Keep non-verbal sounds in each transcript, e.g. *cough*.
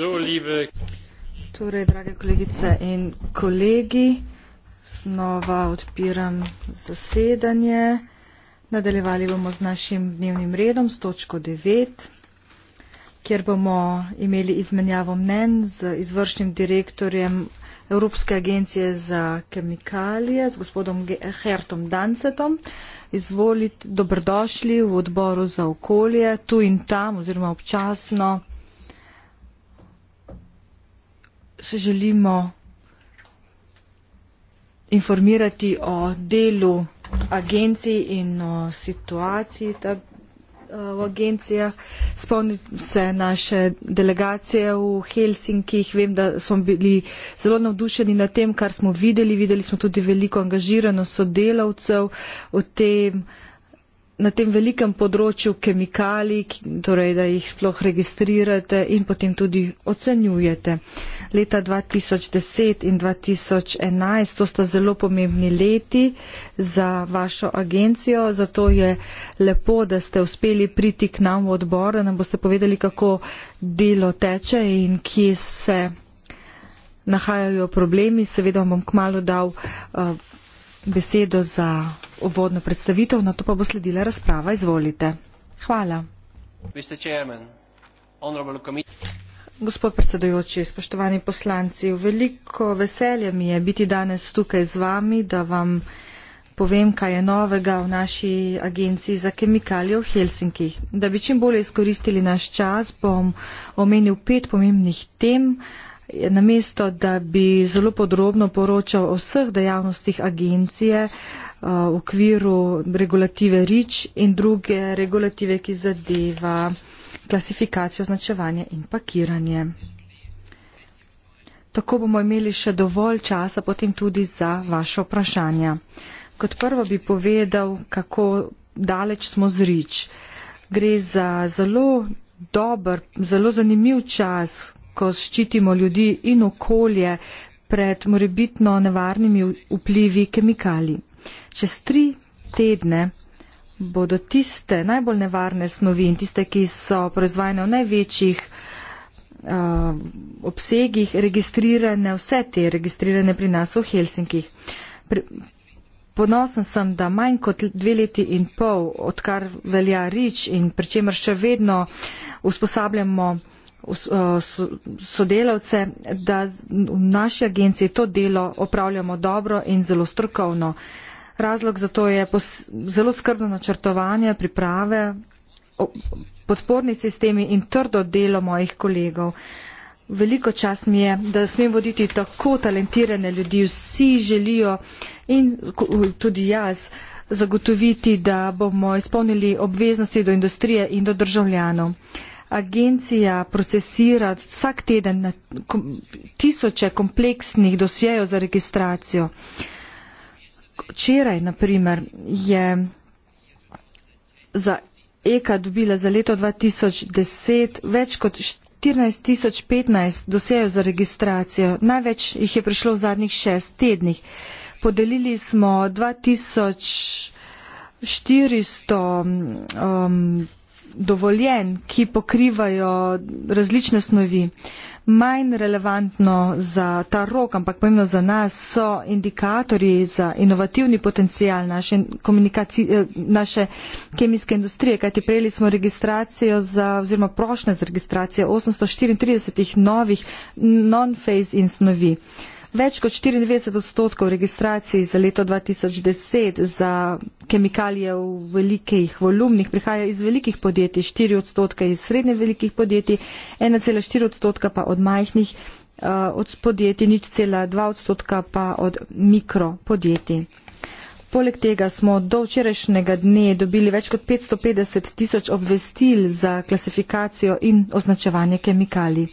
So, liebe torej, drage kolegice in kolegi, znova odpiram zasedanje. Nadaljevali bomo z našim dnevnim redom s točko 9, kjer bomo imeli izmenjavo mnen z izvršnim direktorjem Evropske agencije za kemikalije, z gospodom Hertom Dancetom. Izvolite, dobrodošli v odboru za okolje, tu in tam oziroma občasno se želimo informirati o delu agencij in o situaciji ta, eh, v agencijah. Spomnim se naše delegacije v Helsinkih. Vem, da smo bili zelo navdušeni na tem, kar smo videli. Videli smo tudi veliko angažiranost sodelavcev v tem uh, na tem velikem področju kemikali, torej da jih sploh registrirate in potem tudi ocenjujete. Leta 2010 in 2011, to sta zelo pomembni leti za vašo agencijo, zato je lepo, da ste uspeli priti k nam v odbor, da nam boste povedali, kako delo teče in kje se nahajajo problemi. Seveda vam bom kmalo dal. Uh, besedo za uvodno predstavitev, na to pa bo sledila razprava. Izvolite. Hvala. Gospod predsedujoči, spoštovani poslanci, veliko veselje mi je biti danes tukaj z vami, da vam povem, kaj je novega v naši agenciji za kemikalije v Helsinki. Da bi čim bolje izkoristili naš čas, bom omenil pet pomembnih tem, namesto da bi zelo podrobno poročal o vseh dejavnostih agencije eh, v okviru regulative REACH in druge regulative, ki zadeva klasifikacijo, označevanje in pakiranje. Tako bomo imeli še dovolj časa potem tudi za vaše vprašanja. Kot prvo bi povedal, kako daleč smo z REACH. Gre za zelo dober, zelo zanimiv čas, ko ščitimo ljudi in okolje pred morebitno nevarnimi vplivi kemikali. Čez tri tedne bodo tiste najbolj nevarne snovi in tiste, ki so proizvajene v največjih eh, obsegih registrirane, vse te registrirane pri nas v Helsinkih. Ponosen sem, da manj kot dve leti in pol, odkar velja rič in pri čemer še vedno usposabljamo Eh, sodelavce, da v naši agenciji to delo opravljamo dobro in zelo strokovno. Razlog za to je zelo skrbno načrtovanje, priprave, podporni sistemi in trdo delo mojih kolegov. Veliko čast mi je, da smem voditi tako talentirane ljudi. Vsi želijo in tudi jaz zagotoviti, da bomo izpolnili obveznosti do industrije in do državljanov agencija procesira vsak teden na kom, tisoče kompleksnih dosjejev za registracijo. Včeraj, naprimer, je za EKA dobila za leto 2010 več kot 14015 dosjejev za registracijo. Največ jih je prišlo v zadnjih šest tednih. Podelili smo 2400 um, dovoljen, ki pokrivajo različne snovi. Manj relevantno za ta rok, ampak pomembno za nas so indikatorji za inovativni potencial naše, eh, naše kemijske industrije, kajti prejeli smo registracijo za, oziroma prošnje za registracijo 834 novih non-phase in snovi. Uh, Več kot 94 odstotkov registracij za leto 2010 za kemikalije v velikih volumnih prihaja iz velikih podjetij, 4 odstotka iz srednje velikih podjetij, 1,4 odstotka pa od majhnih uh, od podjetij, nič cela 2 odstotka pa od mikropodjetij. Poleg tega smo do včerajšnjega dne dobili več kot 550 tisoč obvestil za klasifikacijo in označevanje kemikalij.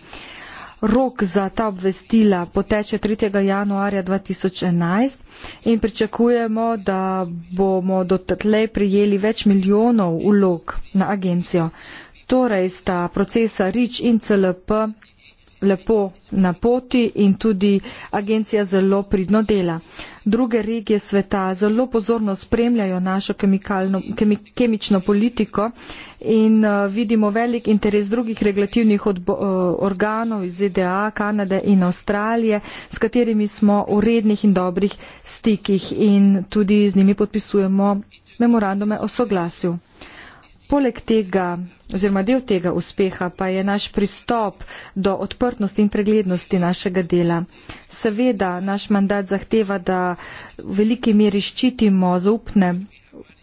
Rok za ta obvestila poteče 3. januarja 2011 in pričakujemo, da bomo do tle prijeli več milijonov ulog na agencijo. Torej sta procesa REACH in CLP lepo na poti in tudi agencija zelo pridno dela. Druge regije sveta zelo pozorno spremljajo našo kemi, kemično politiko in uh, vidimo velik interes drugih regulativnih odbo, uh, organov iz ZDA, Kanade in Avstralije, s katerimi smo v rednih in dobrih stikih in tudi z njimi podpisujemo memorandume o soglasju. Poleg tega oziroma del tega uspeha pa je naš pristop do odprtnosti in preglednosti našega dela. Seveda naš mandat zahteva, da v veliki meri ščitimo zaupne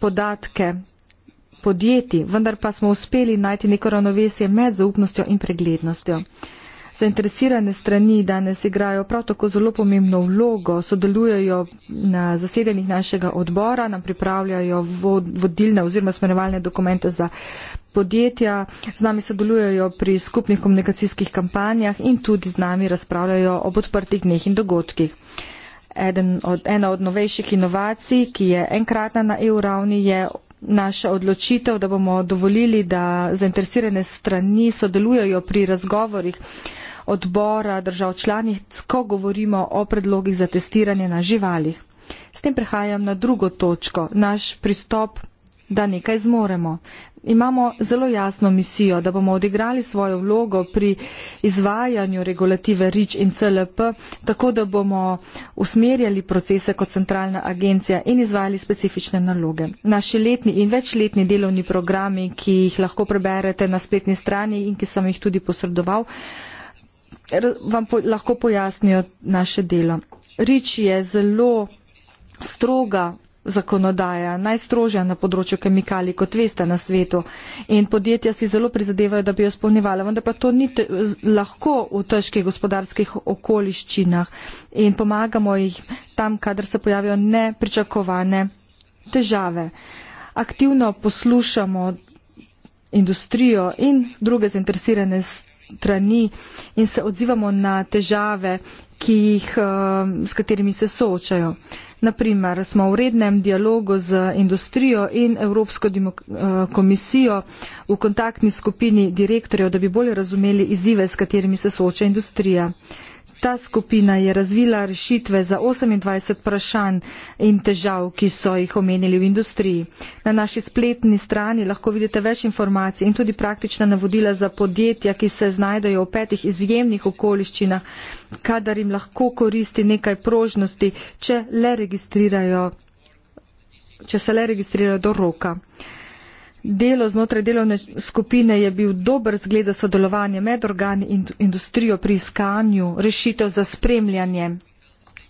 podatke podjetij, vendar pa smo uspeli najti neko ravnovesje med zaupnostjo in preglednostjo. Zainteresirane strani danes igrajo prav tako zelo pomembno vlogo, sodelujejo na zasedenih našega odbora, nam pripravljajo vodilne oziroma smerovalne dokumente za podjetja, z nami sodelujejo pri skupnih komunikacijskih kampanjah in tudi z nami razpravljajo ob odprtih dneh in dogodkih. Eden od, ena od novejših inovacij, ki je enkratna na EU ravni, je naša odločitev, da bomo dovolili, da zainteresirane strani sodelujejo pri razgovorih odbora držav članic, ko govorimo o predlogih za testiranje na živalih. S tem prehajam na drugo točko, naš pristop, da nekaj zmoremo. Imamo zelo jasno misijo, da bomo odigrali svojo vlogo pri izvajanju regulative REACH in CLP, tako da bomo usmerjali procese kot centralna agencija in izvajali specifične naloge. Naši letni in večletni delovni programi, ki jih lahko preberete na spletni strani in ki sem jih tudi posredoval, Er, vam po, lahko pojasnijo naše delo. Rič je zelo stroga zakonodaja, najstrožja na področju kemikalij, kot veste na svetu. In podjetja si zelo prizadevajo, da bi jo spolnjevala, vendar pa to ni te, lahko v težkih gospodarskih okoliščinah. In pomagamo jih tam, kadar se pojavijo nepričakovane težave. Aktivno poslušamo industrijo in druge zainteresirane strane strani in se odzivamo na težave, ki jih, eh, s katerimi se soočajo. Naprimer, smo v rednem dialogu z industrijo in Evropsko eh, komisijo v kontaktni skupini direktorjev, da bi bolje razumeli izzive, s katerimi se sooča industrija. Ta skupina je razvila rešitve za 28 vprašanj in težav, ki so jih omenili v industriji. Na naši spletni strani lahko vidite več informacij in tudi praktična navodila za podjetja, ki se znajdejo v petih izjemnih okoliščinah, kadar jim lahko koristi nekaj prožnosti, če, le če se le registrirajo do roka. Delo znotraj delovne skupine je bil dober zgled za sodelovanje med organi in industrijo pri iskanju rešitev za spremljanje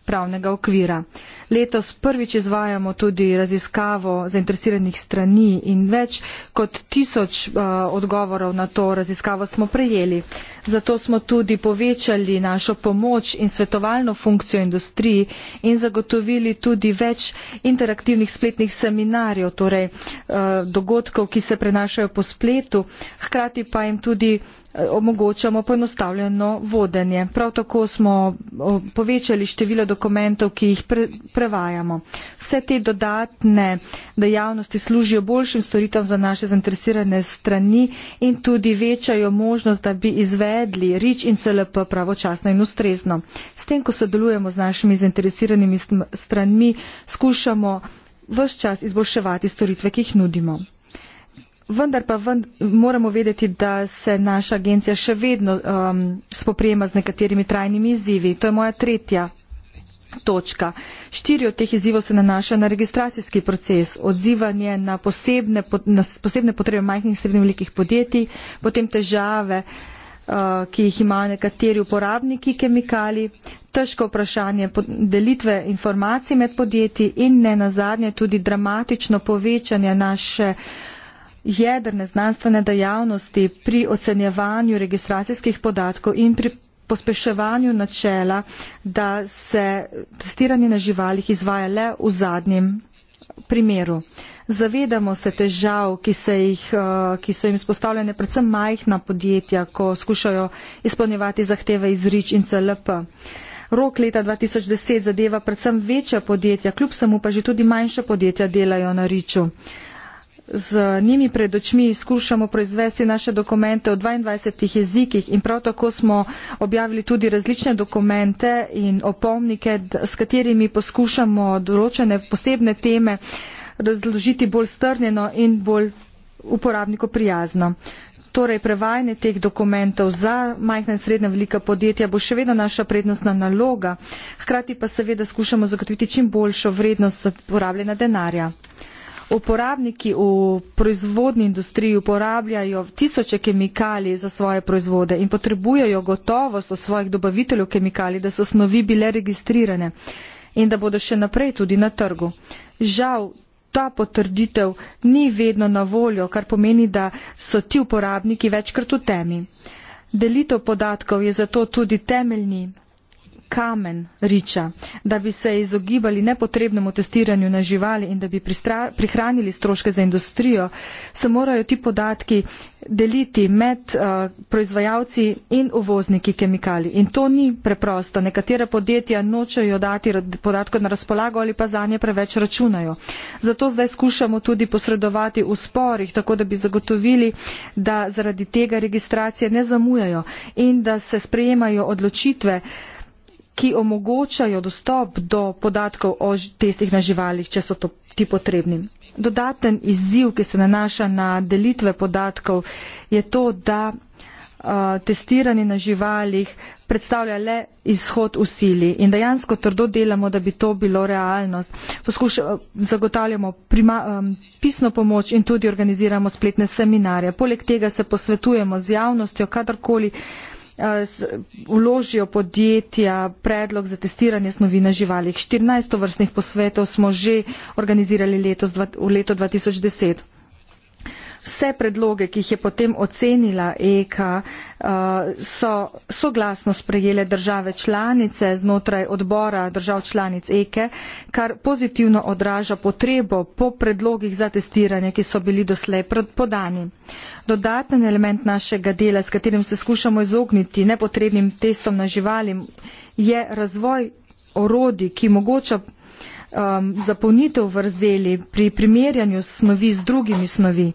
pravnega okvira. Letos prvič izvajamo tudi raziskavo zainteresiranih strani in več kot tisoč uh, odgovorov na to raziskavo smo prejeli. Uh, Zato smo tudi povečali našo pomoč in svetovalno funkcijo industriji in zagotovili tudi več interaktivnih spletnih seminarjev, torej eh, dogodkov, ki se prenašajo po spletu, hkrati pa jim tudi eh, omogočamo poenostavljeno vodenje. Prav tako smo povečali število dokumentov, ki jih pre prevajamo. Vse te dodatne dejavnosti služijo boljšim storitvam za naše zainteresirane strani in tudi večajo možnost, da bi izvedli izvedli REACH in CLP pravočasno in ustrezno. S tem, ko sodelujemo z našimi zainteresiranimi stranmi, skušamo vse čas izboljševati storitve, ki jih nudimo. Vendar pa vend, moramo vedeti, da se naša agencija še vedno um, spoprijema z nekaterimi trajnimi izzivi. To je moja tretja točka. Štiri od teh izzivov se nanašajo na registracijski proces, odzivanje na posebne, na posebne potrebe majhnih in srednjih velikih podjetij, potem težave uh, Eh, ki jih imajo nekateri uporabniki kemikali, težko vprašanje delitve informacij med podjetji in ne nazadnje tudi dramatično povečanje naše jedrne znanstvene dejavnosti pri ocenjevanju registracijskih podatkov in pri pospeševanju načela, da se testiranje na živalih izvaja le v zadnjem primeru. Uh, Zavedamo se težav, ki, se jih, uh, ki so jim spostavljene predvsem majhna podjetja, ko skušajo izpolnjevati zahteve iz rič in CLP. Rok leta 2010 zadeva predvsem večja podjetja, kljub samo pa že tudi manjša podjetja delajo na riču. Z njimi pred očmi skušamo proizvesti naše dokumente v 22 jezikih in prav tako smo objavili tudi različne dokumente in opomnike, s katerimi poskušamo določene posebne teme uh, razložiti bolj strnjeno in bolj uporabniku prijazno. Torej, prevajanje teh dokumentov za majhna in srednja velika podjetja bo še vedno naša prednostna naloga, hkrati pa seveda skušamo zagotoviti čim boljšo vrednost za porabljena denarja. Uporabniki v proizvodni industriji uporabljajo tisoče kemikalij za svoje proizvode in potrebujejo gotovost od svojih dobaviteljev kemikalij, da so snovi bile registrirane in da bodo še naprej tudi na trgu. Žal, ta potrditev ni vedno na voljo, kar pomeni, da so ti uporabniki večkrat v temi. Delitev podatkov je zato tudi temeljni kamen riča, da bi se izogibali nepotrebnemu testiranju na živali in da bi prihranili stroške za industrijo, se morajo ti podatki deliti med uh, proizvajalci in uvozniki kemikalij. In to ni preprosto. Nekatera podjetja nočejo dati podatkov na razpolago ali pa za nje preveč računajo. Zato zdaj skušamo tudi posredovati v sporih, tako da bi zagotovili, da zaradi tega registracije ne zamujajo in da se sprejemajo odločitve, uh, ki omogočajo dostop do podatkov o testih na živalih, če so to ti potrebni. Dodaten izziv, ki se nanaša na delitve podatkov, je to, da uh, testiranje na živalih predstavlja le izhod v sili in dejansko trdo delamo, da bi to bilo realnost. Poskuša, zagotavljamo prima, um, pisno pomoč in tudi organiziramo spletne seminarje. Poleg tega se posvetujemo z javnostjo, kadarkoli uh, Eh, vložijo podjetja predlog za testiranje snovi na živalih. 14 vrstnih posvetov smo že organizirali letos, v letu 2010 vse predloge, ki jih je potem ocenila EK, eh, so soglasno sprejele države članice znotraj odbora držav članic EK, kar pozitivno odraža potrebo po predlogih za testiranje, ki so bili doslej podani. Dodaten element našega dela, s katerim se skušamo izogniti nepotrebnim testom na živalim, je razvoj orodi, ki mogoča eh, zapolnitev vrzeli pri primerjanju snovi z drugimi snovi. Uh,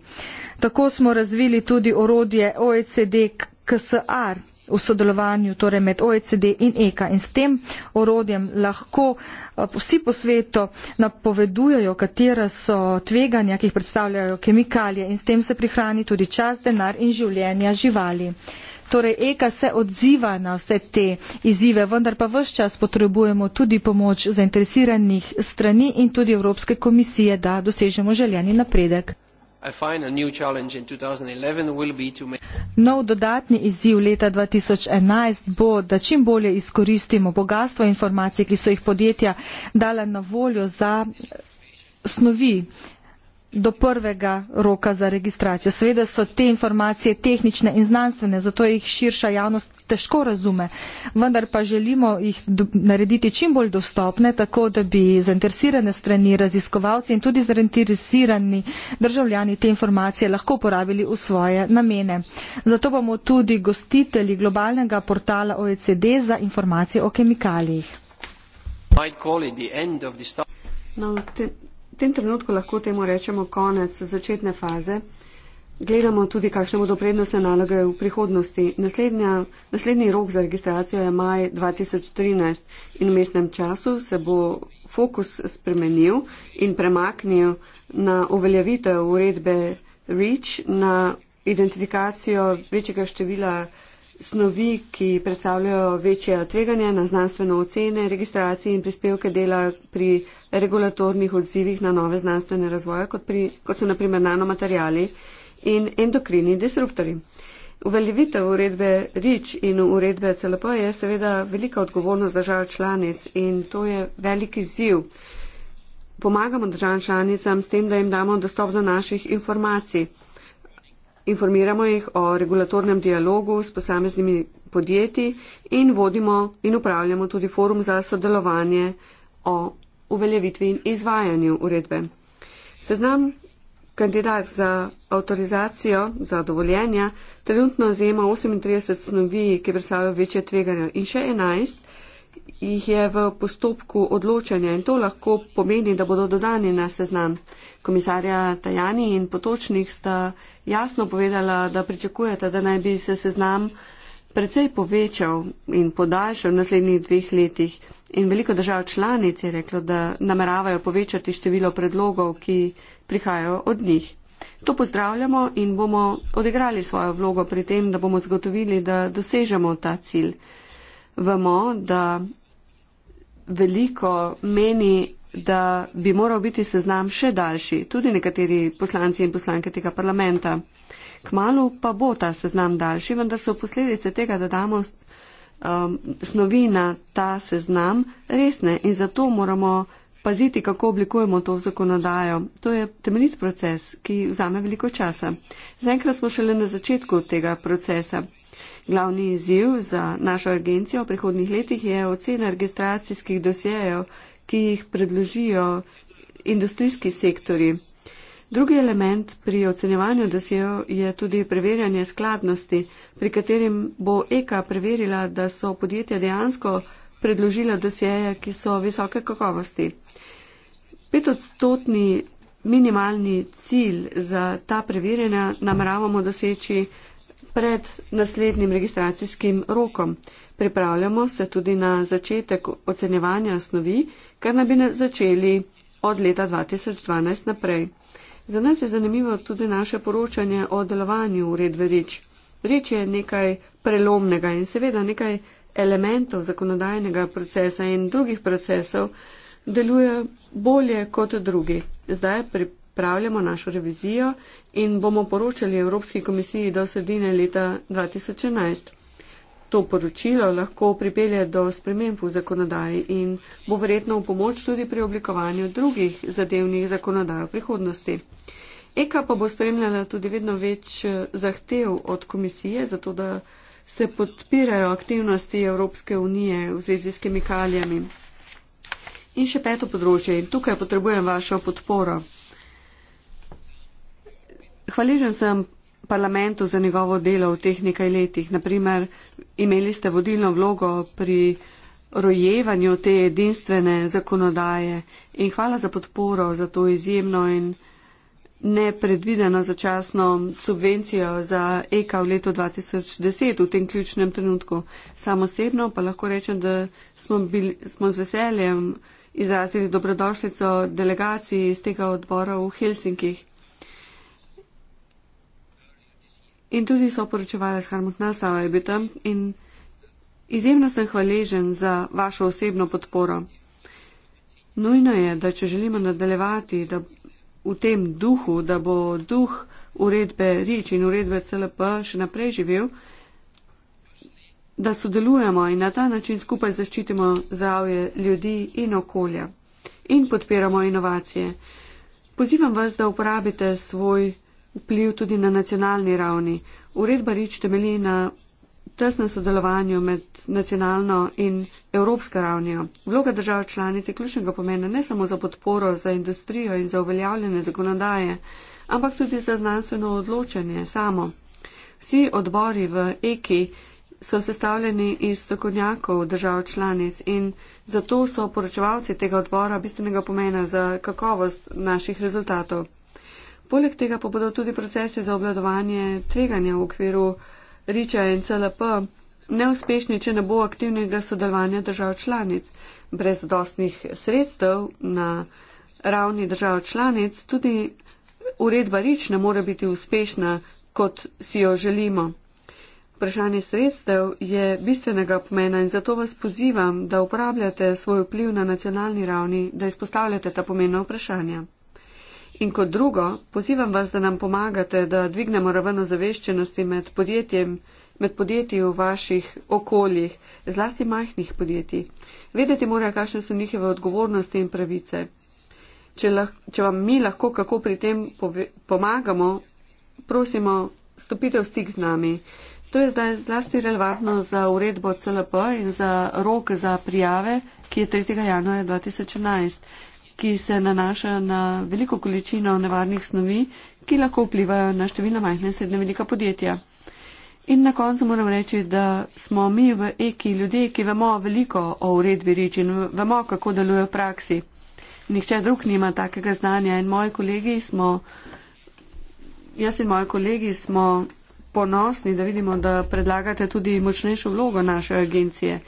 Tako smo razvili tudi orodje OECD KSR v sodelovanju torej med OECD in EKA in s tem orodjem lahko eh, vsi po svetu napovedujejo, katera so tveganja, ki jih predstavljajo kemikalije in s tem se prihrani tudi čas, denar in življenja živali. Torej EKA se odziva na vse te izzive, vendar pa vse čas potrebujemo tudi pomoč zainteresiranih strani in tudi Evropske komisije, da dosežemo željeni napredek. Nov dodatni izziv leta 2011 bo, da čim bolje izkoristimo bogatstvo informacij, ki so jih podjetja dala na voljo za snovi do prvega roka za registracijo. Seveda so te informacije tehnične in znanstvene, zato jih širša javnost težko razume, vendar pa želimo jih narediti čim bolj dostopne, tako da bi zainteresirane strani, raziskovalci in tudi zainteresirani državljani te informacije lahko uporabili v svoje namene. Zato bomo tudi gostitelji globalnega portala OECD za informacije o kemikalijih. No, v tem trenutku lahko temu rečemo konec začetne faze. Gledamo tudi, kakšne bodo prednostne naloge v prihodnosti. Naslednja, naslednji rok za registracijo je maj 2013 in v mestnem času se bo fokus spremenil in premaknil na uveljavitev uredbe REACH na identifikacijo večjega števila snovi, ki predstavljajo večje tveganje na znanstveno ocene, registracije in prispevke dela pri regulatornih odzivih na nove znanstvene razvoje, kot, pri, kot so naprimer nanomaterjali in endokrini disruptori. Uveljavitev uredbe RIČ in uredbe CLP je seveda velika odgovornost držav članic in to je veliki ziv. Pomagamo držav članicam s tem, da jim damo dostop do naših informacij. Informiramo jih o regulatornem dialogu s posameznimi podjetji in vodimo in upravljamo tudi forum za sodelovanje o uveljavitvi in izvajanju uredbe. Seznam Kandidat za avtorizacijo, za dovoljenja, trenutno zajema 38 snovi, ki predstavljajo večje tveganje in še 11 jih je v postopku odločanja in to lahko pomeni, da bodo dodani na seznam. Komisarja Tajani in Potočnik sta jasno povedala, da pričakujete, da naj bi se seznam precej povečal in podaljšal v naslednjih dveh letih. In veliko držav članic je reklo, da nameravajo povečati število predlogov, ki prihajajo od njih. To pozdravljamo in bomo odigrali svojo vlogo pri tem, da bomo zagotovili, da dosežemo ta cilj. Vemo, da veliko meni, da bi moral biti seznam še daljši, tudi nekateri poslanci in poslanke tega parlamenta. Kmalu pa bo ta seznam daljši, vendar so posledice tega, da damo um, snovi na ta seznam, resne in zato moramo paziti, kako oblikujemo to zakonodajo. To je temeljit proces, ki vzame veliko časa. Zaenkrat smo šele na začetku tega procesa. Glavni izziv za našo agencijo v prihodnih letih je ocena registracijskih dosjejev, ki jih predložijo industrijski sektori. Drugi element pri ocenjevanju dosjejev je tudi preverjanje skladnosti, pri katerem bo EKA preverila, da so podjetja dejansko predložila dosjeje, ki so visoke kakovosti. Petodstotni minimalni cilj za ta preverjanja nameravamo doseči pred naslednjim registracijskim rokom. Pripravljamo se tudi na začetek ocenjevanja snovi, kar naj bi začeli od leta 2012 naprej. Za nas je zanimivo tudi naše poročanje o delovanju uredbe REČ. REČ je nekaj prelomnega in seveda nekaj elementov zakonodajnega procesa in drugih procesov deluje bolje kot drugi. Zdaj pripravljamo našo revizijo in bomo poročali Evropski komisiji do sredine leta 2011. To poročilo lahko pripelje do sprememb v zakonodaji in bo verjetno v pomoč tudi pri oblikovanju drugih zadevnih zakonodaj v prihodnosti. EKA pa bo spremljala tudi vedno več zahtev od komisije, zato da se podpirajo aktivnosti Evropske unije v zvezi s kemikalijami. In še peto področje, in tukaj potrebujem vašo podporo. Hvaležen sem parlamentu za njegovo delo v teh nekaj letih. Naprimer, imeli ste vodilno vlogo pri rojevanju te edinstvene zakonodaje in hvala za podporo, za to izjemno in nepredvideno začasno subvencijo za EKA v letu 2010 v tem ključnem trenutku. Sam osebno pa lahko rečem, da smo, bili, smo z veseljem izrazili dobrodošljico delegaciji iz tega odbora v Helsinkih. In tudi so poročevali s Harmut Nassau, je bil tam in izjemno sem hvaležen za vašo osebno podporo. Nujno je, da če želimo nadaljevati, da v tem duhu, da bo duh uredbe Rič in uredbe CLP še naprej živel, da sodelujemo in na ta način skupaj zaščitimo zdravje ljudi in okolja in podpiramo inovacije. Pozivam vas, da uporabite svoj vpliv tudi na nacionalni ravni. Uredba Rič temelji na tesno sodelovanju med nacionalno in evropsko ravnijo. Vloga držav članic je ključnega pomena ne samo za podporo za industrijo in za uveljavljene zakonodaje, ampak tudi za znanstveno odločanje samo. Vsi odbori v EKI so sestavljeni iz strokovnjakov držav članic in zato so poročevalci tega odbora bistvenega pomena za kakovost naših rezultatov. Poleg tega pa bodo tudi procese za obladovanje tveganja v okviru Riča in CLP neuspešni, če ne bo aktivnega sodelovanja držav članic. Brez dostnih sredstev na ravni držav članic tudi uredba Rič ne more biti uspešna, kot si jo želimo. Vprašanje sredstev je bistvenega pomena in zato vas pozivam, da uporabljate svoj vpliv na nacionalni ravni, da izpostavljate ta pomena vprašanja. In kot drugo, pozivam vas, da nam pomagate, da dvignemo raven ozaveščenosti med podjetjem, med podjetji v vaših okoljih, zlasti majhnih podjetij. Vedeti morajo, kakšne so njihove odgovornosti in pravice. Če, lah, če vam mi lahko kako pri tem pove, pomagamo, prosimo, stopite v stik z nami. To je zdaj zlasti relevantno za uredbo CLP in za rok za prijave, ki je 3. januarja 2011 ki se nanašajo na veliko količino nevarnih snovi, ki lahko vplivajo na številna majhna in srednja velika podjetja. In na koncu moram reči, da smo mi v EKI ljudje, ki vemo veliko o uredbi reči in vemo, kako deluje v praksi. Nihče drug nima takega znanja in moji kolegi smo, jaz in moji kolegi smo ponosni, da vidimo, da predlagate tudi močnejšo vlogo naše agencije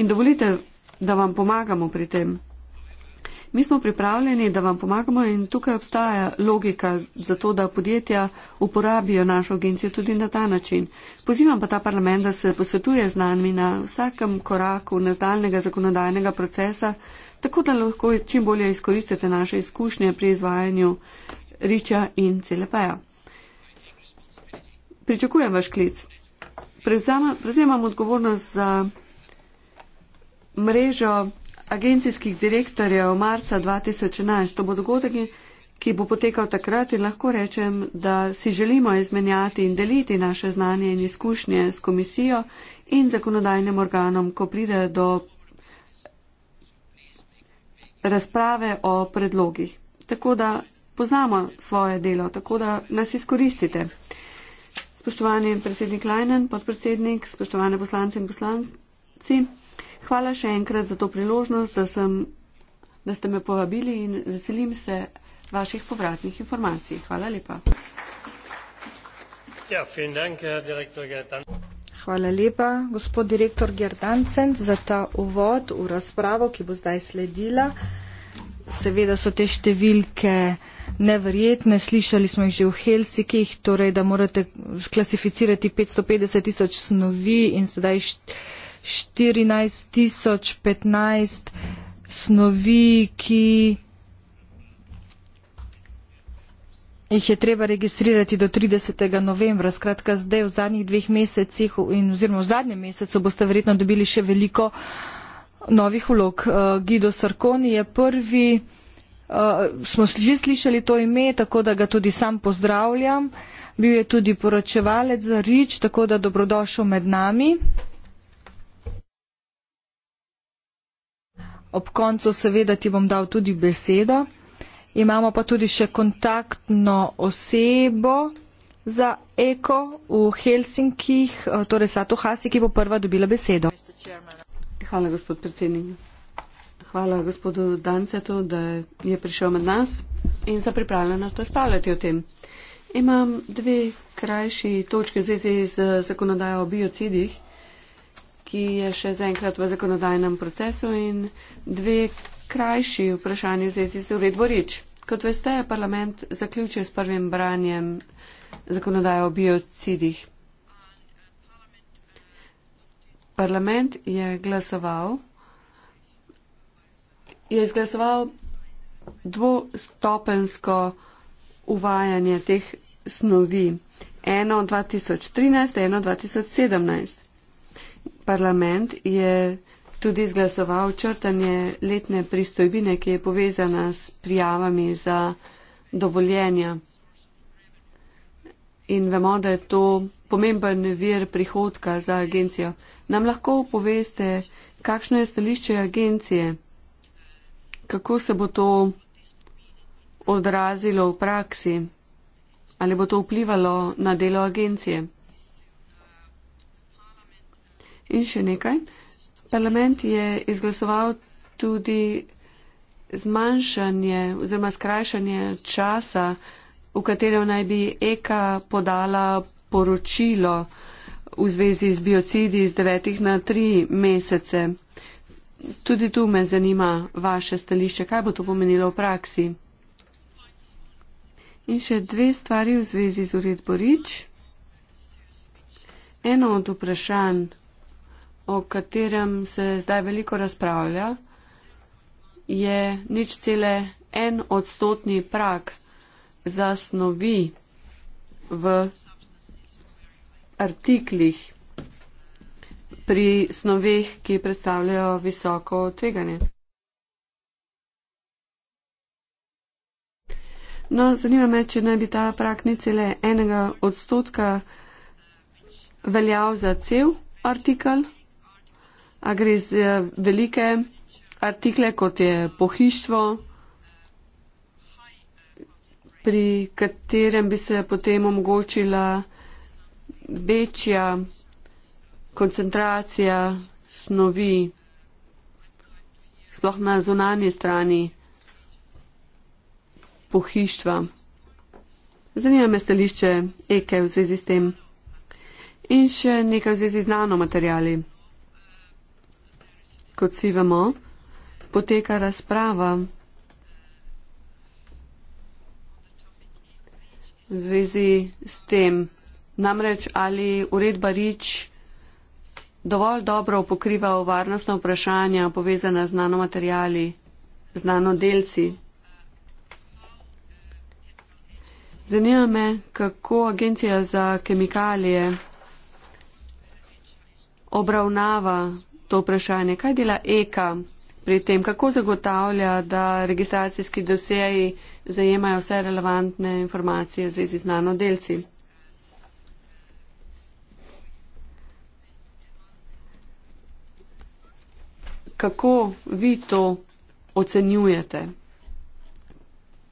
in dovolite, da vam pomagamo pri tem mi smo pripravljeni, da vam pomagamo in tukaj obstaja logika za to, da podjetja uporabijo našo agencijo tudi na ta način. Pozivam pa ta parlament, da se posvetuje z nami na vsakem koraku nazdaljnega zakonodajnega procesa, tako da lahko čim bolje izkoristite naše izkušnje pri izvajanju riča in celepeja. Pričakujem vaš klic. Prevzemam odgovornost za mrežo agencijskih direktorjev marca 2011. To bo dogodek, ki bo potekal takrat in lahko rečem, da si želimo izmenjati in deliti naše znanje in izkušnje s komisijo in zakonodajnim organom, ko pride do razprave o predlogih. Tako da poznamo svoje delo, tako da nas izkoristite. Spoštovani predsednik Lajnen, podpredsednik, spoštovane poslance in poslanci. Hvala še enkrat za to priložnost, da, sem, da ste me povabili in veselim se vaših povratnih informacij. Hvala lepa. Ja, dank, Hvala lepa, gospod direktor Gerdancent, za ta uvod v razpravo, ki bo zdaj sledila. Seveda so te številke neverjetne, slišali smo jih že v Helsikih, torej da morate klasificirati 550 tisoč snovi in sedaj št- 14 tisoč 15 snovi, ki jih je treba registrirati do 30. novembra. Skratka, zdaj v zadnjih dveh mesecih in oziroma v zadnjem mesecu boste verjetno dobili še veliko uh, novih vlog. Uh, Guido Sarkoni je prvi, uh, smo že slišali to ime, tako da ga tudi sam pozdravljam. Bil je tudi poročevalec za Rič, tako da dobrodošel med nami. ob koncu seveda ti bom dal tudi besedo. Imamo pa tudi še kontaktno osebo za Eko v Helsinkih, eh, torej Satu Hasi, ki bo prva dobila besedo. Hvala, gospod predsednik. Hvala gospodu Dancetu, da je prišel med nas in za pripravljenost razpravljati o tem. Imam dve krajši točke v zvezi z zakonodajo o biocidih ki je še zaenkrat v zakonodajnem procesu in dve krajši vprašanje v zvezi z uredbo Rič. Kot veste, je parlament zaključil s prvim branjem zakonodaje o biocidih. Parlament je glasoval, je izglasoval dvostopensko uvajanje teh snovi. Eno 2013, eno 2017 parlament je tudi izglasoval črtanje letne pristojbine, ki je povezana s prijavami za dovoljenja. In vemo, da je to pomemben vir prihodka za agencijo. Nam lahko poveste, kakšno je stališče agencije, kako se bo to odrazilo v praksi, ali bo to vplivalo na delo agencije. In še nekaj. Parlament je izglasoval tudi zmanjšanje oziroma skrajšanje časa, v katerem naj bi EKA podala poročilo v zvezi z biocidi z devetih na tri mesece. Tudi tu me zanima vaše stališče, kaj bo to pomenilo v praksi. In še dve stvari v zvezi z uredbo Rič. Eno od vprašanj o katerem se zdaj veliko razpravlja, je nič cele en odstotni prak za snovi v artiklih pri snoveh, ki predstavljajo visoko tveganje. No, zanima me, če naj bi ta prak ni cele enega odstotka veljal za cel artikel. A gre za velike artikle, kot je pohištvo, pri katerem bi se potem omogočila večja koncentracija snovi, sploh na zunanji strani pohištva. Zanima me stališče Eke v zvezi s tem. In še nekaj v zvezi z nanomateriali kot vsi vemo, poteka razprava v zvezi s tem. Namreč ali uredba Rič dovolj dobro pokriva varnostna vprašanja povezana z nanomaterijali, z nanodelci. Zanima me, kako agencija za kemikalije obravnava to vprašanje. Kaj dela EKA pri tem? Kako zagotavlja, da registracijski doseji zajemajo vse relevantne informacije v zvezi z nanodelci? Kako vi to ocenjujete,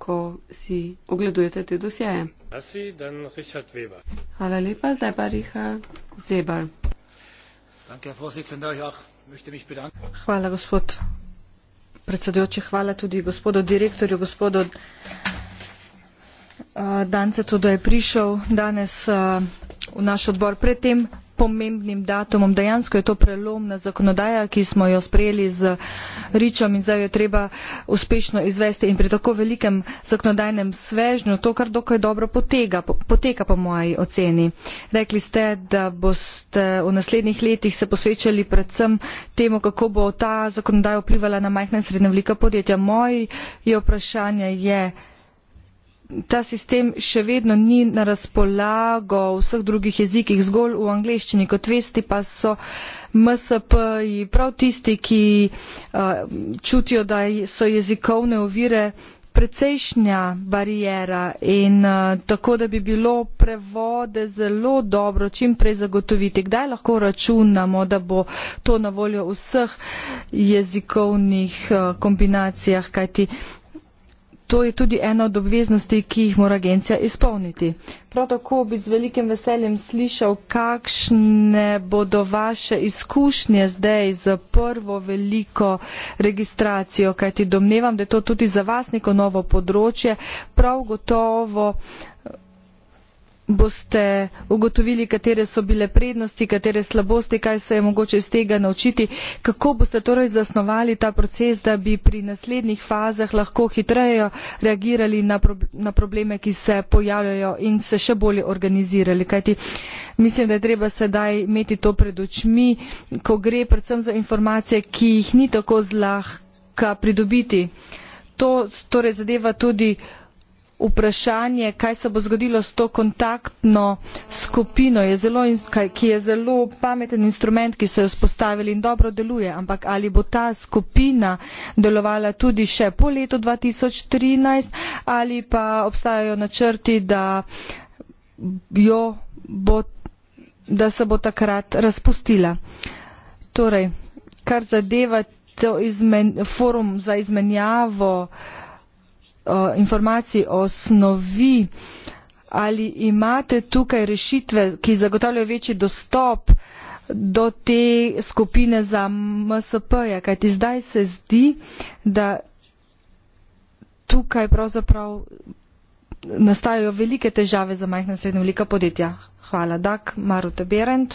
ko si ogledujete te dosjeje? Hvala lepa, zdaj pa Riha Zebar. Hvala, gospod predsedujoči. Hvala tudi gospodu direktorju, gospodu eh, Dancetu, da je prišel danes eh, v naš odbor. Pred tem pa bi želela samo še povedati, da pomembnim datumom. Dejansko je to prelomna zakonodaja, ki smo jo sprejeli z ričom in zdaj jo treba uspešno izvesti in pri tako velikem zakonodajnem svežnju to kar dokaj dobro potega, poteka po moji oceni. Rekli ste, da boste v naslednjih letih se posvečali predvsem temu, kako bo ta zakonodaja vplivala na majhna in srednja velika podjetja. Moje vprašanje je, ta sistem še vedno ni na razpolago v vseh drugih jezikih, zgolj v angleščini. Kot veste, pa so MSP prav tisti, ki eh, čutijo, da so jezikovne ovire precejšnja barijera in eh, tako, da bi bilo prevode zelo dobro čim prej zagotoviti. Kdaj lahko računamo, da bo to na voljo vseh jezikovnih eh, kombinacijah, kajti to je tudi ena od obveznosti, ki jih mora agencija izpolniti. Prav tako bi z velikim veseljem slišal, kakšne bodo vaše izkušnje zdaj z prvo veliko registracijo, kajti domnevam, da je to tudi za vas neko novo področje. Prav gotovo uh, boste ugotovili, katere so bile prednosti, katere slabosti, kaj se je mogoče iz tega naučiti, kako boste torej zasnovali ta proces, da bi pri naslednjih fazah lahko hitreje reagirali na, prob na probleme, ki se pojavljajo in se še bolje organizirali. Kajti mislim, da je treba sedaj imeti to pred očmi, ko gre predvsem za informacije, ki jih ni tako zlahka pridobiti. To torej zadeva tudi vprašanje kaj se bo zgodilo s to kontaktno skupino je zelo, ki je zelo pameten instrument ki so jo vzpostavili in dobro deluje ampak ali bo ta skupina delovala tudi še po letu 2013 ali pa obstajajo načrti da jo bo da se bo takrat razpustila torej kar zadeva to izmen, forum za izmenjavo uh, Eh, informacij o snovi ali imate tukaj rešitve ki zagotavljajo večji dostop do te skupine za MSP, -ja, kajti zdaj se zdi, da tukaj pravzaprav nastajajo velike težave za majhna in srednja velika podjetja. Hvala, Dak, Marute Berend.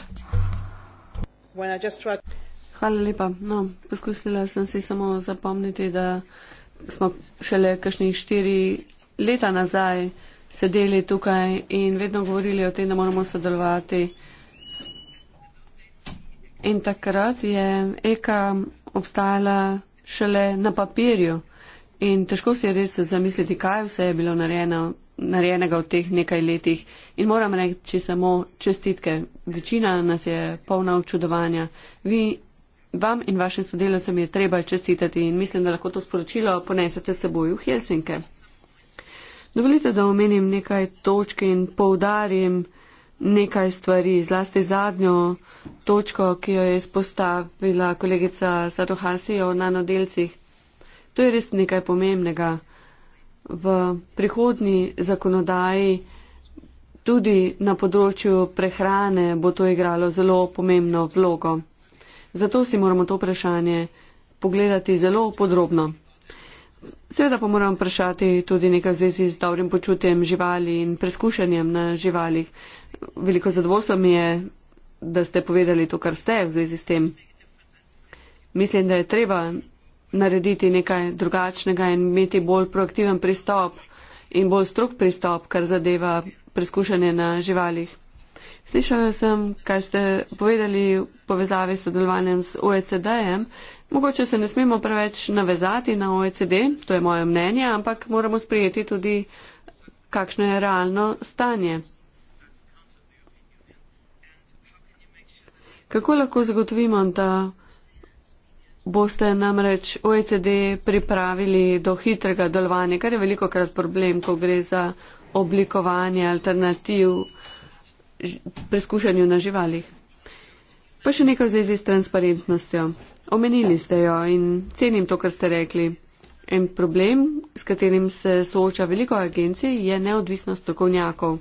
Hvala lepa. No, poskusila sem si samo zapomniti, da smo šele kakšnih štiri leta nazaj sedeli tukaj in vedno govorili o tem, da moramo sodelovati. In takrat je Eka obstajala šele na papirju in težko si je res zamisliti, kaj vse je bilo narejeno, narejenega v teh nekaj letih. In moram reči samo čestitke. Večina nas je polna občudovanja. Vi Vam in vašim sodelavcem je treba čestitati in mislim, da lahko to sporočilo ponesete seboj v Helsinke. Dovolite, da omenim nekaj točk in poudarim nekaj stvari, zlasti zadnjo točko, ki jo je izpostavila kolegica Sadohasi o nanodelcih. To je res nekaj pomembnega. V prihodni zakonodaji, tudi na področju prehrane, bo to igralo zelo pomembno vlogo. Zato si moramo to vprašanje pogledati zelo podrobno. Seveda pa moram vprašati tudi nekaj v zvezi z dobrim počutjem živali in preskušanjem na živalih. Veliko zadovoljstvo mi je, da ste povedali to, kar ste v zvezi s tem. Mislim, da je treba narediti nekaj drugačnega in imeti bolj proaktiven pristop in bolj strok pristop, kar zadeva preskušanje na živalih. Slišala sem, kaj ste povedali v povezavi s sodelovanjem s OECD-em. Mogoče se ne smemo preveč navezati na OECD, to je moje mnenje, ampak moramo sprijeti tudi, kakšno je realno stanje. Kako lahko zagotovimo, da boste namreč OECD pripravili do hitrega delovanja, kar je veliko krat problem, ko gre za oblikovanje alternativ preskušanju na živalih. Pa še nekaj v zvezi s transparentnostjo. Omenili ste jo in cenim to, kar ste rekli. En problem, s katerim se sooča veliko agencij, je neodvisnost strokovnjakov.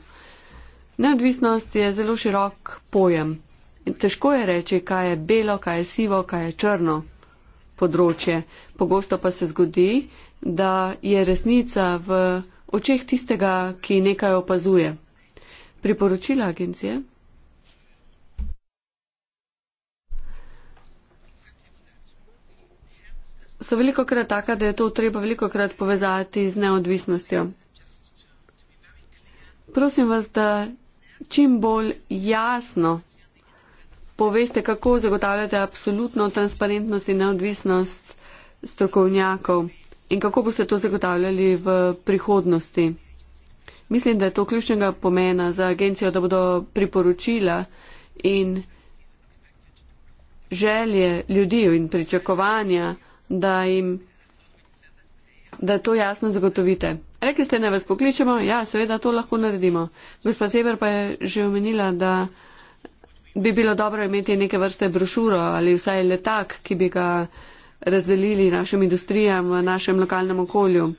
Neodvisnost je zelo širok pojem. Težko je reči, kaj je belo, kaj je sivo, kaj je črno področje. Pogosto pa se zgodi, da je resnica v očeh tistega, ki nekaj opazuje. Priporočila agencije. So veliko krat taka, da je to treba veliko krat povezati z neodvisnostjo. Prosim vas, da čim bolj jasno poveste, kako zagotavljate absolutno transparentnost in neodvisnost strokovnjakov in kako boste to zagotavljali v prihodnosti. Mislim, da je to ključnega pomena za agencijo, da bodo priporočila in želje ljudi in pričakovanja, da jim da to jasno zagotovite. Rekli ste, ne vas pokličemo, ja, seveda to lahko naredimo. Gospa Seber pa je že omenila, da bi bilo dobro imeti neke vrste brošuro ali vsaj letak, ki bi ga razdelili našim industrijam v našem lokalnem okolju.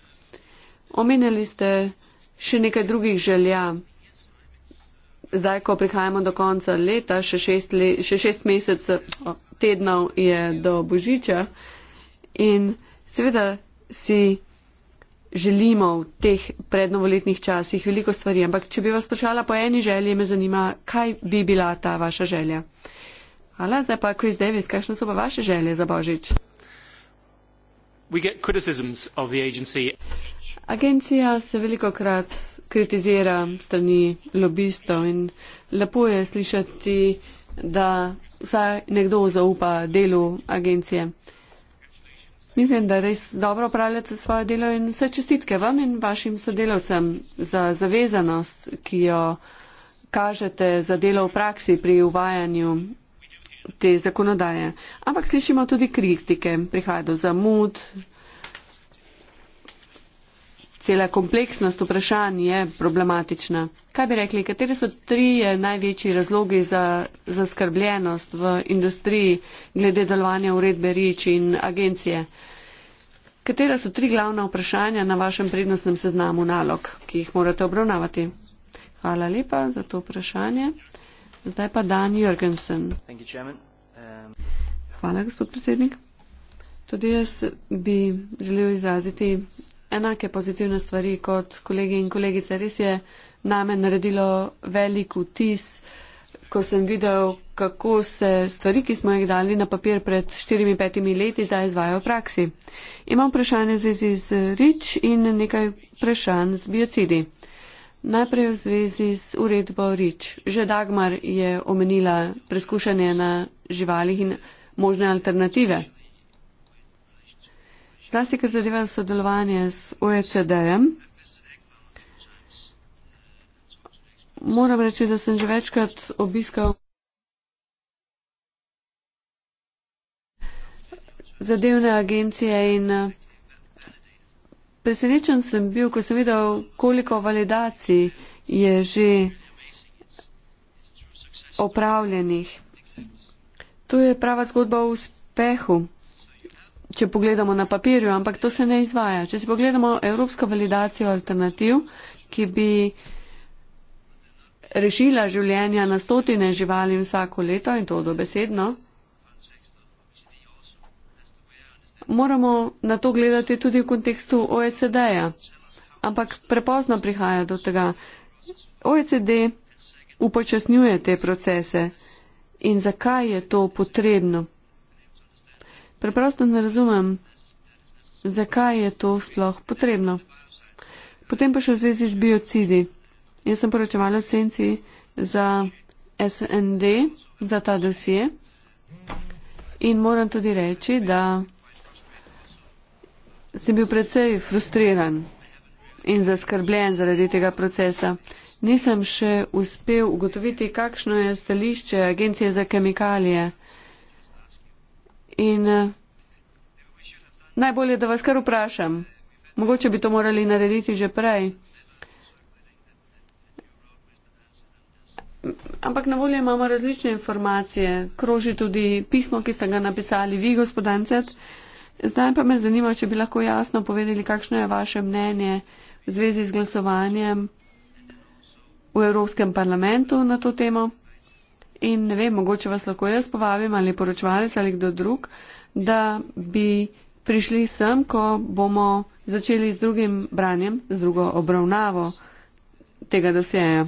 Omenili ste še nekaj drugih želja. Zdaj, ko prihajamo do konca leta, še šest, le, še šest mesecev tednov je do božiča in seveda si želimo v teh prednovoletnih časih veliko stvari, ampak če bi vas vprašala po eni želji, me zanima, kaj bi bila ta vaša želja. Hvala, zdaj pa Chris Davis, kakšne so pa vaše želje za božič? Agencija se veliko krat kritizira strani lobistov in lepo je slišati, da vsaj nekdo zaupa delu agencije. Mislim, da res dobro upravljate svoje delo in vse čestitke vam in vašim sodelavcem za zavezanost, ki jo kažete za delo v praksi pri uvajanju te zakonodaje. Ampak slišimo tudi kritike, prihaja do zamud, cela kompleksnost vprašanj je problematična. Kaj bi rekli, kateri so tri eh, največji razlogi za zaskrbljenost v industriji glede delovanja uredbe Rič in agencije? Katera so tri glavna vprašanja na vašem prednostnem seznamu nalog, ki jih morate obravnavati? Hvala lepa za to vprašanje. Zdaj pa Dan Jürgensen. Um, Hvala, gospod predsednik. Tudi jaz bi želel izraziti enake pozitivne stvari kot kolegi in kolegice. Res je name naredilo velik vtis, ko sem videl, kako se stvari, ki smo jih dali na papir pred 4-5 leti, zdaj izvajo v praksi. Imam vprašanje v zvezi z rič in nekaj vprašanj z biocidi. Najprej v zvezi z uredbo rič. Že Dagmar je omenila preskušanje na živalih in možne alternative. Zlasti, kar zadeva sodelovanje z OECD-em. Moram reči, da sem že večkrat obiskal zadevne agencije in presenečen sem bil, ko sem videl, koliko validacij je že opravljenih. To je prava zgodba o uspehu če pogledamo na papirju, ampak to se ne izvaja. Če si pogledamo evropsko validacijo alternativ, ki bi rešila življenja na stotine živali vsako leto in to dobesedno, moramo na to gledati tudi v kontekstu OECD-ja. Ampak prepozno prihaja do tega. OECD upočasnjuje te procese. In zakaj je to potrebno? Preprosto ne razumem, zakaj je to sploh potrebno. Potem pa še v zvezi z biocidi. Jaz sem poročevala v senci za SND, za ta dosije. In moram tudi reči, da sem bil precej frustriran in zaskrbljen zaradi tega procesa. Nisem še uspel ugotoviti, kakšno je stališče Agencije za kemikalije. In eh, najbolje, da vas kar vprašam. Mogoče bi to morali narediti že prej. Ampak na voljo imamo različne informacije. Kroži tudi pismo, ki ste ga napisali vi, gospodancet. Zdaj pa me zanima, če bi lahko jasno povedali, kakšno je vaše mnenje v zvezi z glasovanjem v Evropskem parlamentu na to temo in ne vem, mogoče vas lahko jaz povabim ali poročevalec ali kdo drug, da bi prišli sem, ko bomo začeli z drugim branjem, z drugo obravnavo tega dosjeja.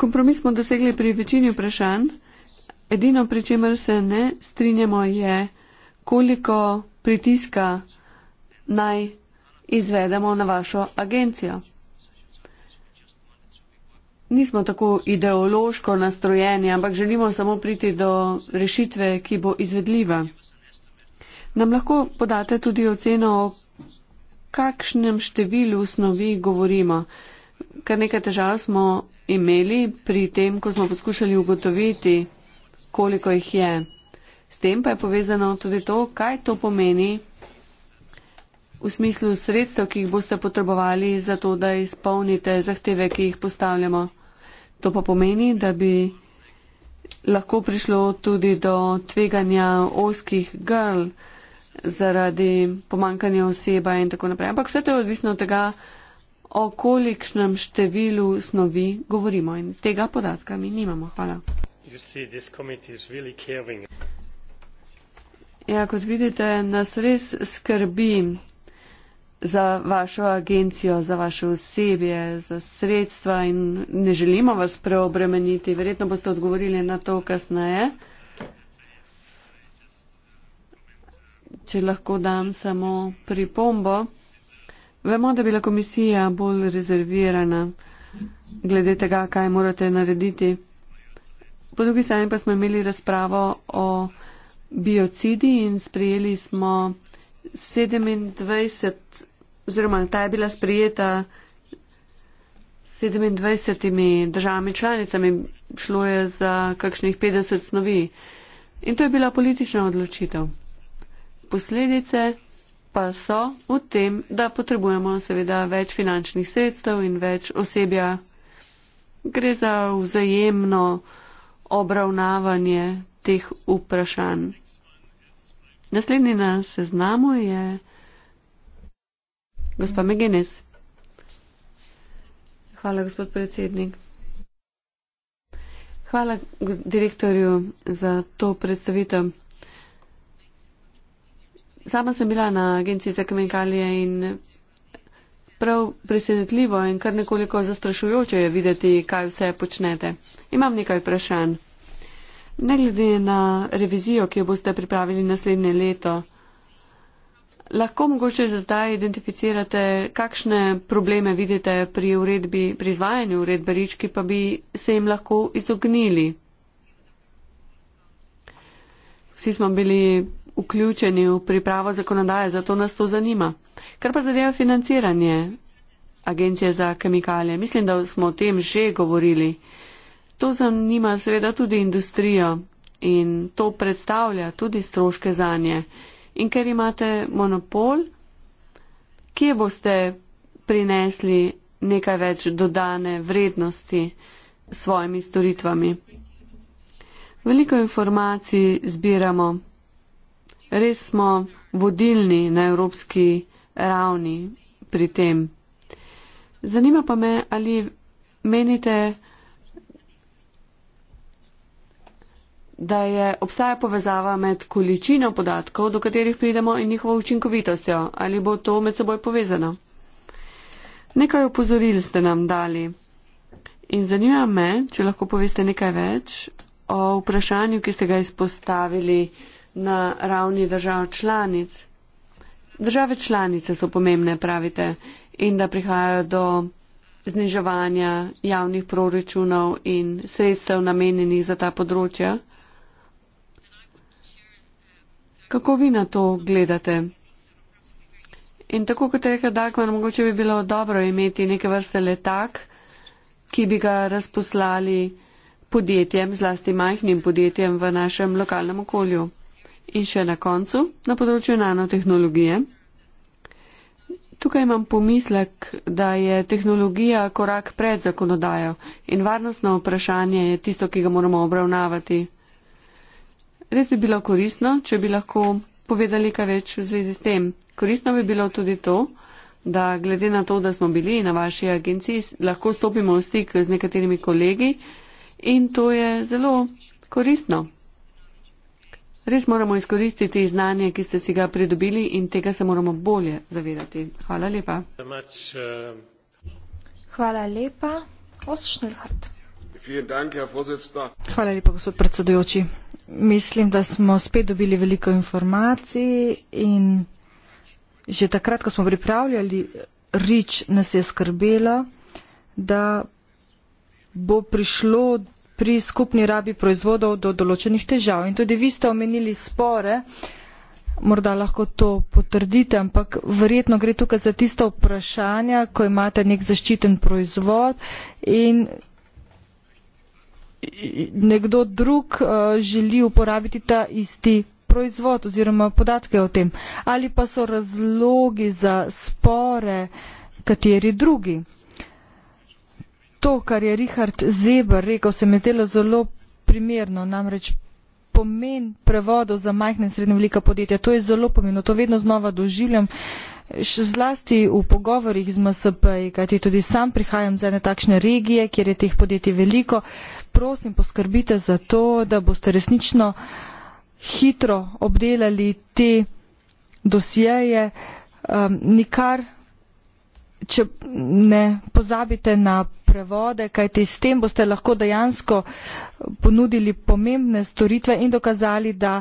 Kompromis smo dosegli pri večini vprašanj. Edino, pri čemer se ne strinjamo, je, koliko pritiska naj izvedemo na vašo agencijo nismo tako ideološko nastrojeni, ampak želimo samo priti do rešitve, ki bo izvedljiva. Nam lahko podate tudi oceno, o kakšnem številu snovi govorimo. Kar nekaj težav smo imeli pri tem, ko smo poskušali ugotoviti, koliko jih je. S tem pa je povezano tudi to, kaj to pomeni v smislu sredstev, ki jih boste potrebovali za to, da izpolnite zahteve, ki jih postavljamo. To pa pomeni, da bi lahko prišlo tudi do tveganja oskih grl zaradi pomankanja oseba in tako naprej. Ampak vse to je odvisno od tega, o kolikšnem številu snovi govorimo in tega podatka mi nimamo. Hvala. Ja, kot vidite, nas res skrbi za vašo agencijo, za vaše osebje, za sredstva in ne želimo vas preobremeniti. Verjetno boste odgovorili na to kasneje. Če lahko dam samo pripombo. Vemo, da je bila komisija bolj rezervirana glede tega, kaj morate narediti. Po drugi strani pa smo imeli razpravo o biocidi in sprejeli smo 27 oziroma ta je bila sprijeta 27 državami članicami, šlo je za kakšnih 50 snovi. In to je bila politična odločitev. Posledice pa so v tem, da potrebujemo seveda več finančnih sredstev in več osebja. Gre za vzajemno obravnavanje teh vprašanj. Naslednji na seznamu je Gospa Megenes. Hvala, gospod predsednik. Hvala direktorju za to predstavitev. Sama sem bila na Agenciji za kemikalije in prav presenetljivo in kar nekoliko zastrašujoče je videti, kaj vse počnete. Imam nekaj vprašanj. Ne glede na revizijo, ki jo boste pripravili naslednje leto, Lahko mogoče za zdaj identificirate, kakšne probleme vidite pri uredbi, pri izvajanju uredbe rič, ki pa bi se jim lahko izognili. Vsi smo bili vključeni v pripravo zakonodaje, zato nas to zanima. Kar pa zadeva financiranje Agencije za kemikalije, mislim, da smo o tem že govorili. To zanima seveda tudi industrijo in to predstavlja tudi stroške za nje in ker imate monopol, kje boste prinesli nekaj več dodane vrednosti s svojimi storitvami. Veliko informacij zbiramo, res smo vodilni na evropski ravni pri tem. Zanima pa me, ali menite, da je obstaja povezava med količino podatkov, do katerih pridemo, in njihovo učinkovitostjo. Ali bo to med seboj povezano? Nekaj opozoril ste nam dali. In zanima me, če lahko poveste nekaj več o vprašanju, ki ste ga izpostavili na ravni držav članic. Države članice so pomembne, pravite, in da prihajajo do zniževanja javnih proračunov in sredstev namenjenih za ta področja kako vi na to gledate. In tako kot je rekel Dagmar, mogoče bi bilo dobro imeti neke vrste letak, ki bi ga razposlali podjetjem, zlasti majhnim podjetjem v našem lokalnem okolju. In še na koncu, na področju nanotehnologije. Tukaj imam pomislek, da je tehnologija korak pred zakonodajo in varnostno vprašanje je tisto, ki ga moramo obravnavati res bi bilo koristno, če bi lahko povedali kaj več v zvezi s tem. Koristno bi bilo tudi to, da glede na to, da smo bili na vaši agenciji, lahko stopimo v stik z nekaterimi kolegi in to je zelo koristno. Res moramo izkoristiti znanje, ki ste si ga pridobili in tega se moramo bolje zavedati. Hvala lepa. Uh, Hvala lepa. Osšnilhart. Hvala lepa, gospod predsedujoči. Mislim, da smo spet dobili veliko informacij in že takrat, ko smo pripravljali rič, nas je skrbelo, da bo prišlo pri skupni rabi proizvodov do določenih težav. In tudi vi ste omenili spore, morda lahko to potrdite, ampak verjetno gre tukaj za tista vprašanja, ko imate nek zaščiten proizvod in nekdo drug uh, želi uporabiti ta isti proizvod oziroma podatke o tem. Ali pa so razlogi za spore kateri drugi. To, kar je Richard Zeber rekel, se mi je zdelo zelo primerno, namreč pomen prevodov za majhne in srednje velika podjetja. To je zelo pomembno, to vedno znova doživljam, še zlasti v pogovorih z MSP, kajti tudi sam prihajam z ene takšne regije, kjer je teh podjetij veliko. Uh, prosim, poskrbite za to, da boste resnično hitro obdelali te dosjeje. Um, nikar če ne pozabite na prevode, kajti s tem boste lahko dejansko ponudili pomembne storitve in dokazali, da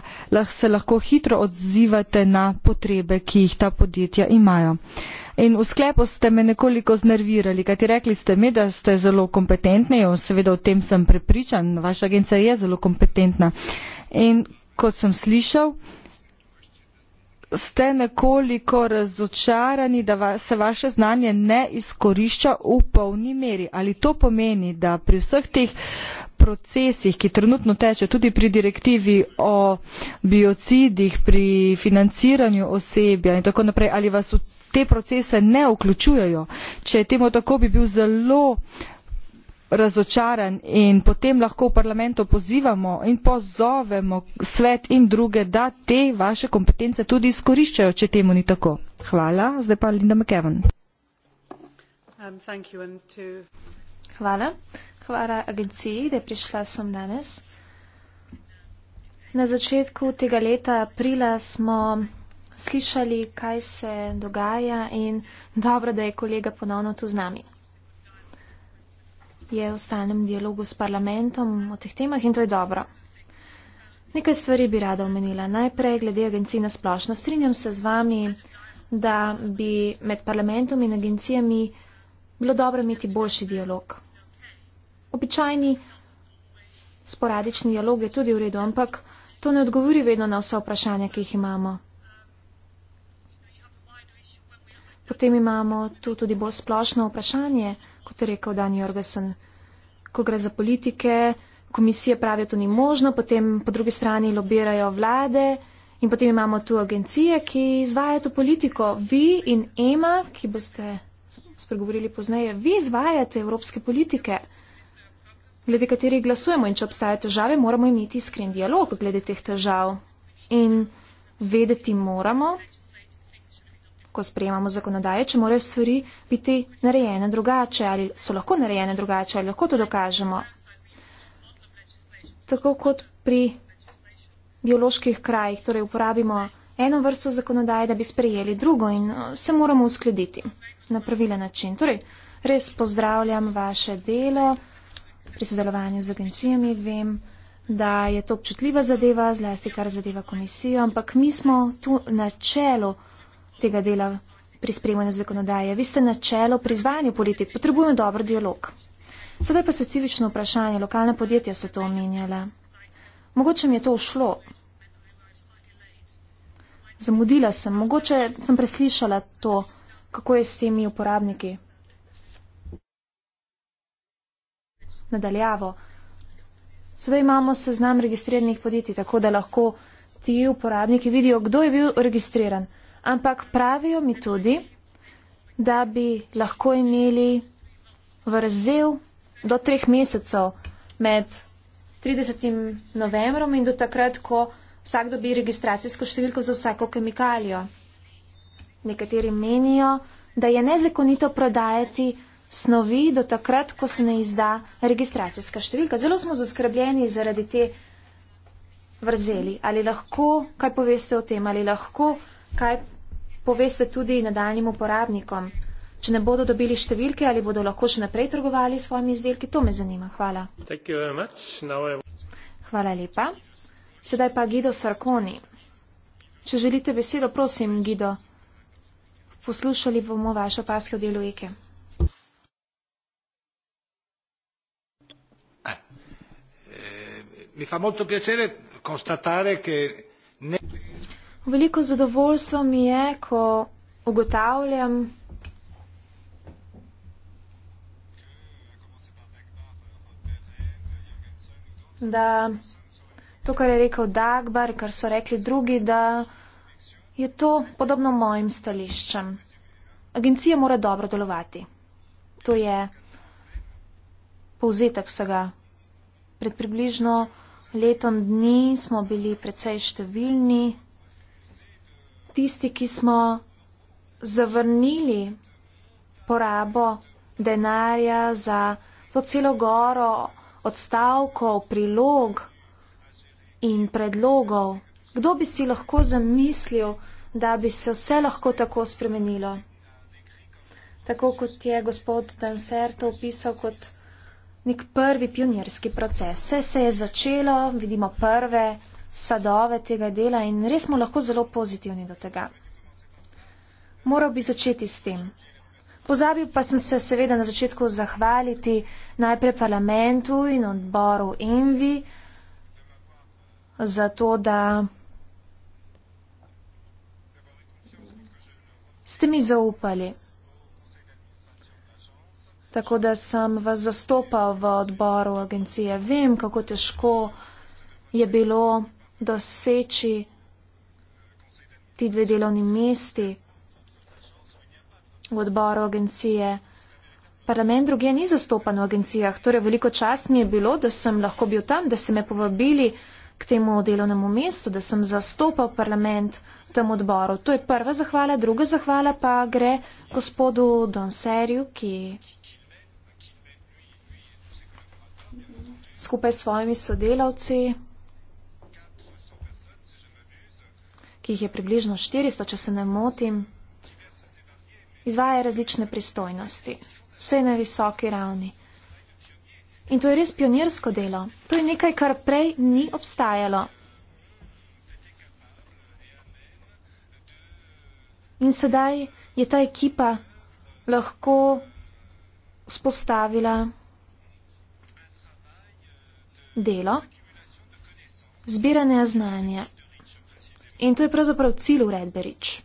se lahko hitro odzivate na potrebe, ki jih ta podjetja imajo. In v sklepu ste me nekoliko znervirali, kajti rekli ste mi, da ste zelo kompetentni, seveda o tem sem prepričan, vaša agencija je zelo kompetentna. In kot sem slišal, ste nekoliko razočarani, da se vaše znanje ne izkorišča v polni meri. Ali to pomeni, da pri vseh teh procesih, ki trenutno teče tudi pri direktivi o biocidih, pri financiranju osebja in tako naprej, ali vas te procese ne vključujejo? Če je temu tako, bi bil zelo razočaran in potem lahko v parlamentu pozivamo in pozovemo svet in druge, da te vaše kompetence tudi izkoriščajo, če temu ni tako. Hvala. Zdaj pa Linda McEwan. Um, to... Hvala. Hvala agenciji, da je prišla sem danes. Na začetku tega leta aprila smo slišali, kaj se dogaja in dobro, da je kolega ponovno tu z nami je v stalnem dialogu s parlamentom o teh temah in to je dobro. Nekaj stvari bi rada omenila. Najprej glede agencij na splošno. Strinjam se z vami, da bi med parlamentom in agencijami bilo dobro imeti boljši dialog. Običajni sporadični dialog je tudi v redu, ampak to ne odgovori vedno na vsa vprašanja, ki jih imamo. Potem imamo tu tudi bolj splošno vprašanje kot je rekel Dan Jorgensen. Ko gre za politike, komisije pravijo, da to ni možno, potem po drugi strani lobirajo vlade in potem imamo tu agencije, ki izvajajo to politiko. Vi in Ema, ki boste spregovorili pozneje, vi izvajate evropske politike, glede katerih glasujemo in če obstajajo težave, moramo imeti iskren dialog glede teh težav. In vedeti moramo, ko sprejemamo zakonodaje, če morajo stvari biti narejene drugače ali so lahko narejene drugače ali lahko to dokažemo. Tako kot pri bioloških krajih, torej uporabimo eno vrsto zakonodaje, da bi sprejeli drugo in uh, se moramo uskladiti na pravilen način. Torej, res pozdravljam vaše delo pri sodelovanju z agencijami. Vem, da je to občutljiva zadeva, zlasti kar zadeva komisijo, ampak mi smo tu na čelu tega dela pri spremljanju zakonodaje. Vi ste na čelo pri izvajanju politik, potrebujemo dober dialog. Sedaj pa specifično vprašanje, lokalne podjetja so to omenjale. Mogoče mi je to ušlo. Zamudila sem, mogoče sem preslišala to, kako je s temi uporabniki. Nadaljavo. Sedaj imamo seznam registriranih podjetij, tako da lahko ti uporabniki vidijo, kdo je bil registriran ampak pravijo mi tudi, da bi lahko imeli vrzel do treh mesecev med 30. novembrom in do takrat, ko vsak dobi registracijsko številko za vsako kemikalijo. Nekateri menijo, da je nezakonito prodajati snovi do takrat, ko se ne izda registracijska številka. Zelo smo zaskrbljeni zaradi te vrzeli. Ali lahko, kaj poveste o tem, ali lahko kaj poveste tudi nadaljnim uporabnikom? Če ne bodo dobili številke, ali bodo lahko še naprej trgovali s svojimi izdelki? To me zanima. Hvala. Hvala lepa. Sedaj pa Gido Sarkoni. Če želite besedo, prosim, Gido. Poslušali bomo vaše opaske v delu Eke. Eh, eh, mi fa molto piacere constatare che ne veliko zadovoljstvo mi je, ko ugotavljam, da to, kar je rekel Dagbar, kar so rekli drugi, da je to podobno mojim stališčem. Agencija mora dobro delovati. To je povzetek vsega. Pred približno letom dni smo bili precej številni tisti, ki smo zavrnili porabo denarja za to celo goro odstavkov, prilog in predlogov. Kdo bi si lahko zamislil, da bi se vse lahko tako spremenilo? Tako kot je gospod Danser to opisal kot nek prvi pionirski proces. Vse se je začelo, vidimo prve sadove tega dela in res smo lahko zelo pozitivni do tega. Moral bi začeti s tem. Pozabil pa sem se seveda na začetku zahvaliti najprej parlamentu in odboru Envi za to, da ste mi zaupali. Tako da sem vas zastopal v odboru agencije. Vem, kako težko je bilo doseči ti dve delovni mesti v odboru agencije. Parlament druge ni zastopan v agencijah, torej veliko čast mi je bilo, da sem lahko bil tam, da ste me povabili k temu delovnemu mestu, da sem zastopal parlament v tem odboru. To je prva zahvala, druga zahvala pa gre gospodu Donserju, ki skupaj s svojimi sodelavci. ki jih je približno 400, če se ne motim, izvaja različne pristojnosti, vse na visoki ravni. In to je res pionirsko delo. To je nekaj, kar prej ni obstajalo. In sedaj je ta ekipa lahko spostavila delo zbiranja znanja, In to je pravzaprav cilj uredbe Rič.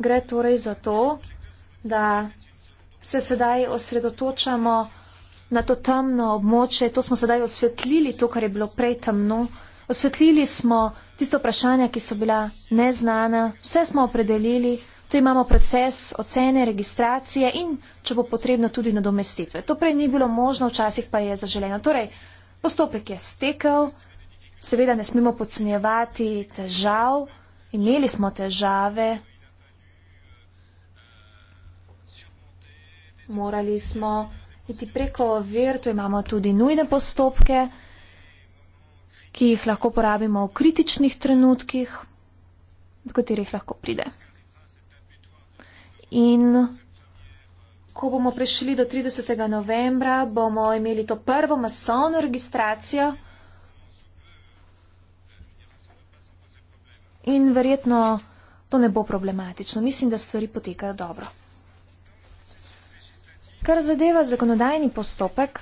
Gre torej za to, da se sedaj osredotočamo na to temno območje, to smo sedaj osvetlili, to, kar je bilo prej temno. Osvetlili smo tisto vprašanje, ki so bila neznana, vse smo opredelili, tu imamo proces ocene, registracije in, če bo potrebno, tudi nadomestitve. To prej ni bilo možno, včasih pa je zaželeno. Torej, postopek je stekel, Seveda ne smemo podcenjevati težav, imeli smo težave, morali smo iti preko ver, tu imamo tudi nujne postopke, ki jih lahko porabimo v kritičnih trenutkih, v katerih lahko pride. In ko bomo prišli do 30. novembra, bomo imeli to prvo masovno registracijo. in verjetno to ne bo problematično. Mislim, da stvari potekajo dobro. Kar zadeva zakonodajni postopek,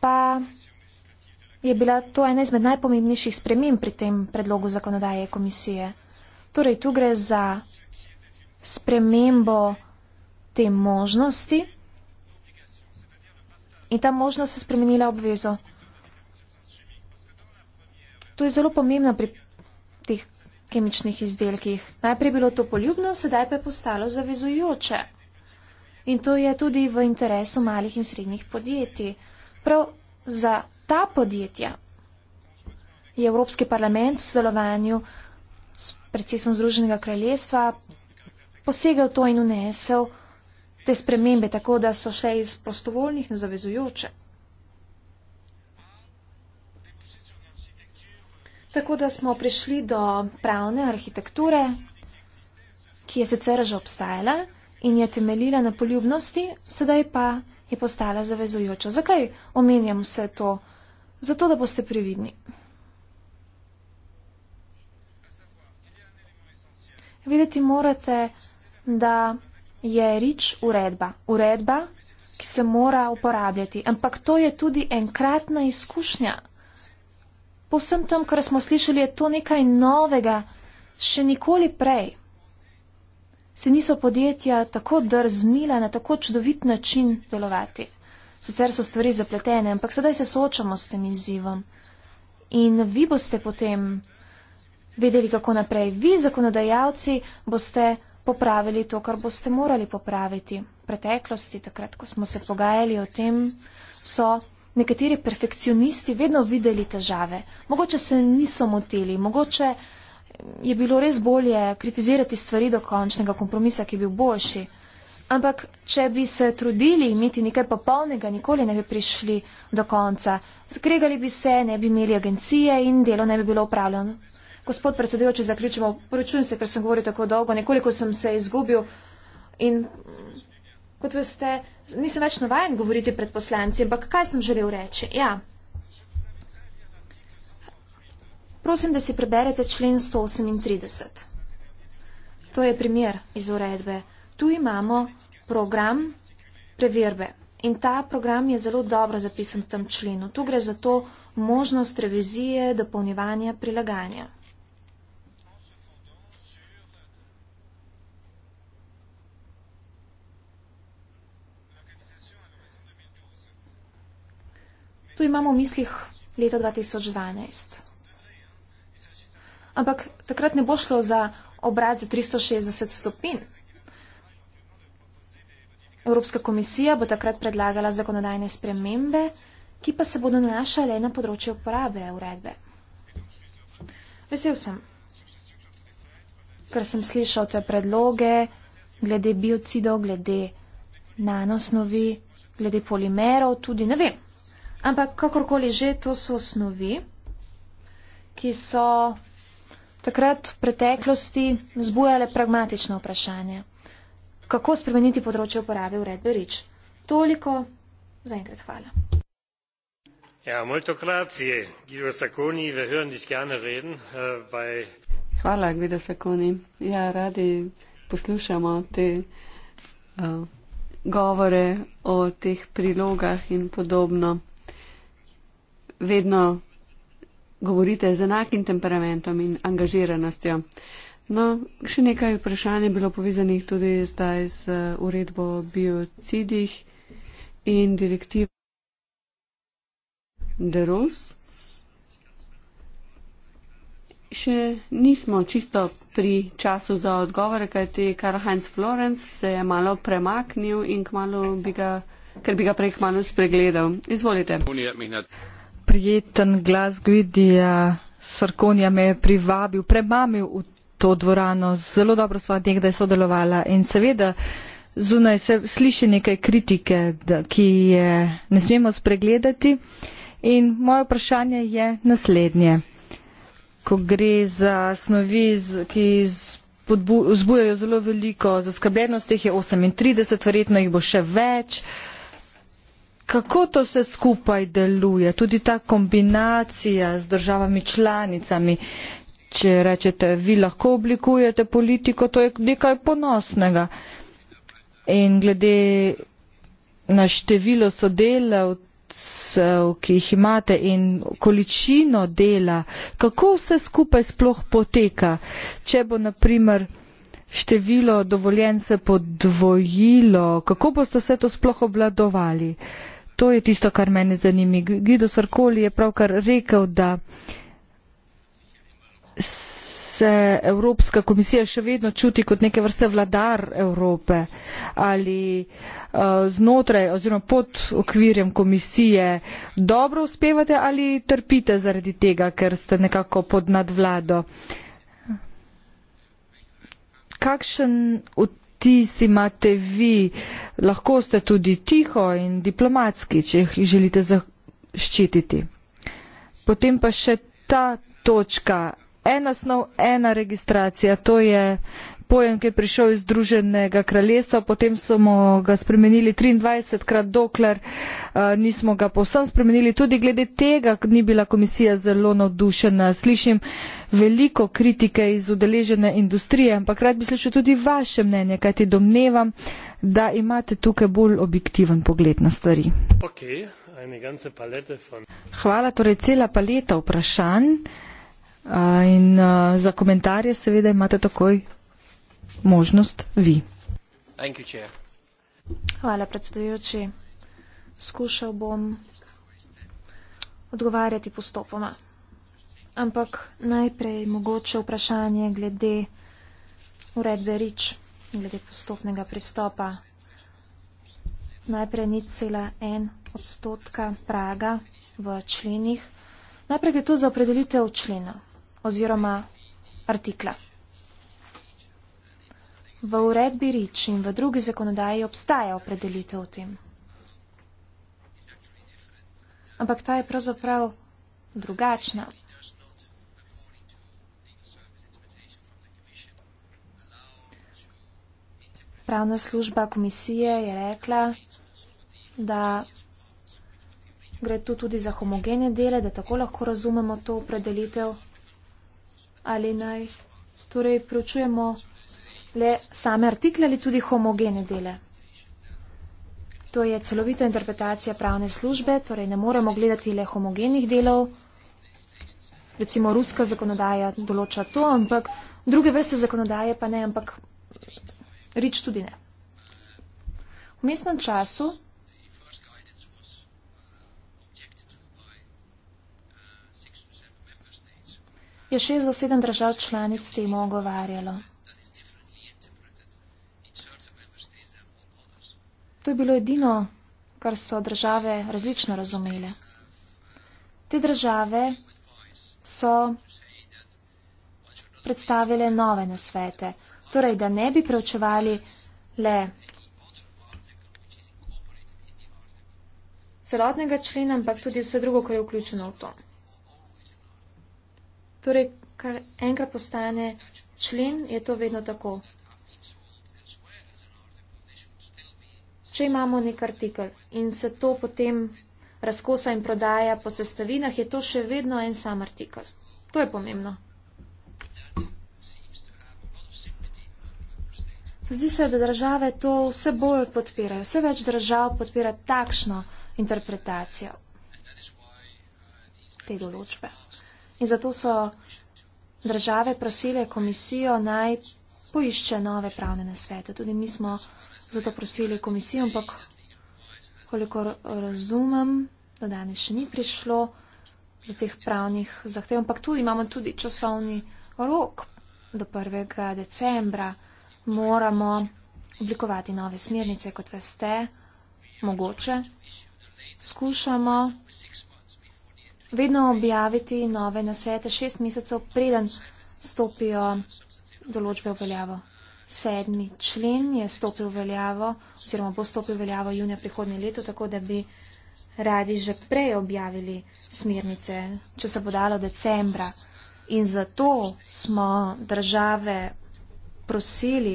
pa je bila to ena izmed najpomembnejših sprememb pri tem predlogu zakonodaje komisije. Torej, tu gre za spremembo te možnosti in ta možnost se spremenila obvezo. To je zelo pomembna pri, teh kemičnih izdelkih. Najprej je bilo to poljubno, sedaj pa je postalo zavezujoče. In to je tudi v interesu malih in srednjih podjetij. Prav za ta podjetja je Evropski parlament v sodelovanju s predsedstvom Združenega kraljestva posegal to in unesel te spremembe, tako da so šle iz prostovoljnih na zavezujoče. Tako da smo prišli do pravne arhitekture, ki je sicer že obstajala in je temeljila na poljubnosti, sedaj pa je postala zavezujoča. Zakaj omenjam vse to? Zato, da boste previdni. Videti morate, da je rič uredba. Uredba, ki se mora uporabljati. Ampak to je tudi enkratna izkušnja po vsem tem, kar smo slišali, je to nekaj novega, še nikoli prej. Se niso podjetja tako drznila na tako čudovit način delovati. Sicer so stvari zapletene, ampak sedaj se soočamo s tem izzivom. In vi boste potem vedeli, kako naprej. Vi, zakonodajalci, boste popravili to, kar boste morali popraviti. V preteklosti, takrat, ko smo se pogajali o tem, so nekateri perfekcionisti vedno videli težave. Mogoče se niso motili, mogoče je bilo res bolje kritizirati stvari do končnega kompromisa, ki je bil boljši. Ampak, če bi se trudili imeti nekaj popolnega, nikoli ne bi prišli do konca. Skregali bi se, ne bi imeli agencije in delo ne bi bilo upravljeno. Gospod predsedujoči, zaključimo. Poročujem se, ker sem govoril tako dolgo, nekoliko sem se izgubil in kot veste, nisem več navajen govoriti pred poslanci, ampak kaj sem želel reči? Ja. Prosim, da si preberete člen 138. To je primer iz uredbe. Tu imamo program preverbe in ta program je zelo dobro zapisan v tem členu. Tu gre za to možnost revizije, dopolnjevanja, prilagajanja. Tu imamo v mislih leto 2012. Ampak takrat ne bo šlo za obrat za 360 stopin. Evropska komisija bo takrat predlagala zakonodajne spremembe, ki pa se bodo nanašale na področje uporabe uredbe. Vesel sem, ker sem slišal te predloge glede biocidov, glede nanosnovi, glede polimerov, tudi ne vem. Ampak kakorkoli že, to so snovi, ki so takrat v preteklosti zbujale pragmatično vprašanje, kako spremeniti področje uporabe uredbe REACH. Toliko za enkrat hvala. Ja, äh, hvala, Gvido Sakoni. Ja, radi poslušamo te uh, govore o teh prilogah in podobno vedno govorite z enakim temperamentom in angažiranostjo. No, še nekaj vprašanj je bilo povezanih tudi zdaj z eh, uredbo o biocidih in direktivo DROS. Še nismo čisto pri času za odgovore, kajti kar Heinz Florence se je malo premaknil in kmalo bi ga, ker bi ga prej kmalo spregledal. Izvolite prijeten glas Gvidija Sarkonija me je privabil, premamil v to dvorano, zelo dobro sva nekdaj sodelovala in seveda zunaj se sliši nekaj kritike, da, ki je ne smemo spregledati. In moje vprašanje je naslednje. Ko gre za snovi, ki vzbujajo zelo veliko zaskrbljenost, teh je 38, verjetno jih bo še več. Uh, Kako to vse skupaj deluje, tudi ta kombinacija z državami članicami, če rečete, vi lahko oblikujete politiko, to je nekaj ponosnega. In glede na število sodelavcev, ki jih imate in količino dela, kako vse skupaj sploh poteka, če bo naprimer število dovoljen se podvojilo, kako boste vse to sploh obladovali? To je tisto, kar mene zanimi. Guido Sarkoli je pravkar rekel, da se Evropska komisija še vedno čuti kot neke vrste vladar Evrope ali uh, znotraj oziroma pod okvirjem komisije dobro uspevate ali trpite zaradi tega, ker ste nekako pod nadvlado. Kakšen ti si imate vi, lahko ste tudi tiho in diplomatski, če jih želite zaščititi. Potem pa še ta točka, ena snov, ena registracija, to je pojem, ki je prišel iz Združenega kraljestva, potem smo ga spremenili 23krat, dokler a, eh, nismo ga povsem spremenili. Tudi glede tega ni bila komisija zelo navdušena. Slišim veliko kritike iz udeležene industrije, ampak rad bi slišal tudi vaše mnenje, kaj ti domnevam, da imate tukaj bolj objektiven pogled na stvari. Okay. Hvala, torej cela paleta vprašanj uh, in uh, za komentarje seveda imate takoj možnost vi. Hvala, predsedujoči. Skušal bom odgovarjati postopoma. Ampak najprej mogoče vprašanje glede uredbe REACH, glede postopnega pristopa. Najprej nič cela en odstotka praga v členih. Najprej gre tu za opredelitev člena oziroma artikla. V uredbi Rič in v drugi zakonodaji obstaja opredelitev o tem. Ampak ta je pravzaprav drugačna. Pravna služba komisije je rekla, da gre tu tudi za homogene dele, da tako lahko razumemo to opredelitev ali naj. Torej, preučujemo le same artikle ali tudi homogene dele. To je celovita interpretacija pravne službe, torej ne moremo gledati le homogenih delov. Recimo ruska zakonodaja določa to, ampak druge vrste zakonodaje pa ne, ampak rič tudi ne. V mestnem času je šest do sedem držav članic temu ogovarjalo. To je bilo edino, kar so države različno razumele. Te države so predstavile nove nasvete. Torej, da ne bi preučevali le celotnega člena, ampak tudi vse drugo, kar je vključeno v to. Torej, kar enkrat postane člen, je to vedno tako. Če imamo nek artikel in se to potem razkosa in prodaja po sestavinah, je to še vedno en sam artikel. To je pomembno. Zdi se, da države to vse bolj podpirajo. Vse več držav podpira takšno interpretacijo te določbe. In zato so države prosile komisijo naj poišče nove pravne nasvete. Tudi mi smo zato prosili komisijo, ampak koliko razumem, da danes še ni prišlo do teh pravnih zahtev, ampak tu imamo tudi časovni rok do 1. decembra. Moramo oblikovati nove smernice, kot veste, mogoče. Skušamo vedno objaviti nove nasvete šest mesecev, preden stopijo določbe v veljavo sedmi člen je stopil veljavo oziroma bo stopil veljavo junija prihodnje leto, tako da bi radi že prej objavili smernice, če se bo dalo decembra. In zato smo države prosili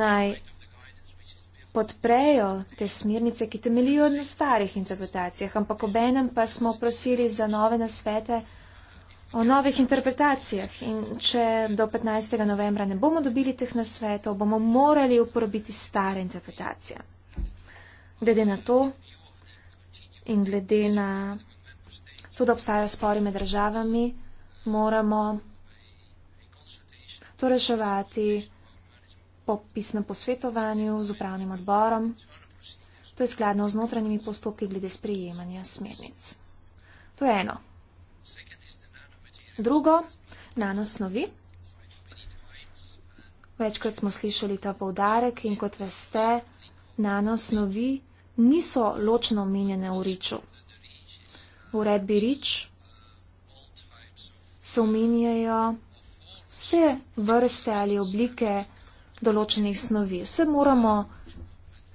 naj podprejo te smernice, ki temelijo na starih interpretacijah, ampak obenem pa smo prosili za nove nasvete, o novih interpretacijah. In če do 15. novembra ne bomo dobili teh nasvetov, bomo morali uporabiti stare interpretacije. Glede na to in glede na to, da obstajajo spori med državami, moramo to reševati po pisnem posvetovanju z upravnim odborom. To je skladno z notranjimi postopki glede sprejemanja smernic. To je eno drugo nanosnovi. Večkrat smo slišali ta povdarek in kot veste, nanosnovi niso ločno omenjene v riču. V uredbi rič se omenjajo vse vrste ali oblike določenih snovi. Vse moramo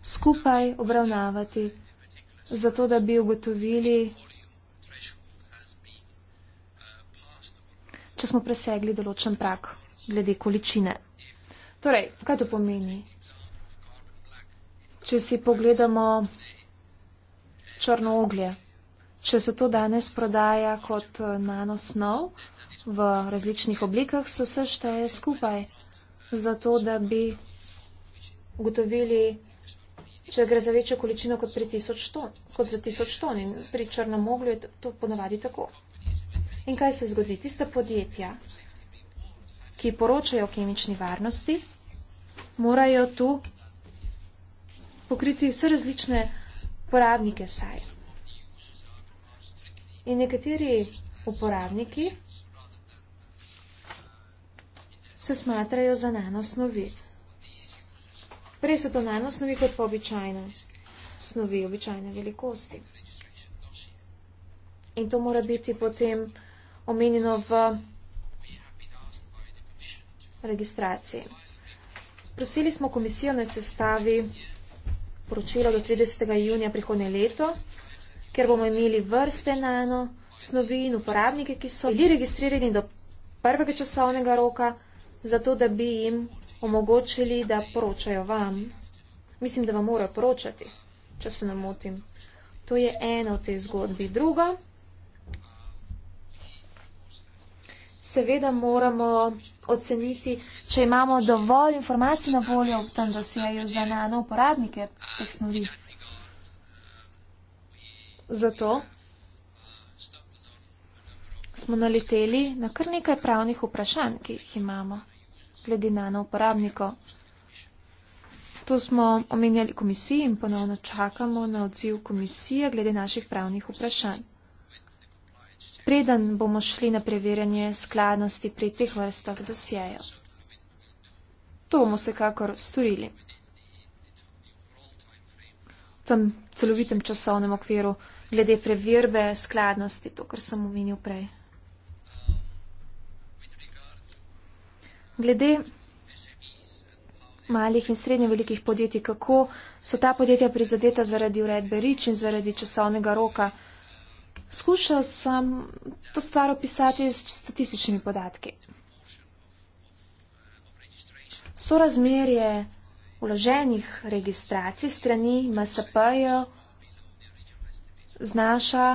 skupaj obravnavati, zato da bi ugotovili, če smo presegli določen prak glede količine. Torej, kaj to pomeni? Če si pogledamo črno oglje, če se to danes prodaja kot eh, nanosnov v različnih oblikah, so vse šteje skupaj, zato da bi ugotovili, če gre za večjo količino kot, pri tisoč ton, kot za tisoč ton. In pri črnem oglju je to ponavadi tako. In kaj se zgodi? Tiste podjetja, ki poročajo o kemični varnosti, morajo tu pokriti vse različne uporabnike saj. In nekateri uporabniki se smatrajo za nanosnovi. Prej so to nanosnovi kot pa običajne snovi, običajne velikosti. In to mora biti potem omenjeno v registraciji. Prosili smo komisijo na sestavi poročilo do 30. junija prihodnje leto, ker bomo imeli vrste nano, snovi in uporabnike, ki so bili registrirani do prvega časovnega roka, zato da bi jim omogočili, da poročajo vam. Mislim, da vam morajo poročati, če se ne motim. To je ena od teh zgodb. Drugo, seveda moramo oceniti, če imamo dovolj informacij na voljo v tem dosjeju za nano uporabnike teh snovi. Zato smo naleteli na kar nekaj pravnih vprašanj, ki jih imamo glede nano uporabnikov. To smo omenjali komisiji in ponovno čakamo na odziv komisije glede naših pravnih vprašanj preden bomo šli na preverjanje skladnosti pri teh vrstah dosjejev. To bomo vsekakor storili. V tem celovitem časovnem okviru glede preverbe skladnosti, to, kar sem omenil prej. Glede malih in srednje velikih podjetij, kako so ta podjetja prizadeta zaradi uredbe rič in zaradi časovnega roka. Skušal sem to stvar opisati s statističnimi podatki. Sorazmerje uloženih registracij strani MSP-jo znaša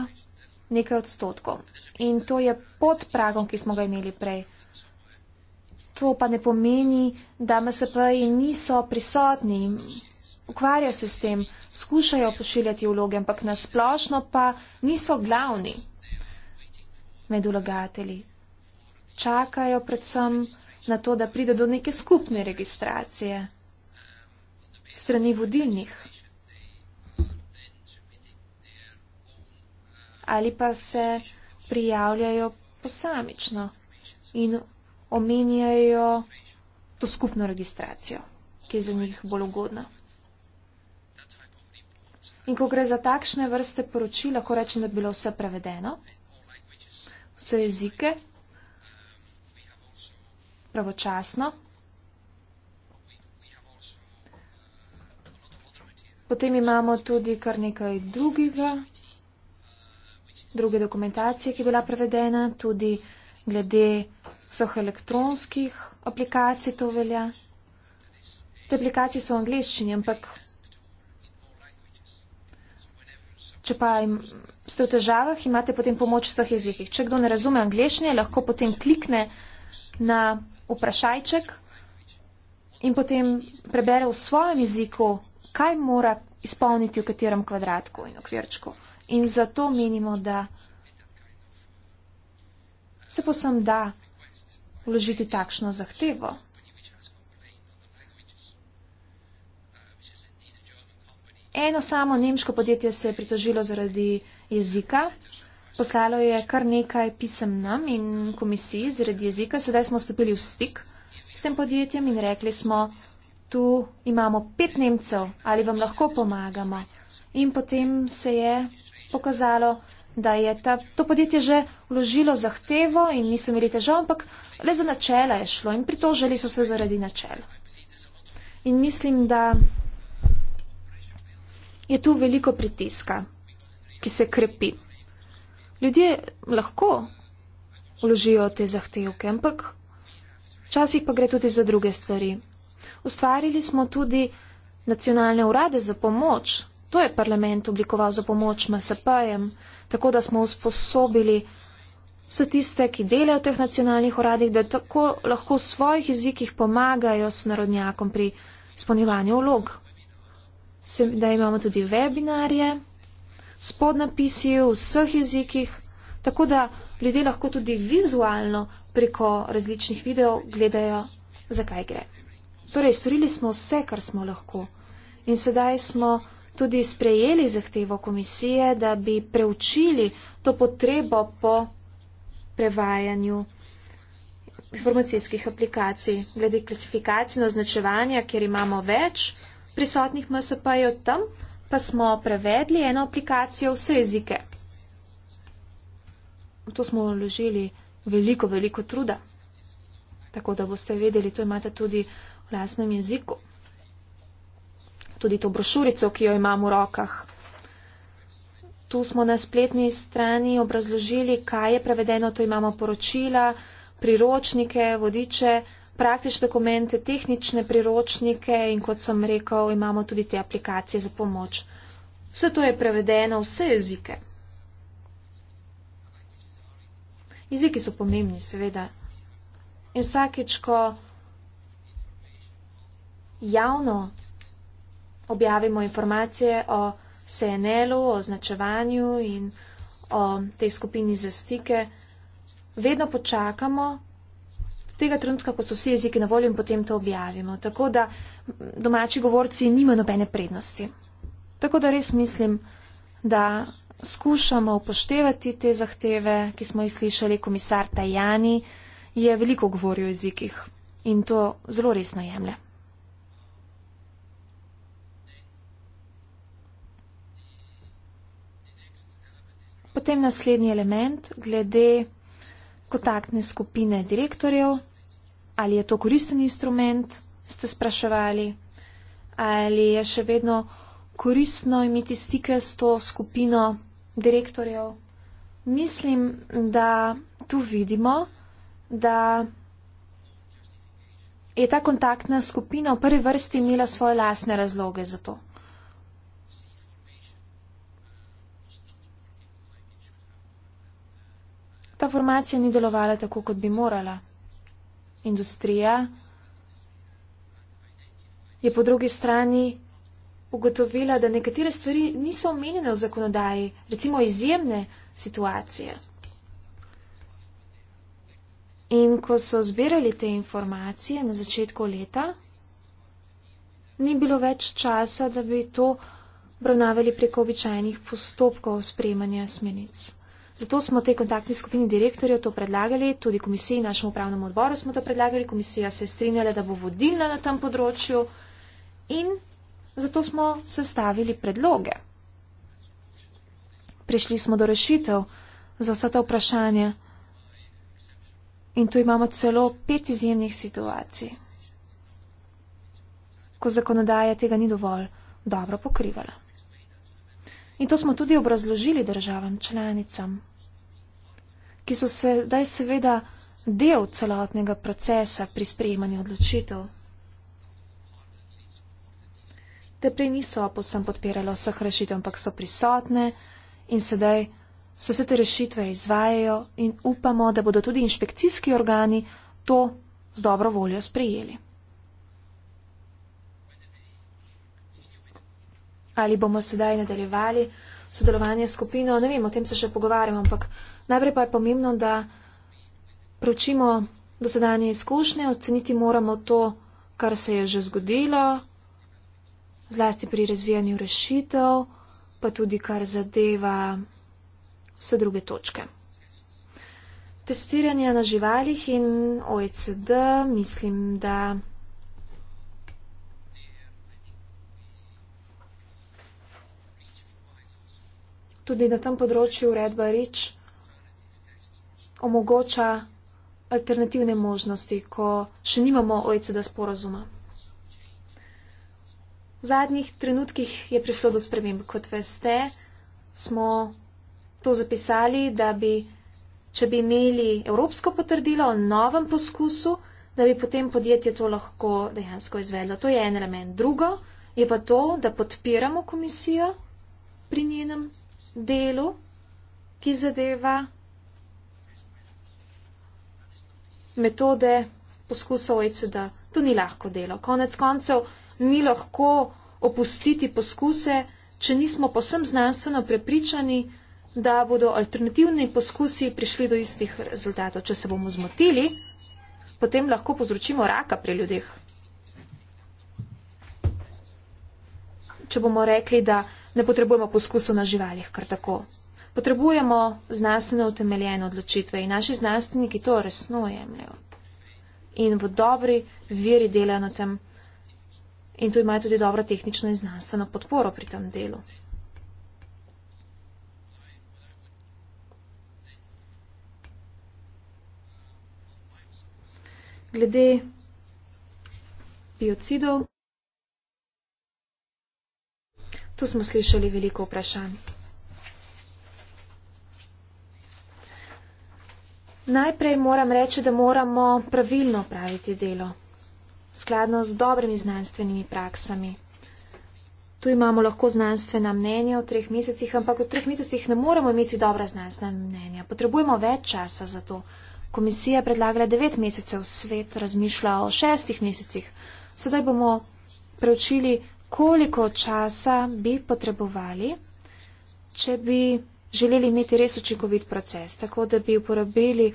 nekaj odstotkov. In to je pod pragom, ki smo ga imeli prej. To pa ne pomeni, da MSP-ji niso prisotni, ukvarja se s tem, skušajo pošiljati vloge, ampak nasplošno pa niso glavni med vlagatelji. Čakajo predvsem na to, da pride do neke skupne registracije strani vodilnih. Ali pa se prijavljajo posamično in omenjajo to skupno registracijo, ki je za njih bolj ugodna. In ko gre za takšne vrste poročil, lahko rečem, da je bilo vse prevedeno, vse jezike, pravočasno. Potem imamo tudi kar nekaj drugega, druge dokumentacije, ki je bila prevedena, tudi glede vseh elektronskih aplikacij to velja. Te aplikacije so v angliščini, ampak Če pa ste v težavah, imate potem pomoč v vseh jezikih. Če kdo ne razume angliščine, lahko potem klikne na vprašajček in potem prebere v svojem jeziku, kaj mora izpolniti v katerem kvadratku in okvirčku. In zato menimo, da se posem da vložiti takšno zahtevo. Eno samo nemško podjetje se je pritožilo zaradi jezika. Poslalo je kar nekaj pisem nam in komisiji zaradi jezika. Sedaj smo stopili v stik s tem podjetjem in rekli smo, tu imamo pet Nemcev, ali vam lahko pomagamo. In potem se je pokazalo, da je ta, to podjetje že vložilo zahtevo in niso imeli težav, ampak le za načela je šlo in pritožili so se zaradi načela. In mislim, da je tu veliko pritiska, ki se krepi. Ljudje lahko vložijo te zahtevke, ampak včasih pa gre tudi za druge stvari. Ustvarili smo tudi nacionalne urade za pomoč, to je parlament oblikoval za pomoč MSP-jem, tako da smo usposobili vse tiste, ki delajo v teh nacionalnih uradih, da tako lahko v svojih jezikih pomagajo sonarodnjakom pri izpolnjevanju vlog da imamo tudi webinarje s podnapisi v vseh jezikih, tako da ljudje lahko tudi vizualno preko različnih videov gledajo, zakaj gre. Torej, storili smo vse, kar smo lahko. In sedaj smo tudi sprejeli zahtevo komisije, da bi preučili to potrebo po prevajanju informacijskih aplikacij glede klasifikacij in označevanja, ker imamo več prisotnih MSP-jev tam, pa smo prevedli eno aplikacijo vse jezike. V to smo vložili veliko, veliko truda. Tako da boste vedeli, to imate tudi v lasnem jeziku. Tudi to brošurico, ki jo imam v rokah. Tu smo na spletni strani obrazložili, kaj je prevedeno, to imamo poročila, priročnike, vodiče, praktične dokumente, tehnične priročnike in kot sem rekel, imamo tudi te aplikacije za pomoč. Vse to je prevedeno, vse jezike. Jeziki so pomembni, seveda. In vsakeč, ko javno objavimo informacije o CNL-u, o označevanju in o tej skupini za stike, vedno počakamo, tega trenutka, ko so vsi jeziki na voljo in potem to objavimo. Tako da domači govorci nimajo nobene prednosti. Tako da res mislim, da skušamo upoštevati te zahteve, ki smo jih slišali, komisar Tajani je veliko govoril o jezikih in to zelo resno jemlje. Potem naslednji element glede kontaktne skupine direktorjev ali je to koristen instrument, ste spraševali, ali je še vedno koristno imeti stike s to skupino direktorjev. Mislim, da tu vidimo, da je ta kontaktna skupina v prvi vrsti imela svoje lasne razloge za to. Ta formacija ni delovala tako, kot bi morala industrija, je po drugi strani ugotovila, da nekatere stvari niso omenjene v zakonodaji, recimo izjemne situacije. In ko so zbirali te informacije na začetku leta, ni bilo več časa, da bi to obravnavali preko običajnih postopkov sprejemanja smenic. Zato smo tej kontaktni skupini direktorjev to predlagali, tudi komisiji, našemu upravnemu odboru smo to predlagali, komisija se je strinjala, da bo vodilna na tem področju in zato smo sestavili predloge. Prišli smo do rešitev za vsa ta vprašanja in tu imamo celo pet izjemnih situacij, ko zakonodaja tega ni dovolj dobro pokrivala. In to smo tudi obrazložili državam članicam, ki so sedaj seveda del celotnega procesa pri sprejemanju odločitev. Te prej niso posem podpirale vseh rešitev, ampak so prisotne in sedaj so se te rešitve izvajajo in upamo, da bodo tudi inšpekcijski organi to z dobro voljo sprejeli. ali bomo sedaj nadaljevali sodelovanje s skupino. Ne vem, o tem se še pogovarjamo, ampak najprej pa je pomembno, da pročimo dosedanje izkušnje, oceniti moramo to, kar se je že zgodilo, zlasti pri razvijanju rešitev, pa tudi kar zadeva vse druge točke. Testiranje na živalih in OECD, mislim, da. tudi na tem področju uredba REACH omogoča alternativne možnosti, ko še nimamo OECD sporozuma. V zadnjih trenutkih je prišlo do sprememb. Kot veste, smo to zapisali, da bi, če bi imeli evropsko potrdilo o novem poskusu, da bi potem podjetje to lahko dejansko izvedlo. To je en element. Drugo je pa to, da podpiramo komisijo pri njenem delu, ki zadeva metode poskusov OECD. To ni lahko delo. Konec koncev ni lahko opustiti poskuse, če nismo posem znanstveno prepričani, da bodo alternativni poskusi prišli do istih rezultatov. Če se bomo zmotili, potem lahko povzročimo raka pri ljudeh. Če bomo rekli, da ne potrebujemo poskusov na živalih kar tako. Potrebujemo znanstveno utemeljene odločitve in naši znanstveniki to resno jemljajo. In v dobri veri delajo na tem in tu imajo tudi dobro tehnično in znanstveno podporo pri tem delu. Glede biocidov. Tu smo slišali veliko vprašanj. Najprej moram reči, da moramo pravilno praviti delo, skladno z dobrimi znanstvenimi praksami. Tu imamo lahko znanstvena mnenja v treh mesecih, ampak v treh mesecih ne moramo imeti dobra znanstvena mnenja. Potrebujemo več časa za to. Komisija je predlagala devet mesecev, svet razmišlja o šestih mesecih. Sedaj bomo preučili koliko časa bi potrebovali, če bi želeli imeti res učinkovit proces, tako da bi uporabili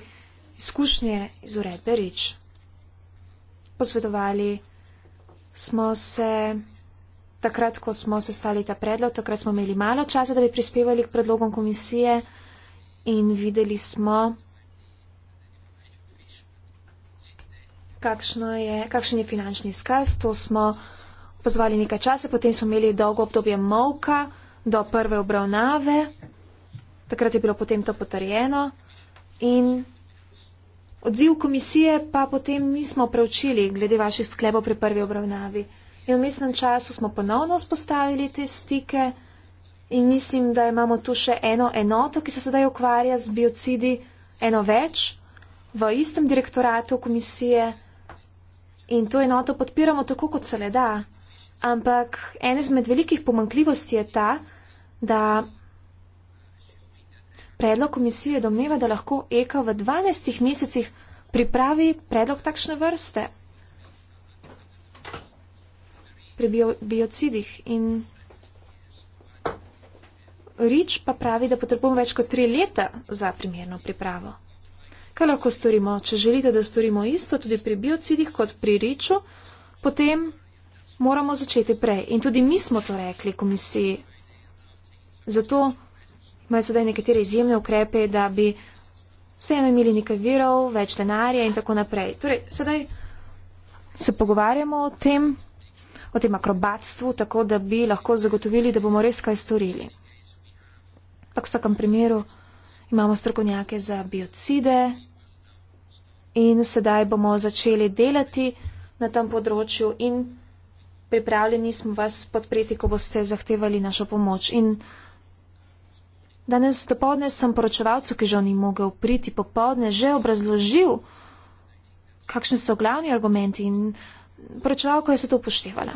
izkušnje iz uredbe REACH. Posvetovali smo se takrat, ko smo sestali ta predlog, takrat smo imeli malo časa, da bi prispevali k predlogom komisije in videli smo, je, kakšen je finančni izkaz. To smo pozvali nekaj časa, potem smo imeli dolgo obdobje molka do prve obravnave, takrat je bilo potem to potrjeno in odziv komisije pa potem nismo preučili glede vaših sklepov pri prvi obravnavi. In v mestnem času smo ponovno spostavili te stike in mislim, da imamo tu še eno enoto, ki se sedaj ukvarja z biocidi, eno več v istem direktoratu komisije. In to enoto podpiramo tako, kot se le da. Ampak ena izmed velikih pomankljivosti je ta, da predlog komisije domneva, da lahko EKA v 12 mesecih pripravi predlog takšne vrste pri bio, biocidih. In Rič pa pravi, da potrebujemo več kot tri leta za primerno pripravo. Kaj lahko storimo? Če želite, da storimo isto tudi pri biocidih kot pri Riču, potem moramo začeti prej. In tudi mi smo to rekli komisiji. Zato imajo sedaj nekatere izjemne ukrepe, da bi vseeno imeli nekaj virov, več denarja in tako naprej. Torej, sedaj se pogovarjamo o tem, o tem akrobatstvu, tako da bi lahko zagotovili, da bomo res kaj storili. Tako v vsakem primeru imamo strokovnjake za biocide in sedaj bomo začeli delati na tem področju in pripravljeni smo vas podpreti, ko boste zahtevali našo pomoč. In danes dopoledne sem poročevalcu, ki žal ni mogel priti popoldne, že obrazložil, kakšni so glavni argumenti in poročevalko je se to upoštevala.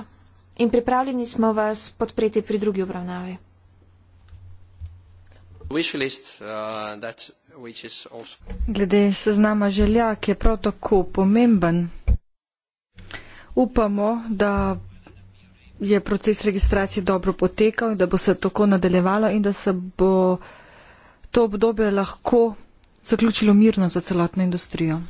In pripravljeni smo vas podpreti pri drugi obravnavi. Uh, Glede seznama želja, ki je prav tako pomemben, upamo, da je proces registracije dobro potekal, da bo se tako nadaljevalo in da se bo to obdobje lahko zaključilo mirno za celotno industrijo.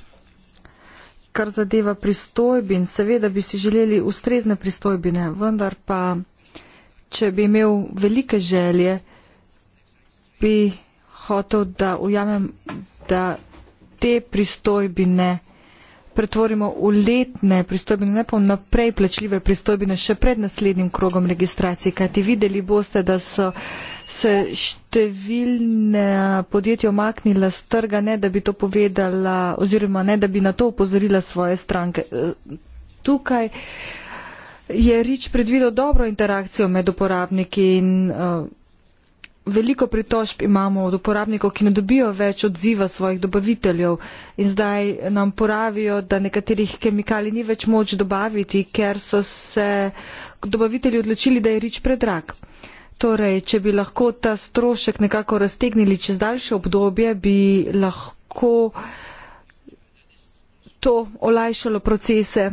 Kar zadeva pristojbin, seveda bi si želeli ustrezne pristojbine, vendar pa, če bi imel velike želje, bi hotel, da ujamem, da te pristojbine pretvorimo v letne pristojbine, ne pa naprej plačljive pristojbine, še pred naslednjim krogom registracije. Kajti videli boste, da so se številne podjetja omaknila z trga, ne da bi to povedala oziroma ne da bi na to upozorila svoje stranke. E, tukaj je Rič predvidel dobro interakcijo med uporabniki in uh, veliko pritožb imamo od uporabnikov, ki ne dobijo več odziva svojih dobaviteljev in zdaj nam poravijo, da nekaterih kemikalij ni več moč dobaviti, ker so se dobavitelji odločili, da je rič predrag. Torej, če bi lahko ta strošek nekako raztegnili čez daljše obdobje, bi lahko to olajšalo procese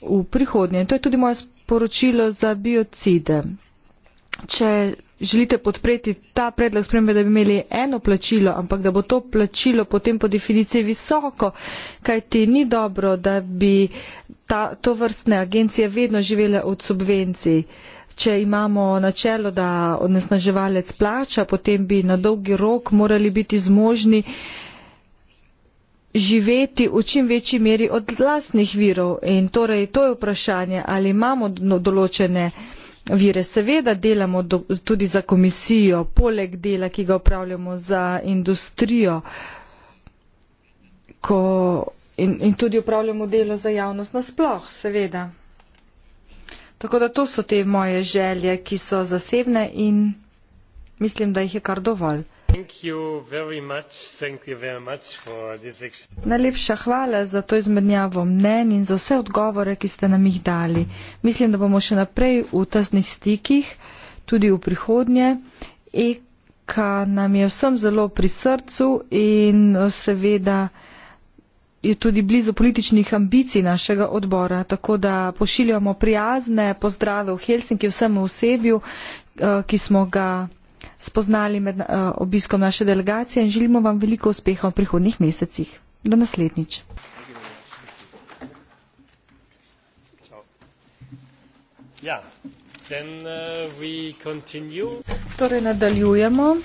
v prihodnje. In to je tudi moje sporočilo za biocide. Če želite podpreti ta predlog spremembe, da bi imeli eno plačilo, ampak da bo to plačilo potem po definiciji visoko, kaj ti ni dobro, da bi ta, to vrstne agencije vedno živele od subvencij. Če imamo načelo, da odnesnaževalec plača, potem bi na dolgi rok morali biti zmožni živeti v čim večji meri od vlastnih virov. In torej to je vprašanje, ali imamo no, določene vire. Seveda delamo do, tudi za komisijo, poleg dela, ki ga upravljamo za industrijo ko, in, in tudi upravljamo delo za javnost nasploh, seveda. Tako da to so te moje želje, ki so zasebne in mislim, da jih je kar dovolj. Najlepša hvala za to izmenjavo mnen in za vse odgovore, ki ste nam jih dali. Mislim, da bomo še naprej v tesnih stikih, tudi v prihodnje. Eka nam je vsem zelo pri srcu in eh, seveda je tudi blizu političnih ambicij našega odbora. Tako da pošiljamo prijazne pozdrave v Helsinki vsem osebju, eh, ki smo ga spoznali med eh, obiskom naše delegacije in želimo vam veliko uspeha v prihodnih mesecih. Do naslednjič. Ja, uh, torej nadaljujemo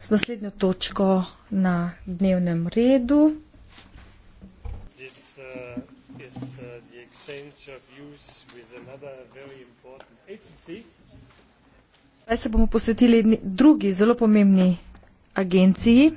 z naslednjo točko na dnevnem redu. This, uh, is, uh, Zdaj se bomo posvetili drugi zelo pomembni agenciji,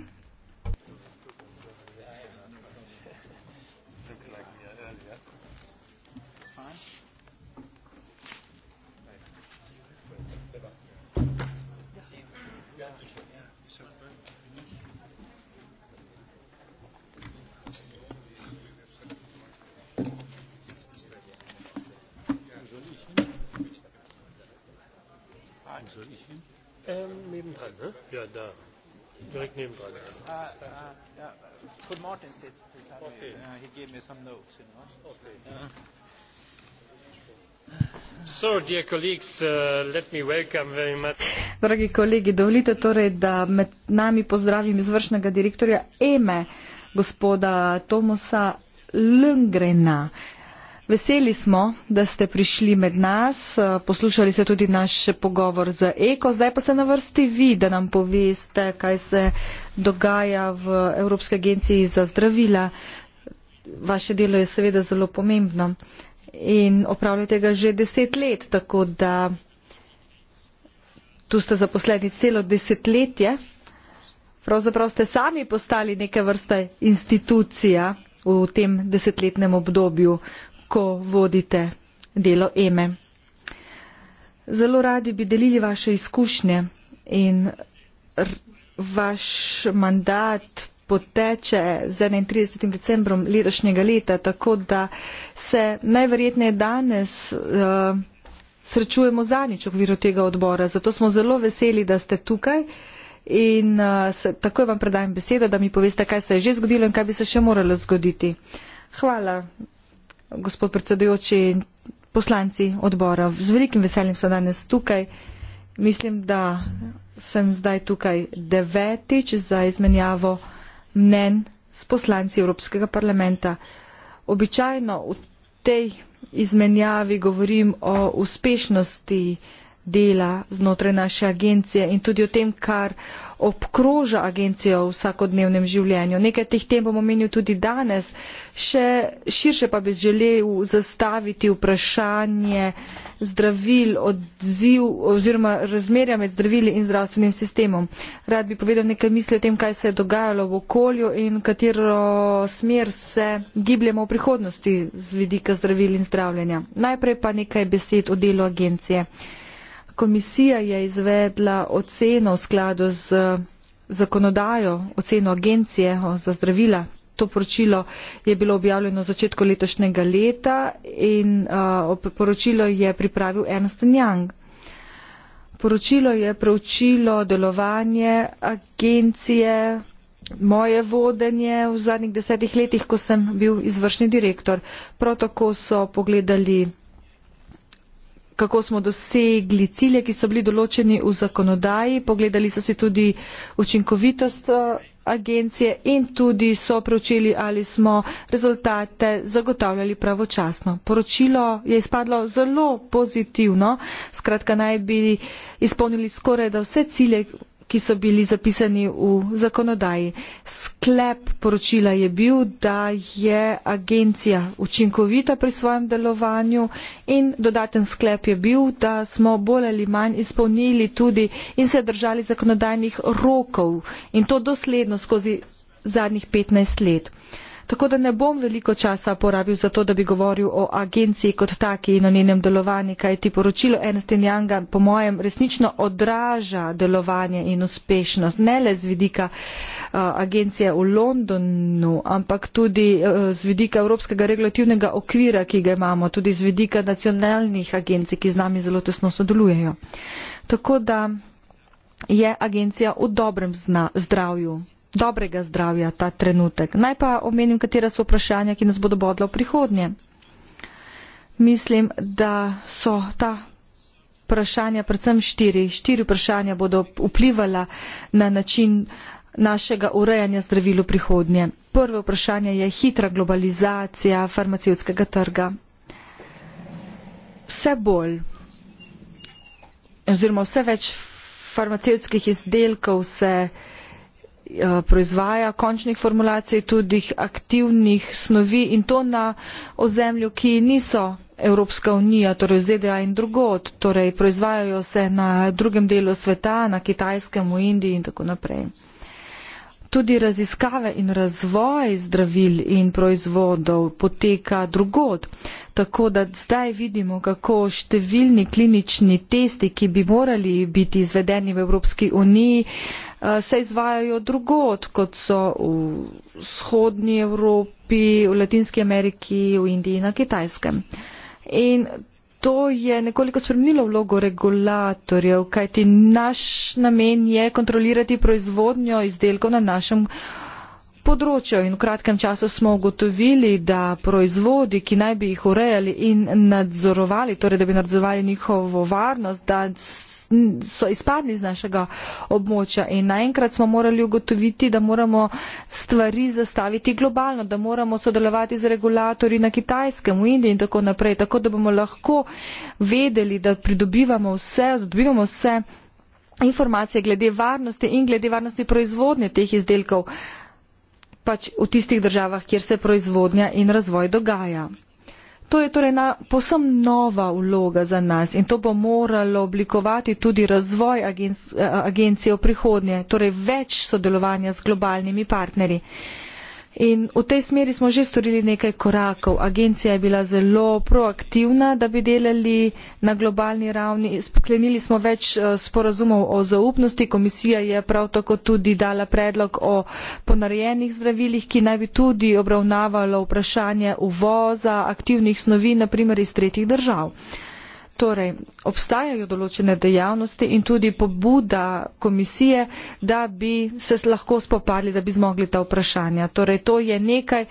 dran, ne? Ja, da. Direkt neben dran. Uh, uh, yeah. Good morning, Sid. Okay. Uh, he gave me some notes, you know. Okay. Uh. So, dear colleagues, uh, let me welcome very much. Dragi kolegi, dovolite torej, da med nami pozdravim izvršnega direktorja EME, gospoda Tomosa Lundgrena, Veseli smo, da ste prišli med nas, eh, poslušali ste tudi naš pogovor z Eko, zdaj pa ste na vrsti vi, da nam poveste, kaj se dogaja v Evropske agenciji za zdravila. Vaše delo je seveda zelo pomembno in opravljate ga že deset let, tako da tu ste zaposleni celo desetletje. Pravzaprav ste sami postali neke vrste institucija v tem desetletnem obdobju, ko vodite delo Eme. Zelo radi bi delili vaše izkušnje in vaš mandat poteče z 31. decembrom letošnjega leta, tako da se najverjetneje danes uh, srečujemo zadnjič v okviru tega odbora. Zato smo zelo veseli, da ste tukaj in uh, se, takoj vam predajem besedo, da mi poveste, kaj se je že zgodilo in kaj bi se še moralo zgoditi. Hvala gospod predsedujoči, poslanci odbora. Z velikim veseljem sem danes tukaj. Mislim, da sem zdaj tukaj devetič za izmenjavo mnen s poslanci Evropskega parlamenta. Običajno v tej izmenjavi govorim o uspešnosti dela znotraj naše agencije in tudi o tem, kar obkroža agencijo v vsakodnevnem življenju. Nekaj teh tem bom omenil tudi danes. Še širše pa bi želel zastaviti vprašanje zdravil, odziv oziroma razmerja med zdravili in zdravstvenim sistemom. Rad bi povedal nekaj misli o tem, kaj se je dogajalo v okolju in katero smer se gibljemo v prihodnosti z vidika zdravil in zdravljenja. Najprej pa nekaj besed o delu agencije. Komisija je izvedla oceno v skladu z zakonodajo, oceno agencije za zdravila. To poročilo je bilo objavljeno v začetku letošnjega leta in uh, poročilo je pripravil Ernst Young. Poročilo je preučilo delovanje agencije, moje vodenje v zadnjih desetih letih, ko sem bil izvršni direktor. Prav tako so pogledali kako smo dosegli cilje, ki so bili določeni v zakonodaji. Pogledali so si tudi učinkovitost eh, agencije in tudi so preučili, ali smo rezultate zagotavljali pravočasno. Poročilo je izpadlo zelo pozitivno, skratka naj bi izpolnili skoraj da vse cilje, ki so bili zapisani v zakonodaji. Sklep poročila je bil, da je agencija učinkovita pri svojem delovanju in dodaten sklep je bil, da smo bolj ali manj izpolnili tudi in se držali zakonodajnih rokov in to dosledno skozi zadnjih 15 let tako da ne bom veliko časa porabil za to, da bi govoril o agenciji kot taki in o njenem delovanju, kaj ti poročilo Ernstin Janga po mojem resnično odraža delovanje in uspešnost, ne le z vidika uh, agencije v Londonu, ampak tudi uh, z vidika Evropskega regulativnega okvira, ki ga imamo, tudi z vidika nacionalnih agencij, ki z nami zelo tesno sodelujejo. Tako da je agencija v dobrem zna, zdravju dobrega zdravja ta trenutek. Naj pa omenim, katera so vprašanja, ki nas bodo bodla v prihodnje. Mislim, da so ta vprašanja, predvsem štiri, štiri vprašanja bodo vplivala na način našega urejanja zdravil v prihodnje. Prvo vprašanje je hitra globalizacija farmacijskega trga. Vse bolj oziroma vse več farmacijskih izdelkov se Eh, proizvaja končnih formulacij, tudi aktivnih snovi in to na ozemlju, ki niso Evropska unija, torej ZDA in drugod, torej proizvajajo se na drugem delu sveta, na Kitajskem, v Indiji in tako naprej. Tudi raziskave in razvoj zdravil in proizvodov poteka drugod, tako da zdaj vidimo, kako številni klinični testi, ki bi morali biti izvedeni v Evropski uniji, uh, Eh, se izvajajo drugot, kot so v vzhodnji Evropi, v Latinski Ameriki, v Indiji in na Kitajskem. In to je nekoliko spremenilo vlogo regulatorjev, kajti naš namen je kontrolirati proizvodnjo izdelkov na našem. Uh, področju in v kratkem času smo ugotovili, da proizvodi, ki naj bi jih urejali in nadzorovali, torej da bi nadzorovali njihovo varnost, da so izpadli iz našega območja in naenkrat smo morali ugotoviti, da moramo stvari zastaviti globalno, da moramo sodelovati z regulatorji na Kitajskem, v Indiji in tako naprej, tako da bomo lahko vedeli, da pridobivamo vse, zadobivamo vse informacije glede varnosti in glede varnosti proizvodnje teh izdelkov pač v tistih državah, kjer se proizvodnja in razvoj dogaja. To je torej ena posem nova vloga za nas in to bo moralo oblikovati tudi razvoj eh, agencije v prihodnje, torej več sodelovanja z globalnimi partnerji. In v tej smeri smo že storili nekaj korakov. Agencija je bila zelo proaktivna, da bi delali na globalni ravni. Sklenili smo več eh, sporazumov o zaupnosti. Komisija je prav tako tudi dala predlog o ponarejenih zdravilih, ki naj bi tudi obravnavalo vprašanje uvoza aktivnih snovi, naprimer iz tretjih držav. Torej, obstajajo določene dejavnosti in tudi pobuda komisije, da bi se lahko spopadli, da bi zmogli ta vprašanja. Torej, to je nekaj,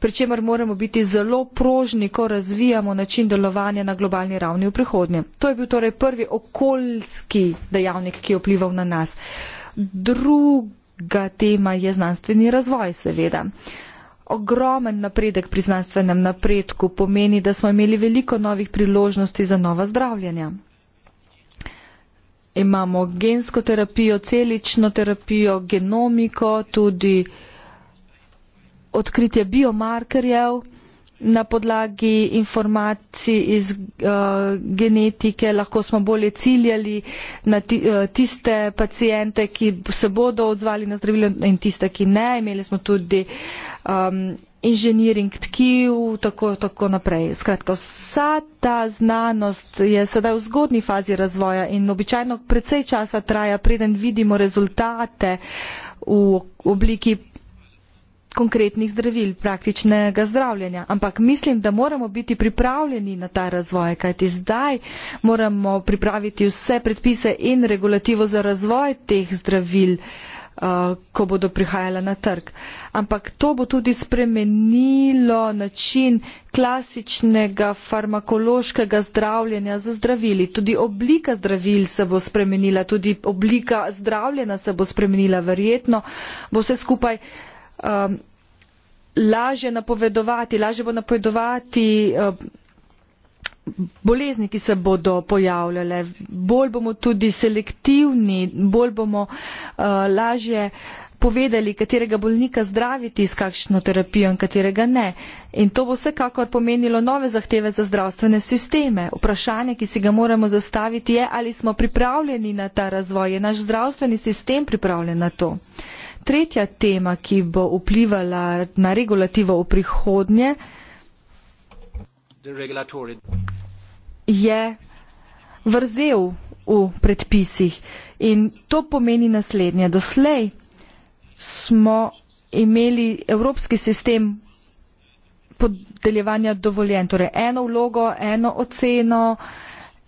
pri čemer moramo biti zelo prožni, ko razvijamo način delovanja na globalni ravni v prihodnje. To je bil torej prvi okoljski dejavnik, ki je vplival na nas. Druga tema je znanstveni razvoj, seveda. Uh, ogromen napredek pri znanstvenem napredku, pomeni, da smo imeli veliko novih priložnosti za nova zdravljenja. Imamo gensko terapijo, celično terapijo, genomiko, tudi odkritje biomarkerjev na podlagi informacij iz uh, genetike, lahko smo bolje ciljali na ti, uh, tiste pacijente, ki se bodo odzvali na zdravilo in tiste, ki ne. Imeli smo tudi um, inženiring tkiv, tako, tako naprej. Skratka, vsa ta znanost je sedaj v zgodni fazi razvoja in običajno precej časa traja, preden vidimo rezultate v obliki konkretnih zdravil, praktičnega zdravljenja. Ampak mislim, da moramo biti pripravljeni na ta razvoj, kajti zdaj moramo pripraviti vse predpise in regulativo za razvoj teh zdravil, uh, ko bodo prihajala na trg. Ampak to bo tudi spremenilo način klasičnega farmakološkega zdravljenja za zdravili. Tudi oblika zdravil se bo spremenila, tudi oblika zdravljena se bo spremenila, verjetno bo vse skupaj um, lažje napovedovati, lažje bo napovedovati um, bolezni, ki se bodo pojavljale, bolj bomo tudi selektivni, bolj bomo uh, lažje povedali, katerega bolnika zdraviti s kakšno terapijo in katerega ne. In to bo vsekakor pomenilo nove zahteve za zdravstvene sisteme. Vprašanje, ki si ga moramo zastaviti, je, ali smo pripravljeni na ta razvoj, je naš zdravstveni sistem pripravljen na to. Uh, Tretja tema, ki bo vplivala na regulativo v prihodnje, je vrzel v predpisih. In to pomeni naslednje. Doslej smo imeli evropski sistem podeljevanja dovoljen, torej eno vlogo, eno oceno,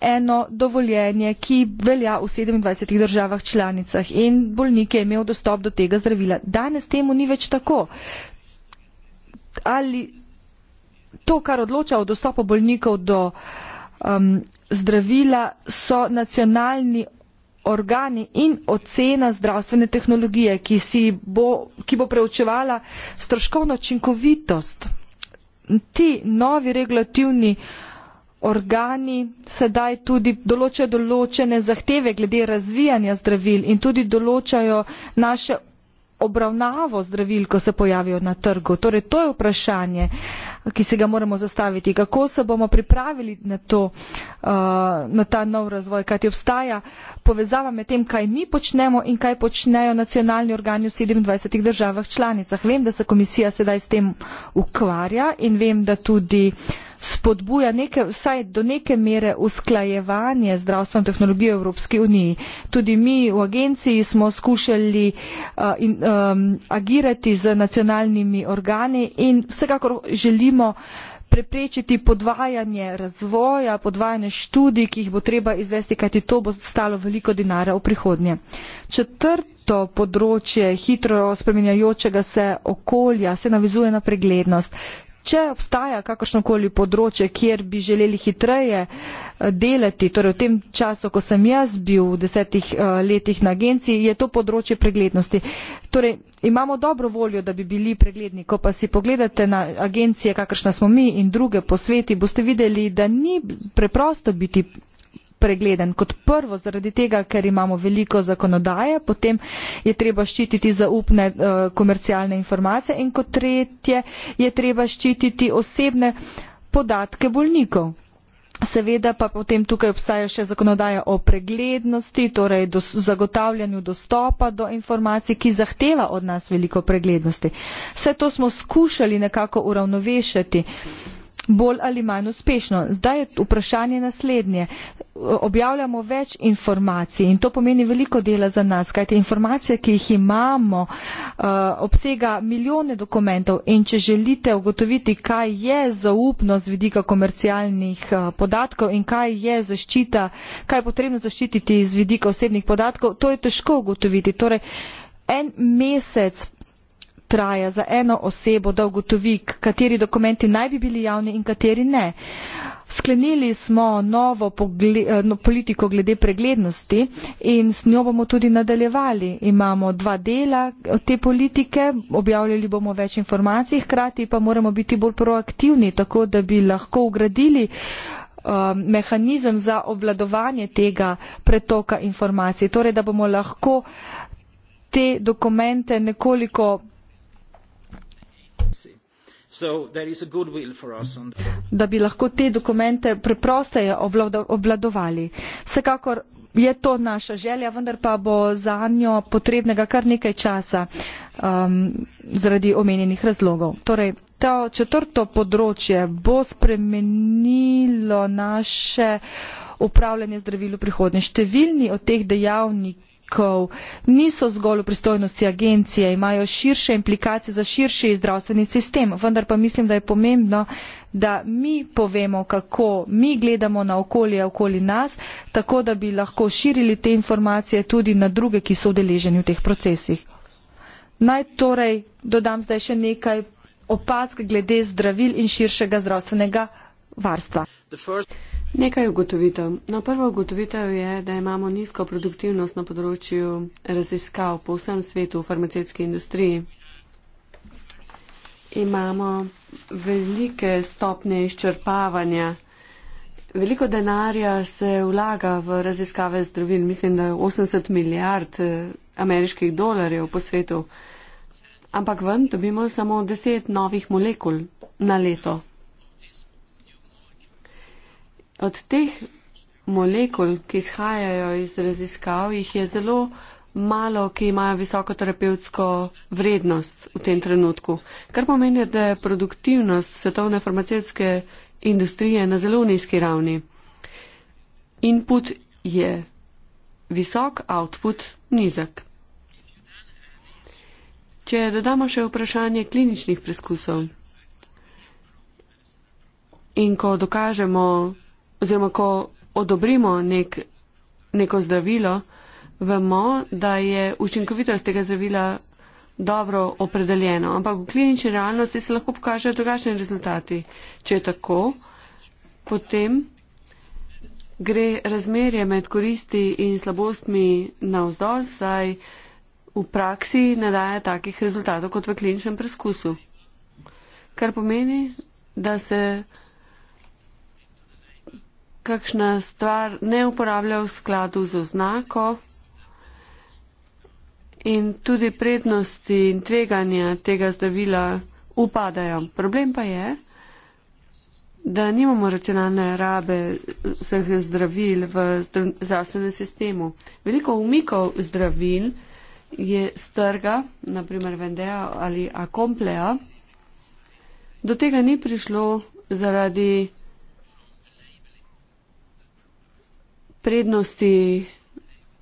eno dovoljenje, ki velja v 27 državah članicah in bolnik je imel dostop do tega zdravila. Danes temu ni več tako. Ali to, kar odloča o dostopu bolnikov do um, zdravila, so nacionalni organi in ocena zdravstvene tehnologije, ki, si bo, ki bo preučevala stroškovno činkovitost. Ti novi regulativni uh, organi sedaj tudi določajo določene zahteve glede razvijanja zdravil in tudi določajo naše obravnavo zdravil, ko se pojavijo na trgu. Torej, to je vprašanje, ki se ga moramo zastaviti. Kako se bomo pripravili na, to, uh, na ta nov razvoj, kajti obstaja povezava med tem, kaj mi počnemo in kaj počnejo nacionalni organi v 27 državah članicah. Vem, da se komisija sedaj s tem ukvarja in vem, da tudi spodbuja neke, vsaj do neke mere usklajevanje zdravstveno tehnologijo Evropske unije. Tudi mi v agenciji smo skušali uh, in, um, agirati z nacionalnimi organi in vsekakor želimo uh, preprečiti podvajanje razvoja, podvajanje študij, ki jih bo treba izvesti, kajti to bo stalo veliko denara v prihodnje. Četrto področje hitro spremenjajočega se okolja se navizuje na preglednost. Če obstaja kakršnokoli področje, kjer bi želeli hitreje eh, delati, torej v tem času, ko sem jaz bil v desetih eh, letih na agenciji, je to področje preglednosti. Torej, imamo dobro voljo, da bi bili pregledni. Ko pa si pogledate na agencije, kakršna smo mi in druge po sveti, boste videli, da ni preprosto biti pregleden. Kot prvo, zaradi tega, ker imamo veliko zakonodaje, potem je treba ščititi zaupne uh, komercialne informacije in kot tretje je treba ščititi osebne podatke bolnikov. Seveda pa potem tukaj obstaja še zakonodaja o preglednosti, torej dos zagotavljanju dostopa do informacij, ki zahteva od nas veliko preglednosti. Vse to smo skušali nekako uravnovešati. Uh, bolj ali manj uspešno. Zdaj je vprašanje naslednje. Objavljamo več informacij in to pomeni veliko dela za nas, kajte informacije, ki jih imamo, eh, obsega milijone dokumentov in če želite ugotoviti, kaj je zaupno z vidika komercialnih eh, podatkov in kaj je zaščita, kaj je potrebno zaščititi z vidika osebnih podatkov, to je težko ugotoviti. Torej, En mesec traja za eno osebo, da ugotovi, kateri dokumenti naj bi bili javni in kateri ne. Sklenili smo novo eh, no, politiko glede preglednosti in s njo bomo tudi nadaljevali. Imamo dva dela te politike, objavljali bomo več informacij, hkrati pa moramo biti bolj proaktivni, tako da bi lahko ugradili eh, mehanizem za obvladovanje tega pretoka informacij, torej da bomo lahko te dokumente nekoliko da bi lahko te dokumente preprosteje obladovali. Vsekakor je to naša želja, vendar pa bo za njo potrebnega kar nekaj časa um, zaradi omenjenih razlogov. Torej, to četrto področje bo spremenilo naše upravljanje zdravil v prihodnje. Številni od teh dejavnikov zdravnikov niso zgolj v pristojnosti agencije, imajo širše implikacije za širši zdravstveni sistem. Vendar pa mislim, da je pomembno, da mi povemo, kako mi gledamo na okolje okoli nas, tako da bi lahko širili te informacije tudi na druge, ki so udeleženi v teh procesih. Naj torej dodam zdaj še nekaj opask glede zdravil in širšega zdravstvenega varstva. First... Nekaj ugotovitev. Na no, prvo ugotovitev je, da imamo nizko produktivnost na področju raziskav po vsem svetu v farmacevtski industriji. Imamo velike stopnje izčrpavanja. Veliko denarja se vlaga v raziskave zdravil. Mislim, da je 80 milijard eh, ameriških dolarjev po svetu. Ampak ven dobimo samo 10 novih molekul na leto od teh molekul, ki izhajajo iz raziskav, jih je zelo malo, ki imajo visoko terapevtsko vrednost v tem trenutku. Kar pomeni, da je produktivnost svetovne farmacevtske industrije na zelo nizki ravni. Input je visok, output nizek. Če dodamo še vprašanje kliničnih preskusov in ko dokažemo oziroma ko odobrimo nek, neko zdravilo, vemo, da je učinkovitost tega zdravila dobro opredeljena. Ampak v klinični realnosti se lahko pokažejo drugačni rezultati. Če je tako, potem gre razmerje med koristi in slabostmi navzdolj, saj v praksi ne daje takih rezultatov kot v kliničnem preskusu. Kar pomeni, da se kakšna stvar ne uporablja v skladu z oznako in tudi prednosti in tveganja tega zdravila upadajo. Problem pa je, da nimamo racionalne rabe vseh zdravil v zdravstvenem sistemu. Veliko umikov zdravil je strga, naprimer Vendea ali Akomplea. Do tega ni prišlo zaradi prednosti,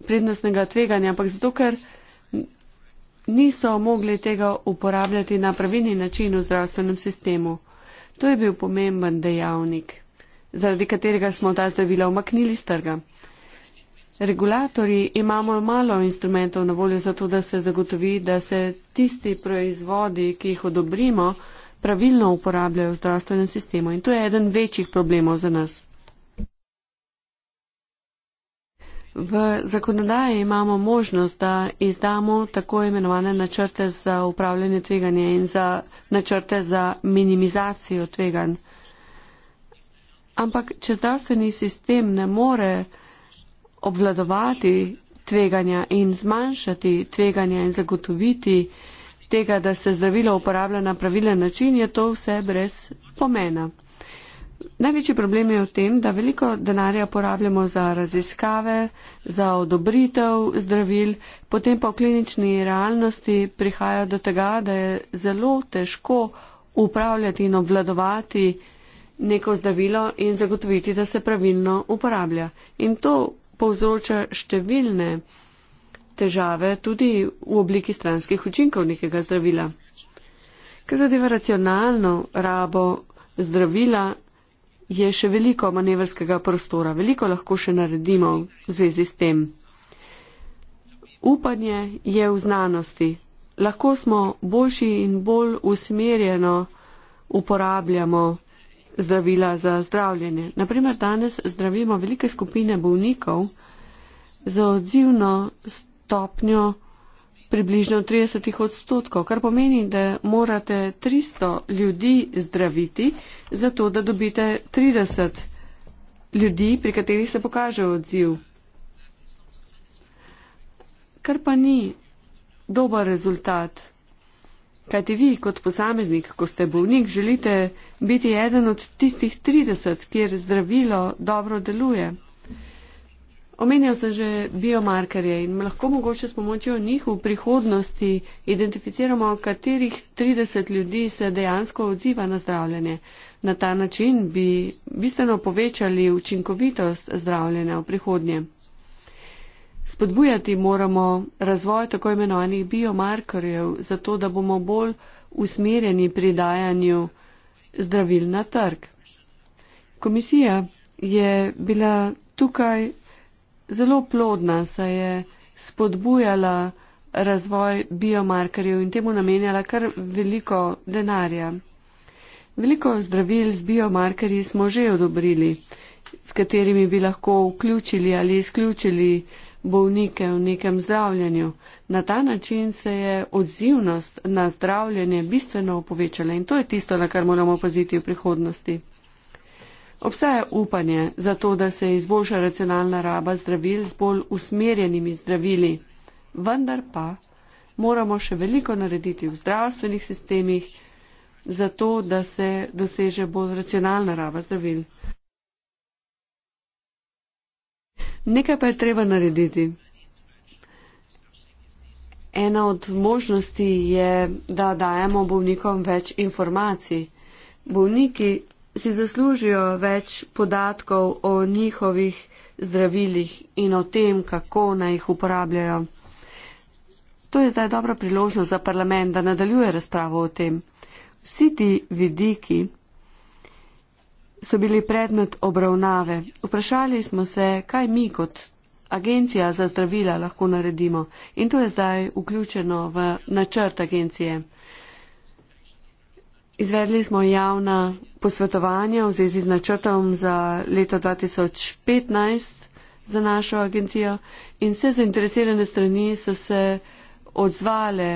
prednostnega tveganja, ampak zato, ker niso mogli tega uporabljati na pravilni način v zdravstvenem sistemu. To je bil pomemben dejavnik, zaradi katerega smo ta zdravila umaknili z trga. Regulatori imamo malo instrumentov na voljo za to, da se zagotovi, da se tisti proizvodi, ki jih odobrimo, pravilno uporabljajo v zdravstvenem sistemu. In to je eden večjih problemov za nas. V zakonodaji imamo možnost, da izdamo tako imenovane načrte za upravljanje tveganja in za načrte za minimizacijo tveganj. Ampak, če zdravstveni sistem ne more obvladovati tveganja in zmanjšati tveganja in zagotoviti tega, da se zdravilo uporablja na pravilen način, je to vse brez pomena. Največji problem je v tem, da veliko denarja porabljamo za raziskave, za odobritev zdravil, potem pa v klinični realnosti prihaja do tega, da je zelo težko upravljati in obvladovati neko zdravilo in zagotoviti, da se pravilno uporablja. In to povzroča številne težave tudi v obliki stranskih učinkov nekega zdravila. Kar zadeva racionalno rabo zdravila, je še veliko manevrskega prostora, veliko lahko še naredimo v zvezi s tem. Upanje je v znanosti. Lahko smo boljši in bolj usmerjeno uporabljamo zdravila za zdravljenje. Naprimer, danes zdravimo velike skupine bolnikov za odzivno stopnjo približno 30 odstotkov, kar pomeni, da morate 300 ljudi zdraviti, zato da dobite 30 ljudi, pri katerih se pokaže odziv. Kar pa ni dober rezultat. Kajti vi kot posameznik, ko ste bolnik, želite biti eden od tistih 30, kjer zdravilo dobro deluje. Omenjal sem že biomarkerje in lahko mogoče s pomočjo njih v prihodnosti identificiramo, katerih 30 ljudi se dejansko odziva na zdravljenje. Na ta način bi bistveno povečali učinkovitost zdravljenja v prihodnje. Spodbujati moramo razvoj tako imenovanih biomarkerjev, zato da bomo bolj usmerjeni pri dajanju zdravil na trg. Komisija je bila tukaj zelo plodna, saj je spodbujala razvoj biomarkerjev in temu namenjala kar veliko denarja. Veliko zdravil z biomarkerji smo že odobrili, s katerimi bi lahko vključili ali izključili bolnike v nekem zdravljenju. Na ta način se je odzivnost na zdravljenje bistveno povečala in to je tisto, na kar moramo paziti v prihodnosti. Obstaja upanje za to, da se izboljša racionalna raba zdravil z bolj usmerjenimi zdravili. Vendar pa moramo še veliko narediti v zdravstvenih sistemih za to, da se doseže bolj racionalna raba zdravil. Nekaj pa je treba narediti. Ena od možnosti je, da dajemo bolnikom več informacij. Bolniki si zaslužijo več podatkov o njihovih zdravilih in o tem, kako naj jih uporabljajo. To je zdaj dobra priložnost za parlament, da nadaljuje razpravo o tem. Vsi ti vidiki so bili predmet obravnave. Vprašali smo se, kaj mi kot agencija za zdravila lahko naredimo. In to je zdaj vključeno v načrt agencije. Izvedli smo javna posvetovanja v zvezi z načrtom za leto 2015 za našo agencijo in vse zainteresirane strani so se odzvale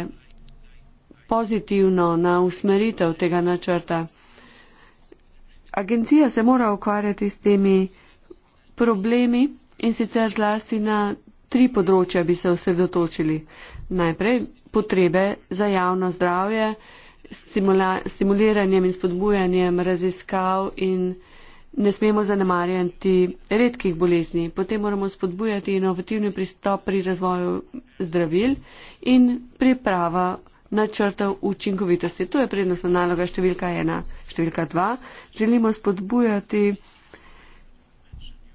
pozitivno na usmeritev tega načrta. Agencija se mora ukvarjati s temi problemi in sicer zlasti na tri področja bi se osredotočili. Najprej potrebe za javno zdravje, stimuliranjem in spodbujanjem raziskav in ne smemo zanemarjati redkih bolezni. Potem moramo spodbujati inovativni pristop pri razvoju zdravil in priprava načrtov učinkovitosti. To je prednostna naloga številka ena. Številka dva. Želimo spodbujati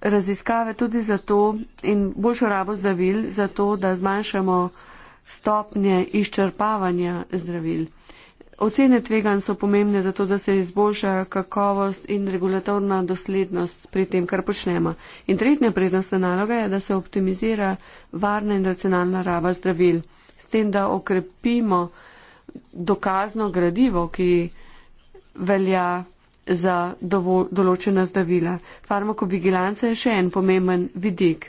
raziskave tudi zato in boljšo rabo zdravil, zato da zmanjšamo stopnje izčrpavanja zdravil. Ocene tvegan so pomembne zato, da se izboljša kakovost in regulatorna doslednost pri tem, kar počnemo. In tretja prednostna naloga je, da se optimizira varna in racionalna raba zdravil, s tem, da okrepimo dokazno gradivo, ki velja za določena zdravila. Farmakovigilanca je še en pomemben vidik.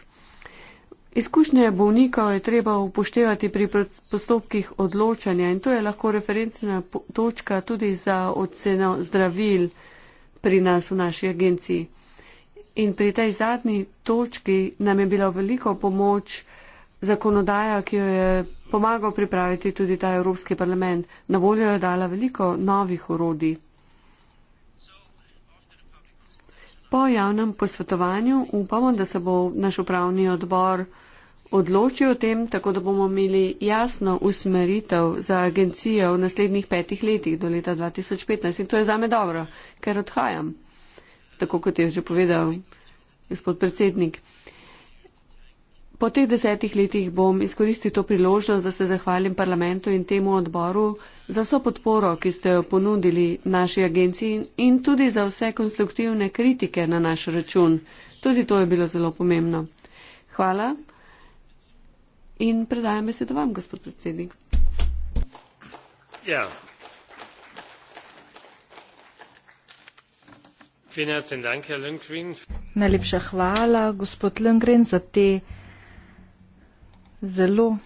Izkušnje bolnikov je treba upoštevati pri postopkih odločanja in to je lahko referencna točka tudi za oceno zdravil pri nas v naši agenciji. In pri tej zadnji točki nam je bila veliko pomoč zakonodaja, ki jo je pomagal pripraviti tudi ta Evropski parlament. Na voljo je dala veliko novih urodij. Po javnem posvetovanju upamo, da se bo naš upravni odbor odločil o tem, tako da bomo imeli jasno usmeritev za agencijo v naslednjih petih letih do leta 2015. In to je zame dobro, ker odhajam, tako kot je že povedal gospod predsednik. Po teh desetih letih bom izkoristil to priložnost, da se zahvalim parlamentu in temu odboru, za vso podporo, ki ste jo ponudili naši agenciji in tudi za vse konstruktivne kritike na naš račun. Tudi to je bilo zelo pomembno. Hvala in predajam besedo vam, gospod predsednik. Ja. Najlepša hvala, gospod Lengren, za te zelo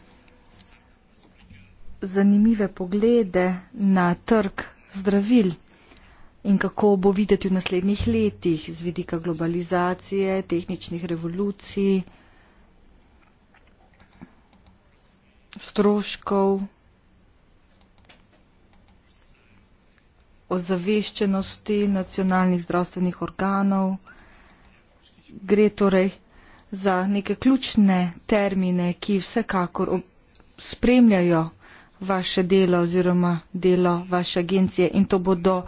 zanimive poglede na trg zdravil in kako bo videti v naslednjih letih z vidika globalizacije, tehničnih revolucij, stroškov, ozaveščenosti nacionalnih zdravstvenih organov. Gre torej za neke ključne termine, ki vsekakor spremljajo vaše delo oziroma delo vaše agencije in to bodo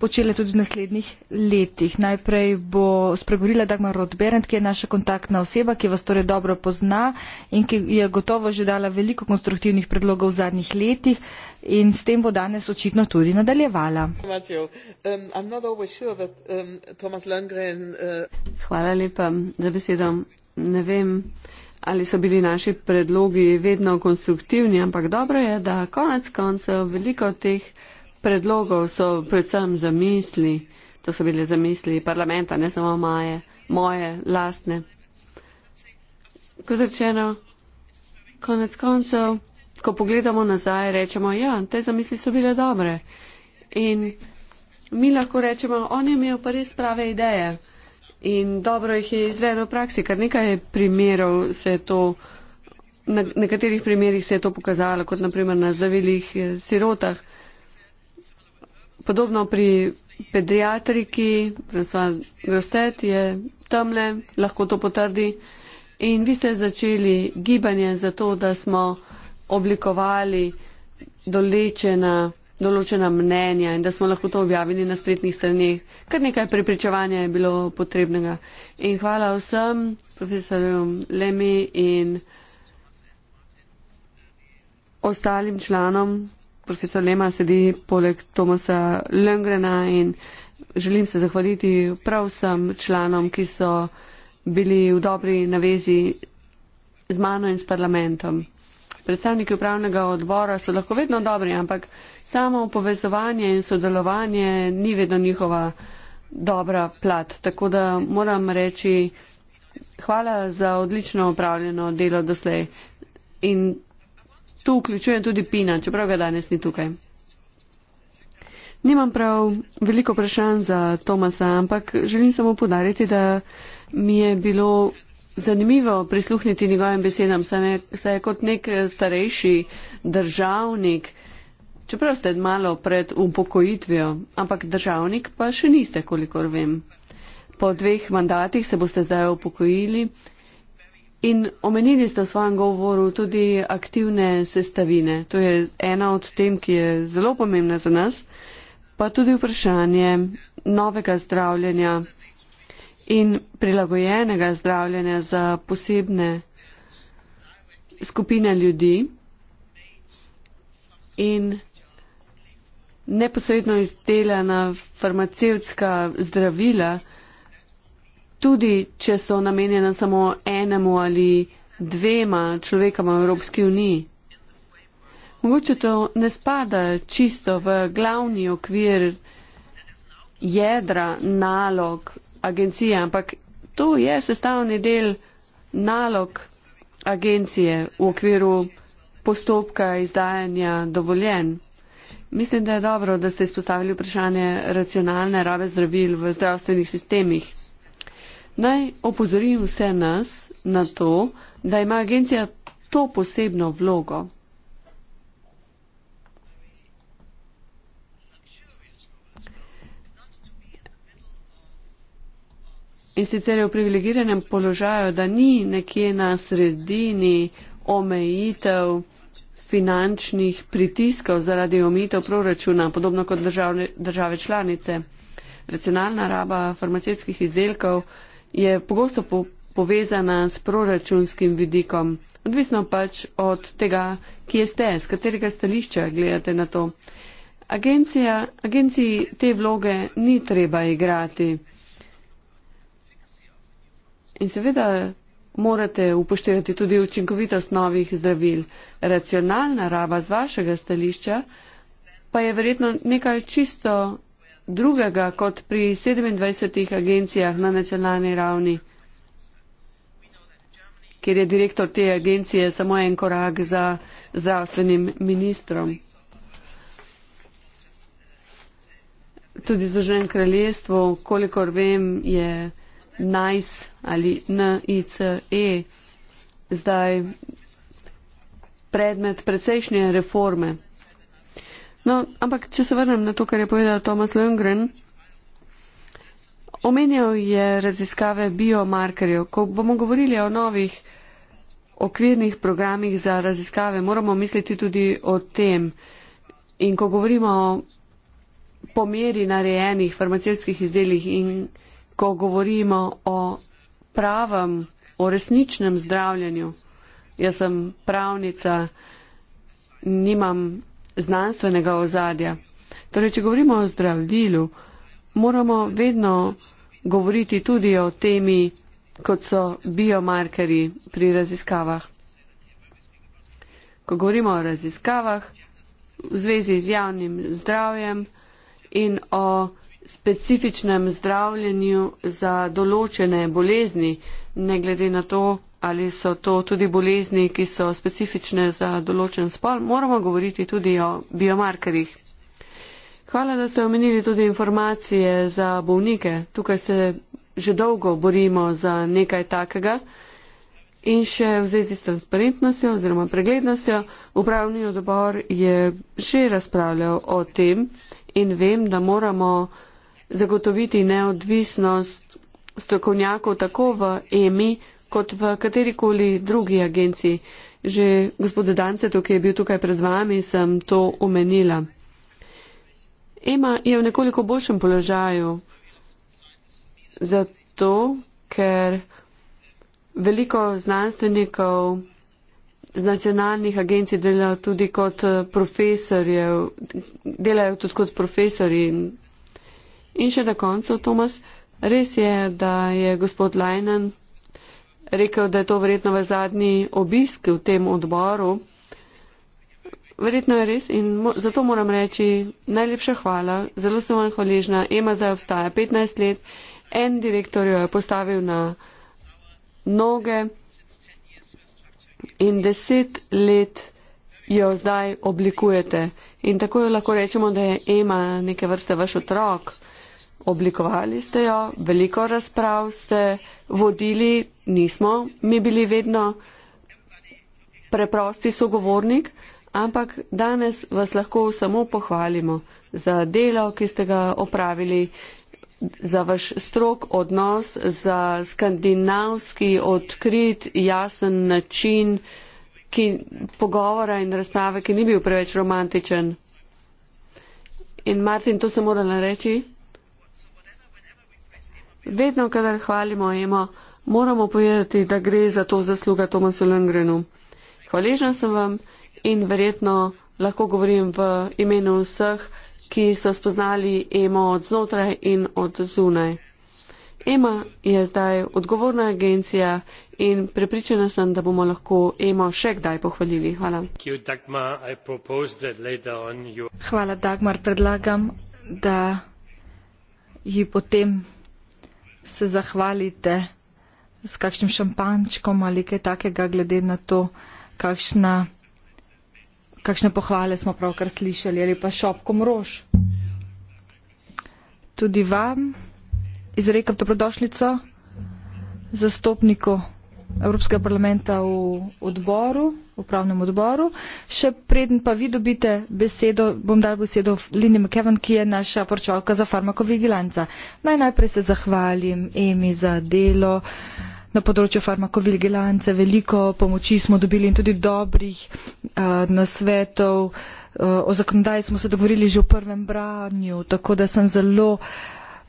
počele tudi v naslednjih letih. Najprej bo spregovorila Dagmar Rodberend, ki je naša kontaktna oseba, ki vas torej dobro pozna in ki je gotovo že dala veliko konstruktivnih predlogov v zadnjih letih in s tem bo danes očitno tudi nadaljevala. Um, um, uh, Hvala lepa za besedo. Ne vem, ali so bili naši predlogi vedno konstruktivni, ampak dobro je, da konec koncev veliko teh predlogov so predvsem zamisli, to so bile zamisli parlamenta, ne samo maje, moje, lastne. Kot rečeno, konec koncev, ko pogledamo nazaj, rečemo, ja, te zamisli so bile dobre. In mi lahko rečemo, on je imel pa res prave ideje in dobro jih je izvedel v praksi, kar nekaj primerov se je to, na nekaterih primerjih se je to pokazalo, kot naprimer na zdravilih eh, sirotah. Podobno pri pediatriki, profesor Grostet je tamle, lahko to potrdi. In vi ste začeli gibanje za to, da smo oblikovali dolečena določena mnenja in da smo lahko to objavili na spletnih straneh. Kar nekaj prepričevanja je bilo potrebnega. In hvala vsem, profesorjem Lemi in ostalim članom. Profesor Lema sedi poleg Tomasa Lengrena in želim se zahvaliti prav vsem članom, ki so bili v dobri navezi z mano in s parlamentom predstavniki upravnega odbora so lahko vedno dobri, ampak samo povezovanje in sodelovanje ni vedno njihova dobra plat. Tako da moram reči hvala za odlično upravljeno delo doslej. In tu vključujem tudi Pina, čeprav ga danes ni tukaj. Nimam prav veliko vprašanj za Tomasa, ampak želim samo podariti, da mi je bilo Zanimivo prisluhniti njegovim besedam, saj je kot nek eh, starejši državnik, čeprav ste malo pred upokojitvijo, ampak državnik pa še niste, kolikor vem. Po dveh mandatih se boste zdaj upokojili in omenili ste v svojem govoru tudi aktivne sestavine. To je ena od tem, ki je zelo pomembna za nas, pa tudi vprašanje novega zdravljenja in prilagojenega zdravljenja za posebne skupine ljudi in neposredno izdelana farmacevtska zdravila, tudi če so namenjena samo enemu ali dvema človekama v Evropski uniji. Mogoče to ne spada čisto v glavni okvir jedra nalog agencije, ampak to je sestavni del nalog agencije v okviru postopka izdajanja dovoljen. Mislim, da je dobro, da ste izpostavili vprašanje racionalne rabe zdravil v zdravstvenih sistemih. Naj opozorim vse nas na to, da ima agencija to posebno vlogo. In sicer je v privilegiranem položaju, da ni nekje na sredini omejitev finančnih pritiskov zaradi omejitev proračuna, podobno kot države, države članice. Racionalna raba farmacijskih izdelkov je pogosto po, povezana s proračunskim vidikom, odvisno pač od tega, kje ste, z katerega stališča gledate na to. Agencija, agenciji te vloge ni treba igrati. In seveda morate upoštevati tudi učinkovitost novih zdravil. Racionalna raba z vašega stališča pa je verjetno nekaj čisto drugega kot pri 27 agencijah na nacionalni ravni, kjer je direktor te agencije samo en korak za zdravstvenim ministrom. Tudi Združen kraljestvo, kolikor vem, je nice ali nice. Zdaj predmet precejšnje reforme. No, ampak, če se vrnem na to, kar je povedal Tomas Lundgren, omenjal je raziskave biomarkerjev. Ko bomo govorili o novih okvirnih programih za raziskave, moramo misliti tudi o tem. In ko govorimo o pomeri narejenih farmacijskih izdelih in ko govorimo o pravem, o resničnem zdravljenju. Jaz sem pravnica, nimam znanstvenega ozadja. Torej, če govorimo o zdravilu, moramo vedno govoriti tudi o temi, kot so biomarkerji pri raziskavah. Ko govorimo o raziskavah v zvezi z javnim zdravjem in o specifičnem zdravljenju za določene bolezni, ne glede na to, ali so to tudi bolezni, ki so specifične za določen spol, moramo govoriti tudi o biomarkerjih. Hvala, da ste omenili tudi informacije za bolnike. Tukaj se že dolgo borimo za nekaj takega. In še v zvezi s transparentnostjo oziroma preglednostjo, upravni odbor je že razpravljal o tem in vem, da moramo zagotoviti neodvisnost strokovnjakov tako v EMI kot v katerikoli drugi agenciji. Že gospod Dancetu, ki je bil tukaj pred vami, sem to omenila. EMA je v nekoliko boljšem položaju, zato ker veliko znanstvenikov z nacionalnih agencij delajo tudi kot profesorjev, delajo tudi kot profesori in In še na koncu, Tomas, res je, da je gospod Lajnen rekel, da je to verjetno v zadnji obisk v tem odboru. Verjetno je res in mo zato moram reči najlepša hvala, zelo sem vam hvaležna. EMA zdaj obstaja 15 let, en direktor jo je postavil na noge in 10 let jo zdaj oblikujete. In tako jo lahko rečemo, da je EMA neke vrste vaš otrok oblikovali ste jo, veliko razprav ste vodili, nismo mi bili vedno preprosti sogovornik, ampak danes vas lahko samo pohvalimo za delo, ki ste ga opravili, za vaš strok odnos, za skandinavski odkrit, jasen način ki, pogovora in razprave, ki ni bil preveč romantičen. In Martin, to sem morala reči. Vedno, kadar hvalimo Emo, moramo povedati, da gre za to zasluga Tomasu Lengrenu. Hvaležen sem vam in verjetno lahko govorim v imenu vseh, ki so spoznali Emo od znotraj in od zunaj. Ema je zdaj odgovorna agencija in prepričana sem, da bomo lahko Emo še kdaj pohvalili. Hvala. Hvala, Dagmar. Predlagam, da ji potem se zahvalite s kakšnim šampančkom ali kaj takega, glede na to, kakšna, kakšne pohvale smo pravkar slišali ali pa šopkom rož. Tudi vam izrekam dobrodošljico zastopniku. Evropskega parlamenta v odboru, v pravnem odboru. Še preden pa vi dobite besedo, bom dal besedo Lini McKevan, ki je naša poročevalka za farmakovigilanca. Naj najprej se zahvalim Emi za delo na področju farmakovigilance. Veliko pomoči smo dobili in tudi dobrih uh, nasvetov. Uh, o zakonodaji smo se dogovorili že v prvem branju, tako da sem zelo uh,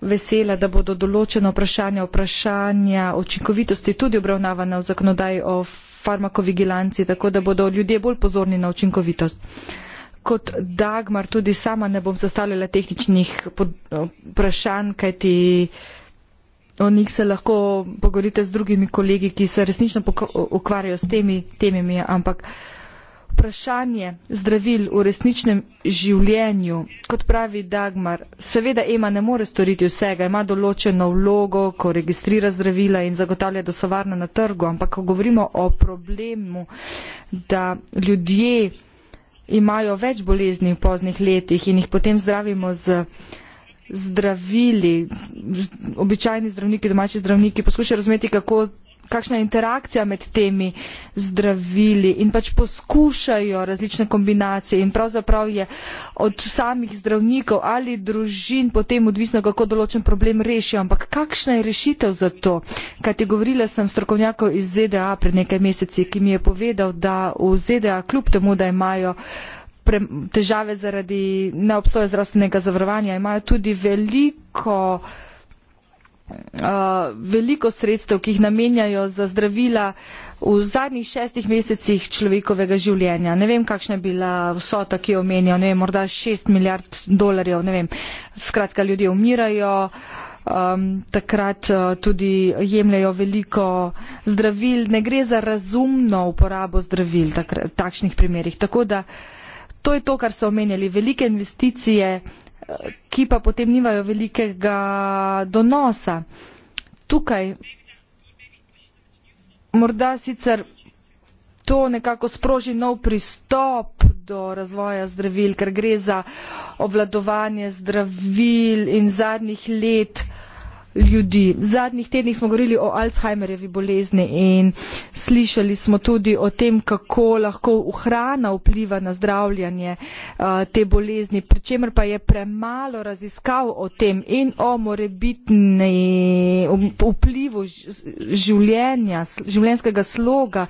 vesela, da bodo določena vprašanja, vprašanja očinkovitosti tudi obravnavana v zakonodaji o farmakovigilanci, tako da bodo ljudje bolj pozorni na učinkovitost. Kot Dagmar tudi sama ne bom sestavljala tehničnih vprašanj, kajti o njih se lahko pogovorite z drugimi kolegi, ki se resnično ukvarjajo s temi temami, ampak uh, vprašanje zdravil v resničnem življenju, kot pravi Dagmar, seveda EMA ne more storiti vsega, ima določeno vlogo, ko registrira zdravila in zagotavlja, da so varna na trgu, ampak ko govorimo o problemu, da ljudje imajo več bolezni v poznih letih in jih potem zdravimo z zdravili, običajni zdravniki, domači zdravniki poskušajo razumeti, kako kakšna je interakcija med temi zdravili in pač poskušajo različne kombinacije in pravzaprav je od samih zdravnikov ali družin potem odvisno, kako določen problem rešijo. Ampak kakšna je rešitev za to? Kaj ti govorila sem strokovnjako iz ZDA pred nekaj meseci, ki mi je povedal, da v ZDA kljub temu, da imajo težave zaradi neobstoja zdravstvenega zavarovanja, imajo tudi veliko Eh, veliko sredstev, ki jih namenjajo za zdravila v zadnjih šestih mesecih človekovega življenja. Ne vem, kakšna je bila vsota, ki jo omenijo, ne vem, morda šest milijard dolarjev, ne vem. Skratka, ljudje umirajo, um, takrat uh, tudi jemljajo veliko zdravil. Ne gre za razumno uporabo zdravil takr, v takšnih primerjih. Tako da to je to, kar ste omenjali, velike investicije ki pa potem nimajo velikega donosa. Tukaj morda sicer to nekako sproži nov pristop do razvoja zdravil, ker gre za obvladovanje zdravil in zadnjih let ljudi. V zadnjih tednih smo govorili o Alzheimerjevi bolezni in slišali smo tudi o tem, kako lahko hrana vpliva na zdravljanje uh, te bolezni, pri čemer pa je premalo raziskav o tem in o morebitni um, vplivu življenja, življenjskega sloga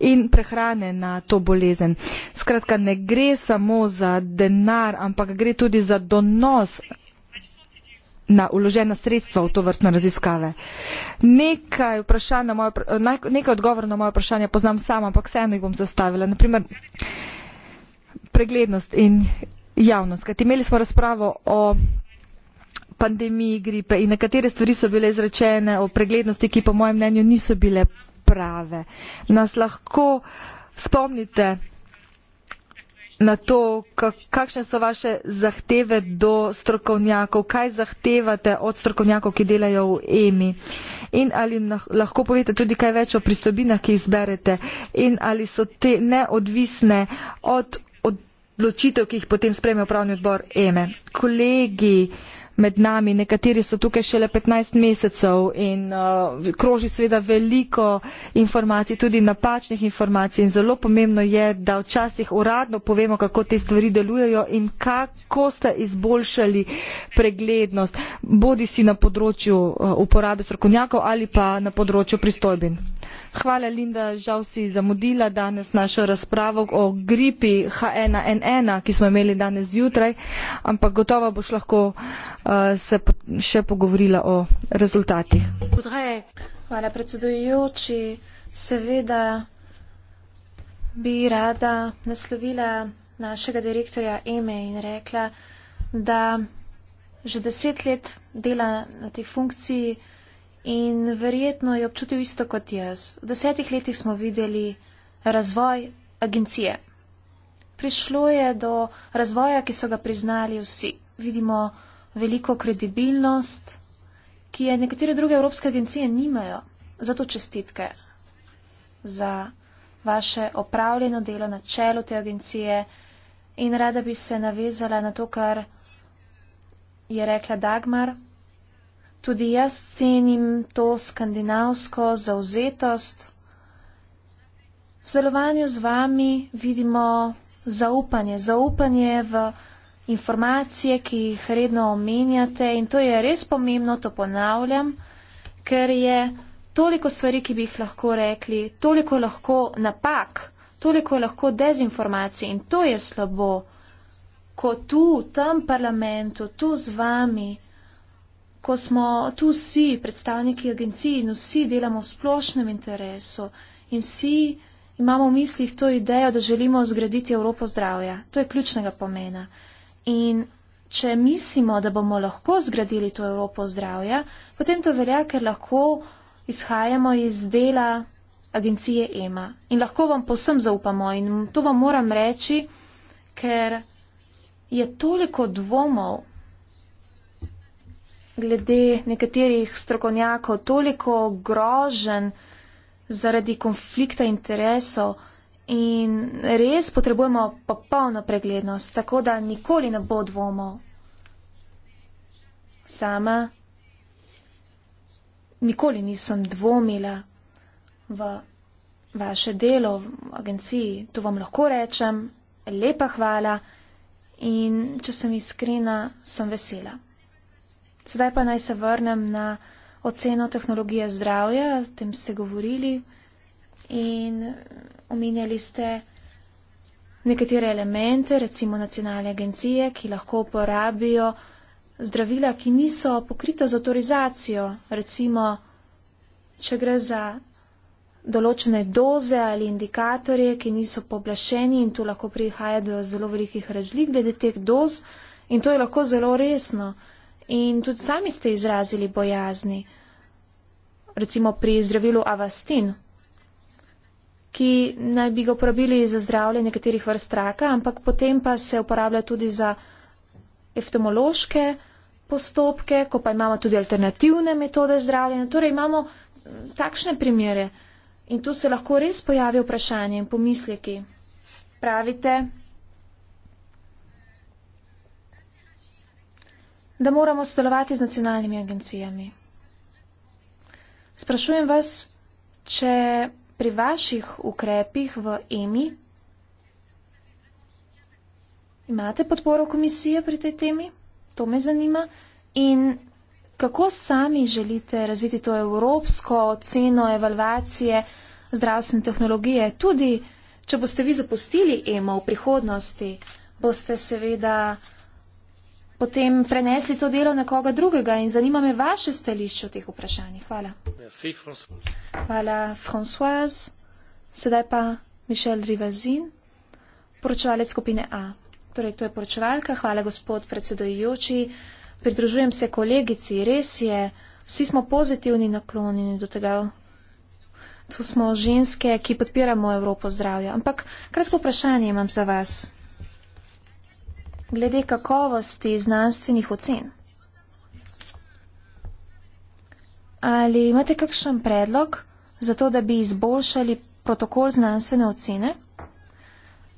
in prehrane na to bolezen. Skratka, ne gre samo za denar, ampak gre tudi za donos na uložena sredstva v to vrstne raziskave. Nekaj, na moje, nekaj odgovor na moje vprašanje poznam sama, ampak vseeno jih bom zastavila. Naprimer, preglednost in javnost. Kajti imeli smo razpravo o pandemiji gripe in nekatere stvari so bile izrečene o preglednosti, ki po mojem mnenju niso bile prave. Nas lahko spomnite na to, kakšne so vaše zahteve do strokovnjakov, kaj zahtevate od strokovnjakov, ki delajo v EMI in ali lahko povete tudi kaj več o pristobinah, ki izberete in ali so te neodvisne od odločitev, ki jih potem spremlja upravni odbor EME. Kolegi, uh, med nami, nekateri so tukaj šele 15 mesecev in uh, kroži seveda veliko informacij, tudi napačnih informacij in zelo pomembno je, da včasih uradno povemo, kako te stvari delujejo in kako ste izboljšali preglednost, bodi si na področju uh, uporabe strokovnjakov ali pa na področju pristojbin. Hvala, Linda. Žal si zamudila danes našo razpravo o gripi H1N1, ki smo imeli danes zjutraj, ampak gotovo boš lahko uh, se po še pogovorila o rezultatih. Podraje. Hvala, predsedujoči. Seveda bi rada naslovila našega direktorja Eme in rekla, da že deset let dela na tej funkciji. In verjetno je občutil isto kot jaz. V desetih letih smo videli razvoj agencije. Prišlo je do razvoja, ki so ga priznali vsi. Vidimo veliko kredibilnost, ki je nekatere druge evropske agencije nimajo. Zato čestitke za vaše opravljeno delo na čelu te agencije in rada bi se navezala na to, kar je rekla Dagmar. Tudi jaz cenim to skandinavsko zauzetost. V zelovanju z vami vidimo zaupanje, zaupanje v informacije, ki jih redno omenjate in to je res pomembno, to ponavljam, ker je toliko stvari, ki bi jih lahko rekli, toliko lahko napak, toliko lahko dezinformacij in to je slabo, ko tu, v tem parlamentu, tu z vami ko smo tu vsi predstavniki agencij in vsi delamo v splošnem interesu in vsi imamo v mislih to idejo, da želimo zgraditi Evropo zdravja. To je ključnega pomena. In če mislimo, da bomo lahko zgradili to Evropo zdravja, potem to velja, ker lahko izhajamo iz dela agencije EMA. In lahko vam posem zaupamo in to vam moram reči, ker je toliko dvomov glede nekaterih strokovnjakov toliko grožen zaradi konflikta interesov in res potrebujemo popolno preglednost, tako da nikoli ne bo dvomov. Sama nikoli nisem dvomila v vaše delo v agenciji, to vam lahko rečem, lepa hvala in če sem iskrena, sem vesela. Sedaj pa naj se vrnem na oceno tehnologije zdravja, o tem ste govorili in omenjali ste nekatere elemente, recimo nacionalne agencije, ki lahko uporabijo zdravila, ki niso pokrita z autorizacijo, recimo če gre za določene doze ali indikatorje, ki niso poblašeni in tu lahko prihaja do zelo velikih razlik glede teh doz in to je lahko zelo resno in tudi sami ste izrazili bojazni, recimo pri zdravilu Avastin, ki naj bi ga uporabili za zdravljenje nekaterih vrst raka, ampak potem pa se uporablja tudi za eftemološke postopke, ko pa imamo tudi alternativne metode zdravljenja. Torej imamo takšne primere in tu se lahko res pojavi vprašanje in pomisleki. Pravite, da moramo sodelovati z nacionalnimi agencijami. Sprašujem vas, če pri vaših ukrepih v EMI imate podporo komisije pri tej temi? To me zanima. In kako sami želite razviti to evropsko ceno evalvacije zdravstvene tehnologije? Tudi, če boste vi zapustili EMO v prihodnosti, boste seveda potem prenesli to delo na koga drugega in zanima me vaše stališče o teh vprašanjih. Hvala. Merci, Hvala, Françoise. Sedaj pa Mišel Rivazin, poročevalec skupine A. Torej, to je poročevalka. Hvala, gospod predsedojoči. Pridružujem se kolegici. Res je, vsi smo pozitivni naklonjeni do tega. Tu smo ženske, ki podpiramo Evropo zdravja. Ampak kratko vprašanje imam za vas glede kakovosti znanstvenih ocen. Ali imate kakšen predlog za to, da bi izboljšali protokol znanstvene ocene?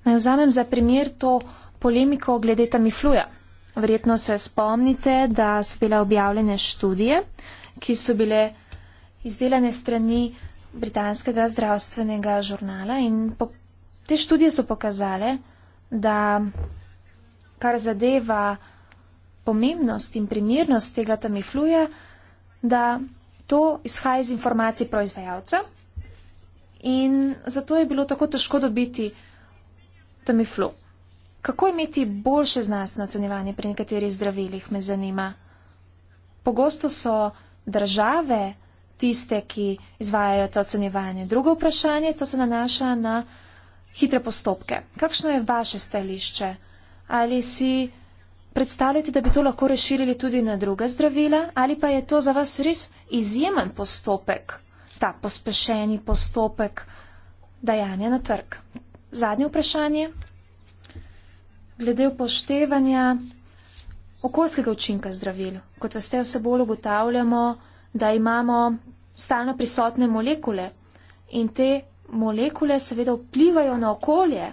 Naj vzamem za primer to polemiko glede tamifluja. Verjetno se spomnite, da so bile objavljene študije, ki so bile izdelane strani britanskega zdravstvenega žurnala in te študije so pokazale, da kar zadeva pomembnost in primernost tega tamifluja, da to izhaja iz informacij proizvajalca. In zato je bilo tako težko dobiti tamiflu. Kako imeti boljše znanstveno ocenjevanje pri nekaterih zdravilih, me zanima. Pogosto so države tiste, ki izvajajo to ocenjevanje. Drugo vprašanje, to se nanaša na hitre postopke. Kakšno je vaše stališče? ali si predstavljate, da bi to lahko rešili tudi na druga zdravila, ali pa je to za vas res izjemen postopek, ta pospešeni postopek dajanja na trg. Zadnje vprašanje. Glede upoštevanja okoljskega učinka zdravil. Kot veste, vse bolj ugotavljamo, da imamo stalno prisotne molekule in te molekule seveda vplivajo na okolje.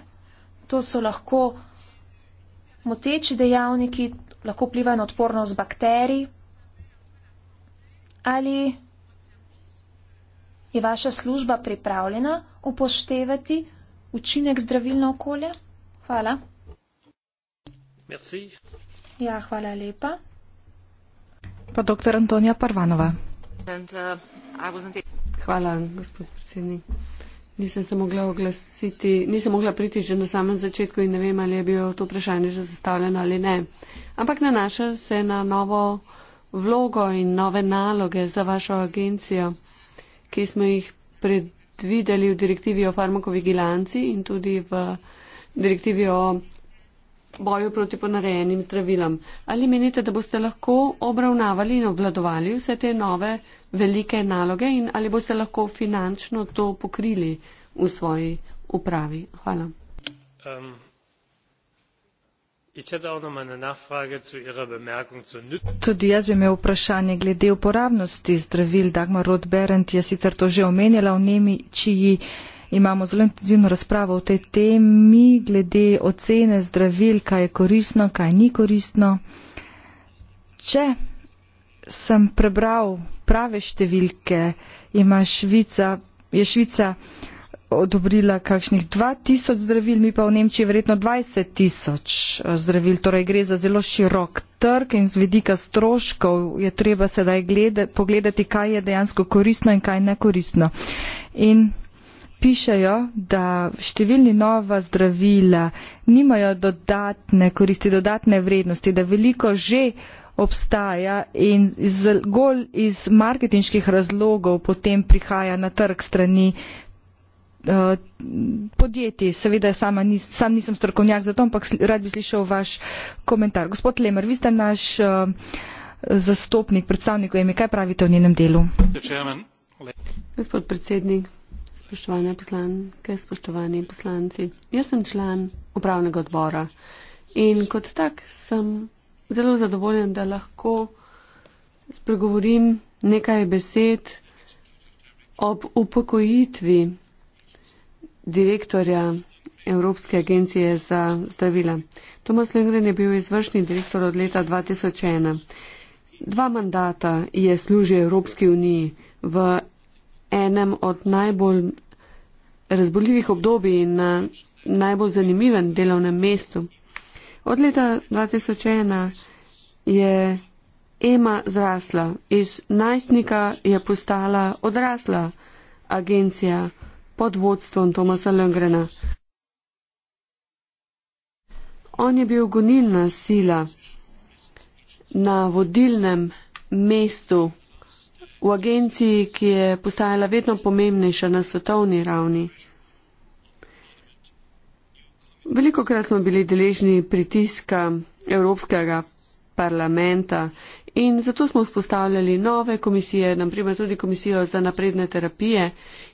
To so lahko moteči dejavniki lahko vplivajo na odpornost bakterij ali je vaša služba pripravljena upoštevati učinek zdravil na okolje? Hvala. Merci. Ja, hvala lepa. Pa dr. Antonija Parvanova. Uh, hvala, gospod predsednik. Nisem se mogla oglasiti, nisem mogla priti že na samem začetku in ne vem, ali je bilo to vprašanje že zastavljeno ali ne. Ampak nanaša se na novo vlogo in nove naloge za vašo agencijo, ki smo jih predvideli v direktivi o farmakovigilanci in tudi v direktivi o boju proti ponarejenim zdravilom. Ali menite, da boste lahko obravnavali in obvladovali vse te nove velike naloge in ali boste lahko finančno to pokrili v svoji upravi. Hvala. Um. Tudi jaz bi imel vprašanje glede uporabnosti zdravil. Dagmar Rodberend je sicer to že omenjala v Nemčiji. Imamo zelo intenzivno razpravo o tej temi glede ocene zdravil, kaj je koristno, kaj ni koristno. Če sem prebral prave številke, ima Švica, je Švica odobrila kakšnih 2000 zdravil, mi pa v Nemčiji verjetno 20 tisoč eh, zdravil. Torej gre za zelo širok trg in z vedika stroškov je treba sedaj gledati, pogledati, kaj je dejansko koristno in kaj nekoristno. In pišejo, da številni nova zdravila nimajo dodatne koristi, dodatne vrednosti, da veliko že uh, obstaja in zgolj iz marketinških razlogov potem prihaja na trg strani eh, podjetij. Seveda sama nis, sam nisem strokovnjak za to, ampak rad bi slišal vaš komentar. Gospod Lemer, vi ste naš eh, zastopnik, predstavnik EME, kaj pravite o njenem delu? Gospod predsednik, spoštovane poslanke, spoštovani poslanci, jaz sem član upravnega odbora in kot tak sem zelo zadovoljen, da lahko spregovorim nekaj besed ob upokojitvi direktorja Evropske agencije za zdravila. Tomas Lengren je bil izvršni direktor od leta 2001. Dva mandata je služil Evropski uniji v enem od najbolj razboljivih obdobij in na najbolj zanimivem delovnem mestu. Od leta 2001 je Ema zrasla, iz najstnika je postala odrasla agencija pod vodstvom Tomasa Lengrena. On je bil gonilna sila na vodilnem mestu v agenciji, ki je postajala vedno pomembnejša na svetovni ravni. Veliko krat smo bili deležni pritiska Evropskega parlamenta in zato smo spostavljali nove komisije, naprimer tudi komisijo za napredne terapije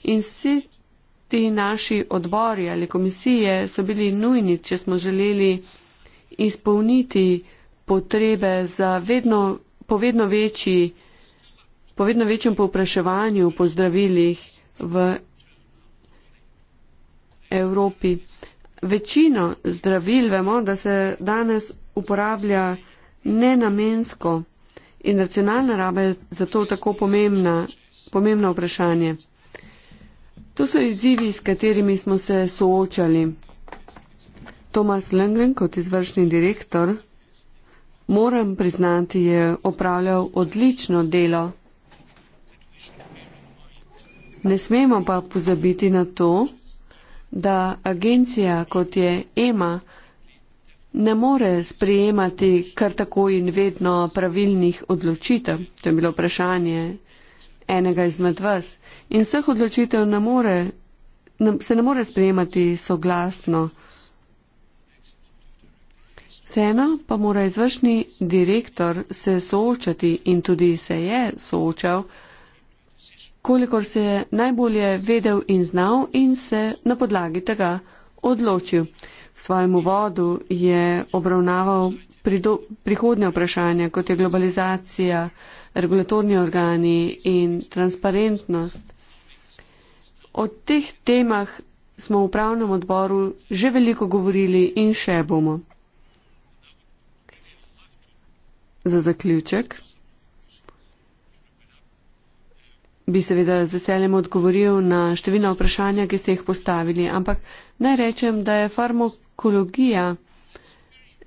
in vsi ti naši odbori ali komisije so bili nujni, če smo želeli izpolniti potrebe za vedno, po vedno večji po vedno večjem povpraševanju po zdravilih v Evropi. Večino zdravil vemo, da se danes uporablja nenamensko in racionalna raba je zato tako pomembna, pomembno vprašanje. To so izzivi, s katerimi smo se soočali. Tomas Lengren kot izvršni direktor, moram priznati, je opravljal odlično delo. Ne smemo pa pozabiti na to, da agencija, kot je EMA, ne more sprejemati kar tako in vedno pravilnih odločitev. To je bilo vprašanje enega izmed vas. In vseh odločitev ne more, se ne more sprejemati soglasno. Vseeno pa mora izvršni direktor se soočati in tudi se je soočal kolikor se je najbolje vedel in znal in se na podlagi tega odločil. V svojem uvodu je obravnaval prihodne vprašanja, kot je globalizacija, regulatorni organi in transparentnost. O teh temah smo v pravnem odboru že veliko govorili in še bomo. Za zaključek. bi seveda z veseljem odgovoril na številna vprašanja, ki ste jih postavili, ampak naj rečem, da je farmakologija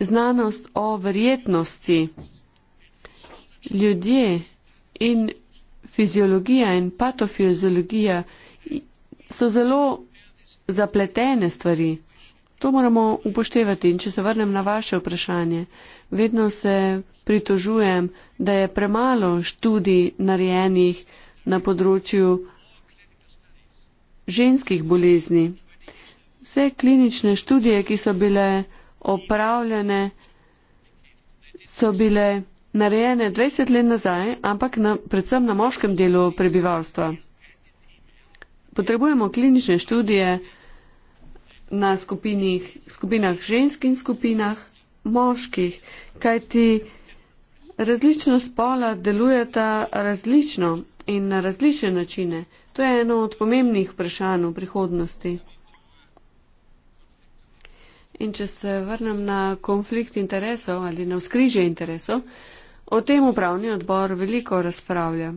znanost o verjetnosti. Ljudje in fiziologija in patofiziologija so zelo zapletene stvari. To moramo upoštevati in če se vrnem na vaše vprašanje, vedno se pritožujem, da je premalo študij narejenih, na področju ženskih bolezni. Vse klinične študije, ki so bile opravljene, so bile narejene 20 let nazaj, ampak na, predvsem na moškem delu prebivalstva. Potrebujemo klinične študije na skupinih, skupinah žensk in skupinah moških, kajti različno spola delujeta različno in na različne načine. To je eno od pomembnih vprašanj v prihodnosti. In če se vrnem na konflikt interesov ali na vzkrižje interesov, o tem upravni odbor veliko razpravlja.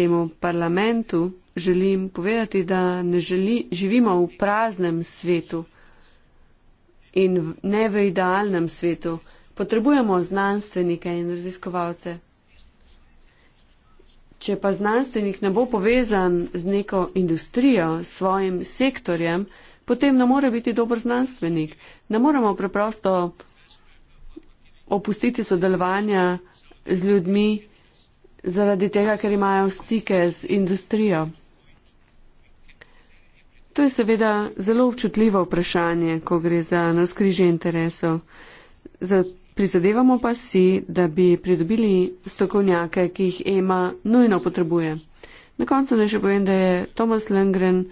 Temu parlamentu želim povedati, da ne želi, živimo v praznem svetu in ne v idealnem svetu. Potrebujemo znanstvenike in raziskovalce če pa znanstvenik ne bo povezan z neko industrijo, s svojim sektorjem, potem ne more biti dober znanstvenik. Ne moremo preprosto opustiti sodelovanja z ljudmi zaradi tega, ker imajo stike z industrijo. To je seveda zelo občutljivo vprašanje, ko gre za naskrižje interesov. Zato Prizadevamo pa si, da bi pridobili strokovnjake, ki jih EMA nujno potrebuje. Na koncu naj še povem, da je Tomas Lengren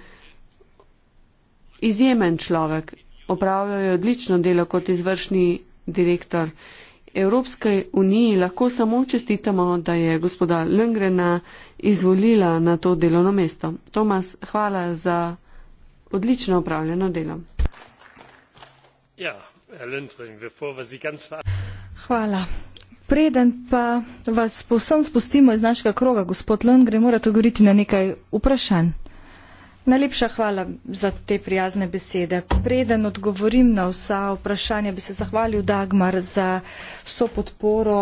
izjemen človek, opravljajo odlično delo kot izvršni direktor. Evropske unije lahko samo čestitamo, da je gospoda Lengrena izvolila na to delovno mesto. Tomas, hvala za odlično opravljeno delo. Yeah. Ja, Hvala. Preden pa vas povsem spustimo iz našega kroga, gospod Lundgren, morate odgovoriti na nekaj vprašanj. Najlepša hvala za te prijazne besede. Preden odgovorim na vsa vprašanja, bi se zahvalil Dagmar za vso podporo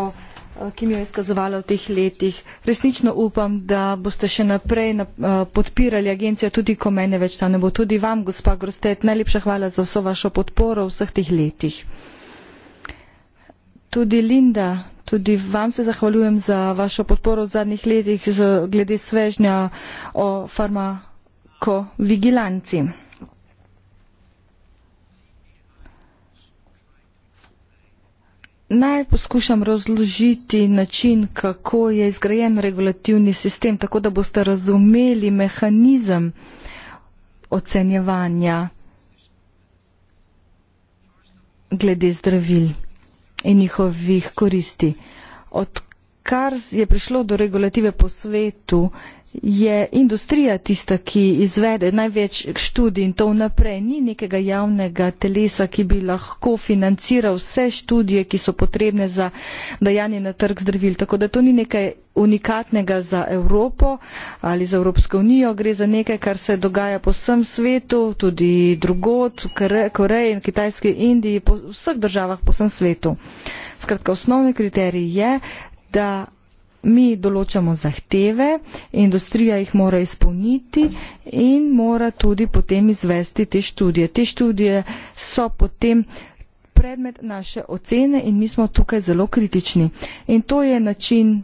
Eh, ki mi jo je skazovala v teh letih. Resnično upam, da boste še naprej eh, podpirali agencijo, tudi ko mene več tam ne bo. Tudi vam, gospa Grostet, najlepša hvala za vso vašo podporo v vseh teh letih. Tudi Linda, tudi vam se zahvaljujem za vašo podporo v zadnjih letih glede svežnja o farmakovigilanci. Naj poskušam razložiti način, kako je izgrajen regulativni sistem, tako da boste razumeli mehanizem ocenjevanja glede zdravil in njihovih koristi. Odkar je prišlo do regulative po svetu, je industrija tista, ki izvede največ študij in to vnaprej. Ni nekega javnega telesa, ki bi lahko financiral vse študije, ki so potrebne za dajanje na trg zdravil. Tako da to ni nekaj unikatnega za Evropo ali za Evropsko unijo, gre za nekaj, kar se dogaja po vsem svetu, tudi drugot, Koreji, Kitajski, Indiji, po vseh državah po vsem svetu. Skratka, osnovni kriterij je, da mi določamo zahteve, industrija jih mora izpolniti in mora tudi potem izvesti te študije. Te študije so potem predmet naše ocene in mi smo tukaj zelo kritični. In to je način,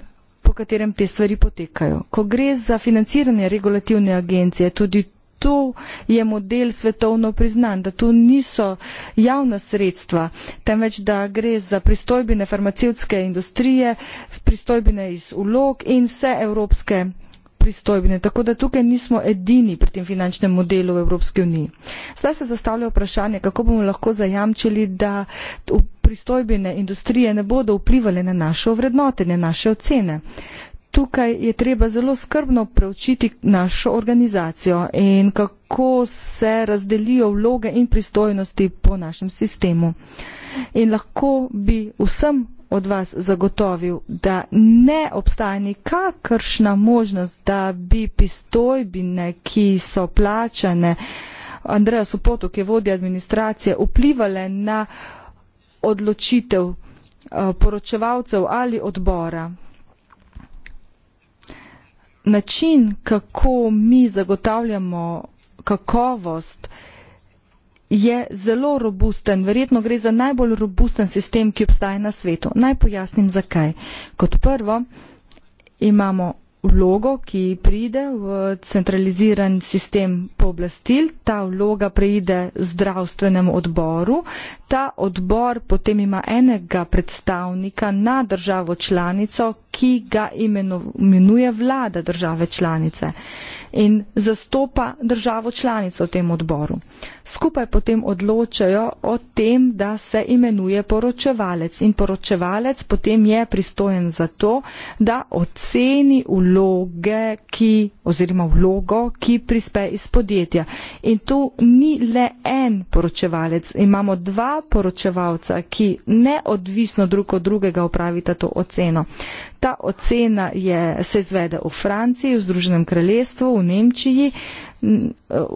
po katerem te stvari potekajo. Ko gre za financiranje regulativne agencije, tudi to je model svetovno priznan, da to niso javna sredstva, temveč da gre za pristojbine farmacevtske industrije, pristojbine iz ulog in vse evropske pristojbine. Tako da tukaj nismo edini pri tem finančnem modelu v Evropski uniji. Zdaj se zastavlja vprašanje, kako bomo lahko zajamčili, da pristojbine industrije ne bodo vplivali na naše vrednote, na naše ocene tukaj je treba zelo skrbno preučiti našo organizacijo in kako se razdelijo vloge in pristojnosti po našem sistemu. In lahko bi vsem od vas zagotovil, da ne obstaja nikakršna možnost, da bi pristojbine, ki so plačane Andreja Supotu, ki je vodja administracije, vplivale na odločitev eh, poročevalcev ali odbora način, kako mi zagotavljamo kakovost, je zelo robusten. Verjetno gre za najbolj robusten sistem, ki obstaja na svetu. Naj pojasnim, zakaj. Kot prvo, imamo vlogo, ki pride v centraliziran sistem pooblastil, ta vloga preide zdravstvenemu odboru. Ta odbor potem ima enega predstavnika na državo članico, ki ga imenuje vlada države članice in zastopa državo članico v tem odboru skupaj potem odločajo o tem, da se imenuje poročevalec. In poročevalec potem je pristojen za to, da oceni vloge, ki, oziroma vlogo, ki prispe iz podjetja. In tu ni le en poročevalec. Imamo dva poročevalca, ki neodvisno drug od drugega upravita to oceno. Ta ocena je, se izvede v Franciji, v Združenem kraljestvu, v Nemčiji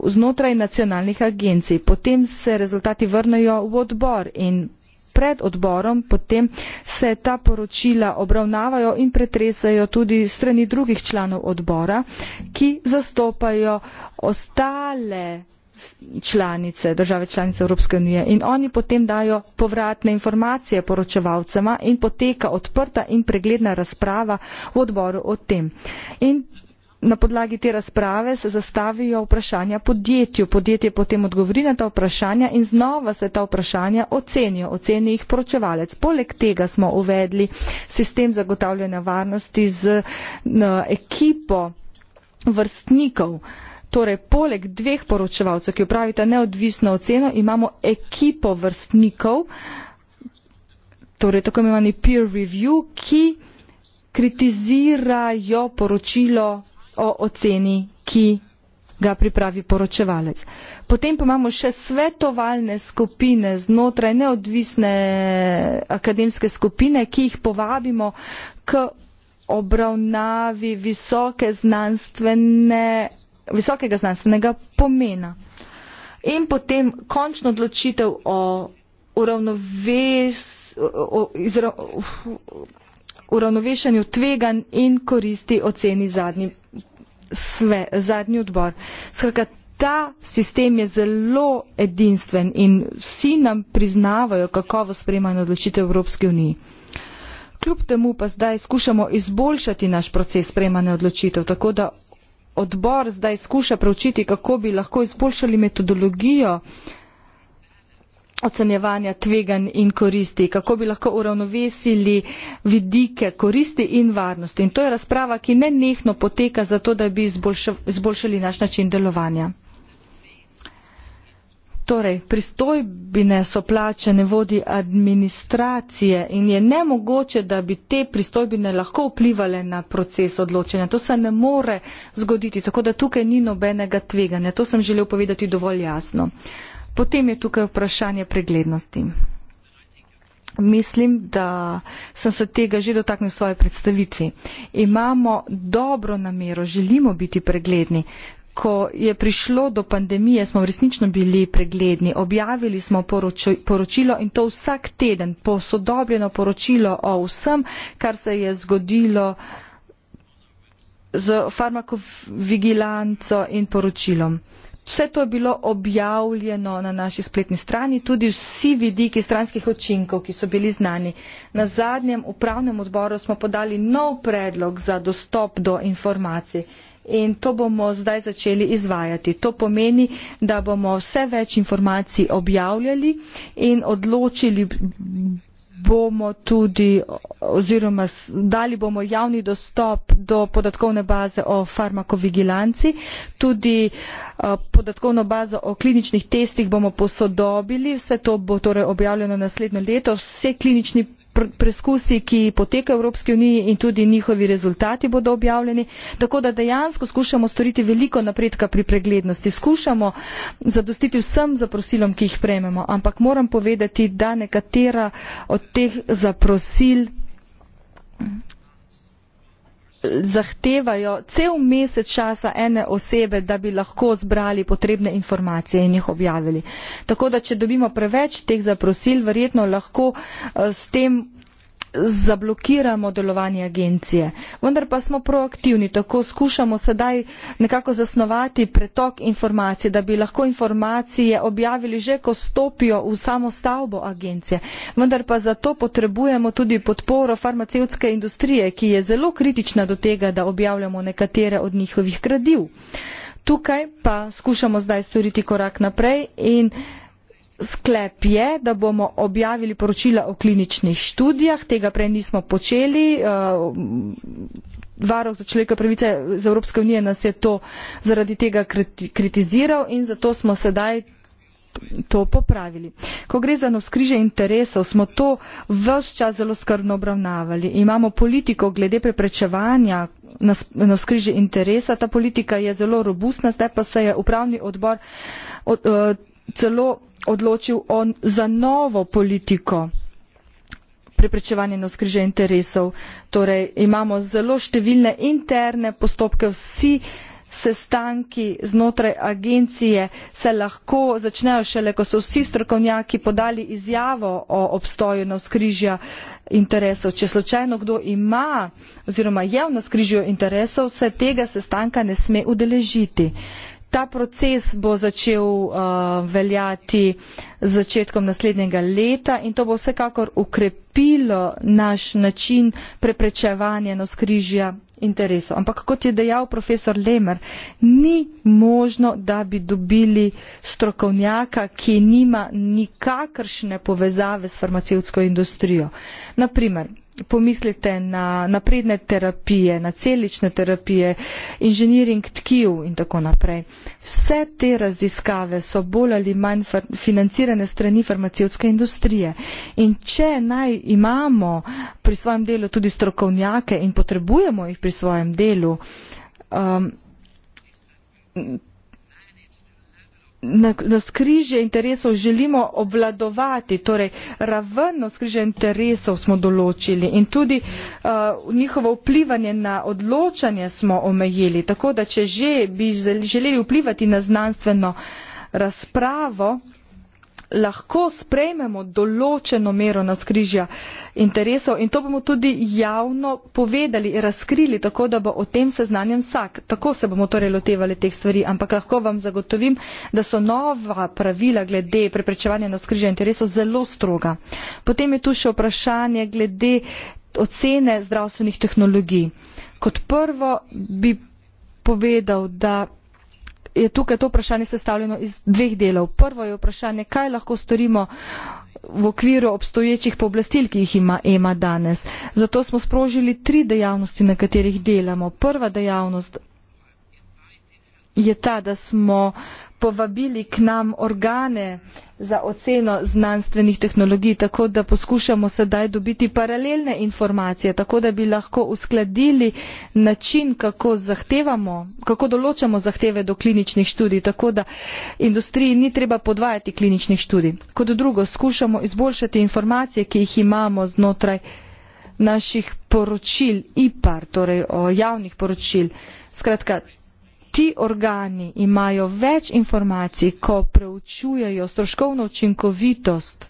znotraj nacionalnih agencij. Potem se rezultati vrnejo v odbor in pred odborom potem se ta poročila obravnavajo in pretresajo tudi strani drugih članov odbora, ki zastopajo ostale članice, države članice Evropske unije in oni potem dajo povratne informacije poročevalcema in poteka odprta in pregledna razprava v odboru o tem. In Na podlagi te razprave se zastavijo vprašanja podjetju. Podjetje potem odgovori na ta vprašanja in znova se ta vprašanja ocenijo. Oceni jih poročevalec. Poleg tega smo uvedli sistem zagotavljanja varnosti z ekipo vrstnikov. Torej, poleg dveh poročevalcev, ki upravita neodvisno oceno, imamo ekipo vrstnikov, torej tako imenovani peer review, ki kritizirajo poročilo o oceni, ki ga pripravi poročevalec. Potem pa imamo še svetovalne skupine znotraj neodvisne akademske skupine, ki jih povabimo k obravnavi visoke znanstvene, visokega znanstvenega pomena. In potem končno odločitev o uravnovesju, uravnovešenju tveganj in koristi oceni zadnji, sve, zadnji odbor. Skratka, ta sistem je zelo edinstven in vsi nam priznavajo, kako v sprejemanju odločitev Evropske unije. Kljub temu pa zdaj skušamo izboljšati naš proces sprejemanja odločitev, tako da odbor zdaj skuša preučiti, kako bi lahko izboljšali metodologijo ocenjevanja tvegan in koristi, kako bi lahko uravnovesili vidike koristi in varnosti. In to je razprava, ki ne nehno poteka zato, da bi izboljšali naš način delovanja. Torej, pristojbine so plačane vodi administracije in je nemogoče, da bi te pristojbine lahko vplivali na proces odločanja. To se ne more zgoditi, tako da tukaj ni nobenega tveganja. To sem želel povedati dovolj jasno. Potem je tukaj vprašanje preglednosti. Mislim, da sem se tega že dotaknil v svoji predstavitvi. Imamo dobro namero, želimo biti pregledni. Ko je prišlo do pandemije, smo resnično bili pregledni. Objavili smo poročo, poročilo in to vsak teden, posodobljeno poročilo o vsem, kar se je zgodilo z farmakovigilanco in poročilom. Vse to je bilo objavljeno na naši spletni strani, tudi vsi vidiki stranskih očinkov, ki so bili znani. Na zadnjem upravnem odboru smo podali nov predlog za dostop do informacij in to bomo zdaj začeli izvajati. To pomeni, da bomo vse več informacij objavljali in odločili bomo tudi oziroma dali bomo javni dostop do podatkovne baze o farmakovigilanci tudi eh, podatkovno bazo o kliničnih testih bomo posodobili vse to bo torej objavljeno naslednje leto vsi klinični preskusi, ki potekajo v Evropski uniji in tudi njihovi rezultati bodo objavljeni. Tako da dejansko skušamo storiti veliko napredka pri preglednosti. Skušamo zadostiti vsem zaprosilom, ki jih prejmemo. Ampak moram povedati, da nekatera od teh zaprosil zahtevajo cel mesec časa ene osebe, da bi lahko zbrali potrebne informacije in jih objavili. Tako da, če dobimo preveč teh zaprosil, verjetno lahko eh, s tem zablokiramo delovanje agencije. Vendar pa smo proaktivni, tako skušamo sedaj nekako zasnovati pretok informacij, da bi lahko informacije objavili že, ko stopijo v samo stavbo agencije. Vendar pa zato potrebujemo tudi podporo farmacevtske industrije, ki je zelo kritična do tega, da objavljamo nekatere od njihovih gradiv. Tukaj pa skušamo zdaj storiti korak naprej in Sklep je, da bomo objavili poročila o kliničnih študijah, tega prej nismo počeli. Eh, Varoh za človeka pravice z Evropske unije nas je to zaradi tega kritiziral in zato smo sedaj to popravili. Ko gre za navskriže interesov, smo to vse čas zelo skrbno obravnavali. Imamo politiko glede preprečevanja navskriže interesa, ta politika je zelo robustna, zdaj pa se je upravni odbor od, od, eh, celo odločil on za novo politiko preprečevanja navskrižja interesov. Torej imamo zelo številne interne postopke, vsi sestanki znotraj agencije se lahko začnejo šele, ko so vsi strokovnjaki podali izjavo o obstoju navskrižja interesov. Če slučajno kdo ima oziroma je v navskrižju interesov, se tega sestanka ne sme udeležiti. Ta proces bo začel uh, veljati z začetkom naslednjega leta in to bo vsekakor ukrepilo naš način preprečevanja noskrižja interesov. Ampak kot je dejal profesor Lemer, ni možno, da bi dobili strokovnjaka, ki nima nikakršne povezave s farmacevtsko industrijo. Naprimer, pomislite na napredne terapije, na celične terapije, inženiring tkiv in tako naprej. Vse te raziskave so bolj ali manj financirane strani farmacevtske industrije. In če naj imamo pri svojem delu tudi strokovnjake in potrebujemo jih pri svojem delu, um, na, na skrižje interesov želimo obvladovati, torej raven na skrižje interesov smo določili in tudi uh, njihovo vplivanje na odločanje smo omejili. Tako da, če že bi želeli vplivati na znanstveno razpravo, lahko sprejmemo določeno mero naskrižja interesov in to bomo tudi javno povedali, razkrili, tako da bo o tem seznanjen vsak. Tako se bomo torej lotevali teh stvari, ampak lahko vam zagotovim, da so nova pravila glede preprečevanja naskrižja interesov zelo stroga. Potem je tu še vprašanje glede ocene zdravstvenih tehnologij. Kot prvo bi povedal, da je tukaj to vprašanje sestavljeno iz dveh delov. Prvo je vprašanje, kaj lahko storimo v okviru obstoječih pooblastil, ki jih ima EMA danes. Zato smo sprožili tri dejavnosti, na katerih delamo. Prva dejavnost je ta, da smo uh, povabili k nam organe za oceno znanstvenih tehnologij, tako da poskušamo sedaj dobiti paralelne informacije, tako da bi lahko uskladili način, kako zahtevamo, kako določamo zahteve do kliničnih študij, tako da industriji ni treba podvajati kliničnih študij. Kot drugo, skušamo izboljšati informacije, ki jih imamo znotraj naših poročil IPAR, torej o javnih poročil. Skratka, ti organi imajo več informacij, ko preučujejo stroškovno učinkovitost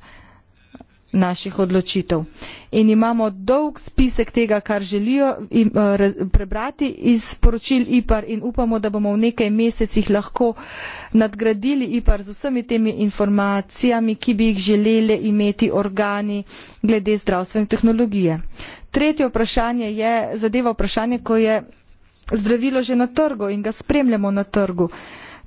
naših odločitev. In imamo dolg spisek tega, kar želijo im, eh, re, prebrati iz poročil IPAR in upamo, da bomo v nekaj mesecih lahko nadgradili IPAR z vsemi temi informacijami, ki bi jih želeli imeti organi glede zdravstvene tehnologije. Tretje vprašanje je zadeva vprašanje, ko je zdravilo že na trgu in ga spremljamo na trgu.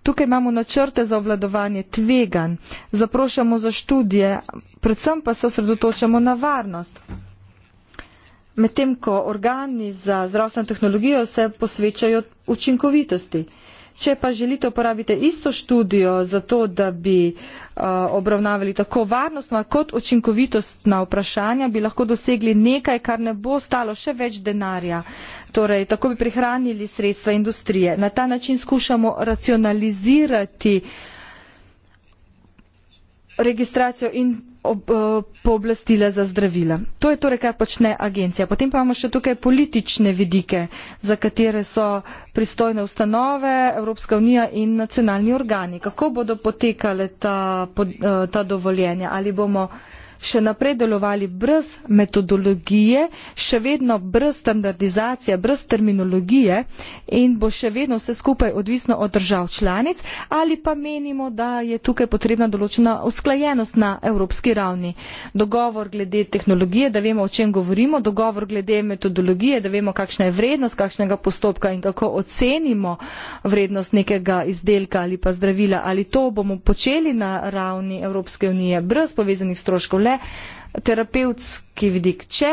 Tukaj imamo načrte za obvladovanje tvegan, zaprošamo za študije, predvsem pa se osredotočamo na varnost. Medtem ko organi za zdravstveno tehnologijo se posvečajo učinkovitosti. Uh, Če pa želite uporabiti isto študijo za to, da bi uh, obravnavali tako varnostna kot učinkovitostna vprašanja, bi lahko dosegli nekaj, kar ne bo stalo še več denarja. Torej, tako bi prihranili sredstva industrije. Na ta način skušamo racionalizirati registracijo in ob, eh, pooblastila za zdravila. To je torej, kar počne agencija. Potem pa imamo še tukaj politične vidike, za katere so pristojne ustanove, Evropska unija in nacionalni organi. Kako bodo potekale ta, eh, ta dovoljenja? Ali bomo še naprej delovali brez metodologije, še vedno brez standardizacije, brez terminologije in bo še vedno vse skupaj odvisno od držav članic ali pa menimo, da je tukaj potrebna določena usklajenost na evropski ravni. Dogovor glede tehnologije, da vemo, o čem govorimo, dogovor glede metodologije, da vemo, kakšna je vrednost kakšnega postopka in kako ocenimo vrednost nekega izdelka ali pa zdravila, ali to bomo počeli na ravni Evropske unije brez povezanih stroškov le terapevtski vidik. Če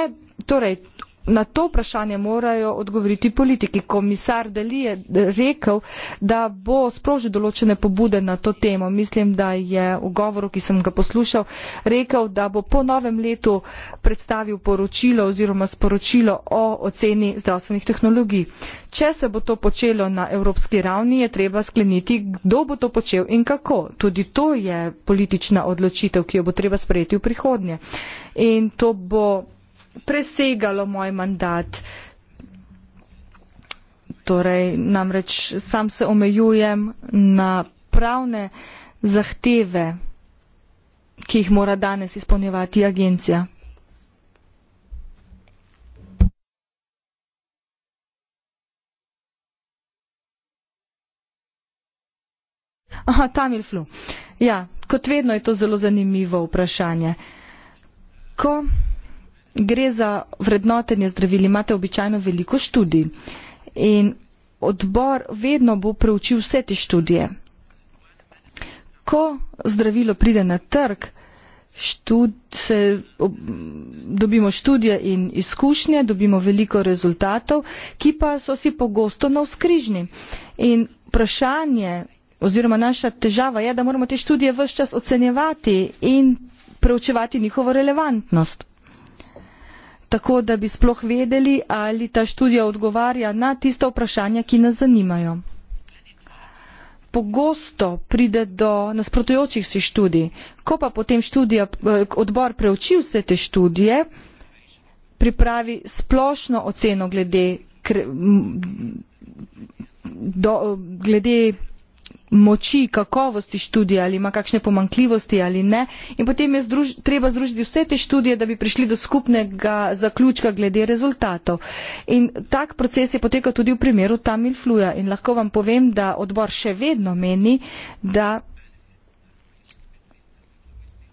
torej na to vprašanje morajo odgovoriti politiki. Komisar Dali je rekel, da bo sprožil določene pobude na to temo. Mislim, da je v govoru, ki sem ga poslušal, rekel, da bo po novem letu predstavil poročilo oziroma sporočilo o oceni zdravstvenih tehnologij. Če se bo to počelo na evropski ravni, je treba skleniti, kdo bo to počel in kako. Tudi to je politična odločitev, ki jo bo treba sprejeti v prihodnje. In to bo presegalo moj mandat. Torej, namreč sam se omejujem na pravne zahteve, ki jih mora danes izpolnjevati agencija. Aha, Tamil Flu. Ja, kot vedno je to zelo zanimivo vprašanje. Ko gre za vrednotenje zdravil, imate običajno veliko študij in odbor vedno bo preučil vse te študije. Ko zdravilo pride na trg, štud, se, ob, dobimo študije in izkušnje, dobimo veliko rezultatov, ki pa so si pogosto na vzkrižni. In vprašanje oziroma naša težava je, da moramo te študije vse čas ocenjevati in preučevati njihovo relevantnost tako da bi sploh vedeli, ali ta študija odgovarja na tista vprašanja, ki nas zanimajo. Pogosto pride do nasprotujočih si študij. Ko pa potem študija, eh, odbor preuči vse te študije, pripravi splošno oceno glede, kre, do, eh, glede moči, kakovosti študija ali ima kakšne pomankljivosti ali ne. In potem je združ, treba združiti vse te študije, da bi prišli do skupnega zaključka glede rezultatov. In tak proces je potekal tudi v primeru Tamilfluja. In lahko vam povem, da odbor še vedno meni, da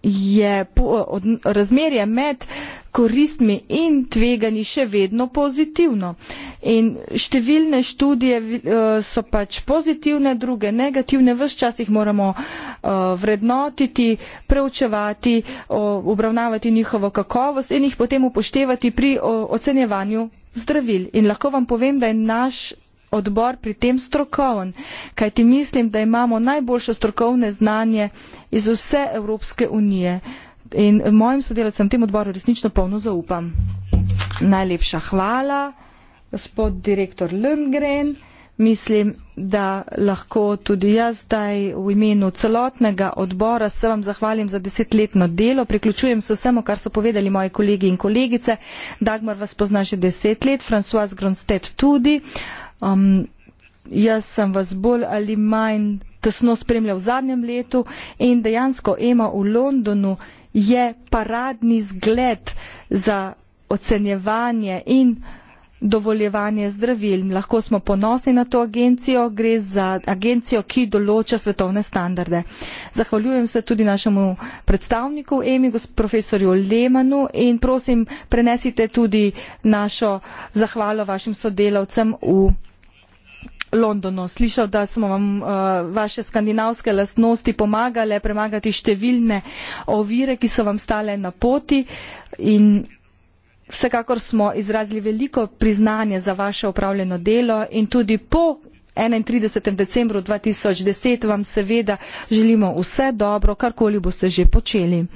je razmerje med koristmi in tveganji še vedno pozitivno. In številne študije eh, so pač pozitivne, druge negativne, vse čas jih moramo eh, vrednotiti, preučevati, obravnavati njihovo kakovost in jih potem upoštevati pri ocenjevanju zdravil. In lahko vam povem, da je naš odbor pri tem strokoven, kajti mislim, da imamo najboljše strokovne znanje iz vse Evropske unije. In mojim sodelavcem v tem odboru resnično polno zaupam. Najlepša hvala, gospod direktor Lundgren. Mislim, da lahko tudi jaz zdaj v imenu celotnega odbora se vam zahvalim za desetletno delo. Priključujem se vsemu, kar so povedali moji kolegi in kolegice. Dagmar vas pozna že deset let, François Gronstedt tudi. Uh, Um, jaz sem vas bolj ali manj tesno spremljal v zadnjem letu in dejansko Ema v Londonu je paradni zgled za ocenjevanje in dovoljevanje zdravil. Lahko smo ponosni na to agencijo, gre za agencijo, ki določa svetovne standarde. Zahvaljujem se tudi našemu predstavniku EMI, profesorju Lemanu in prosim, prenesite tudi našo zahvalo vašim sodelavcem v Londonu. Slišal, da smo vam uh, vaše skandinavske lastnosti pomagale premagati številne ovire, ki so vam stale na poti in vsekakor smo izrazili veliko priznanje za vaše upravljeno delo in tudi po 31. decembru 2010 vam seveda želimo vse dobro, karkoli boste že počeli.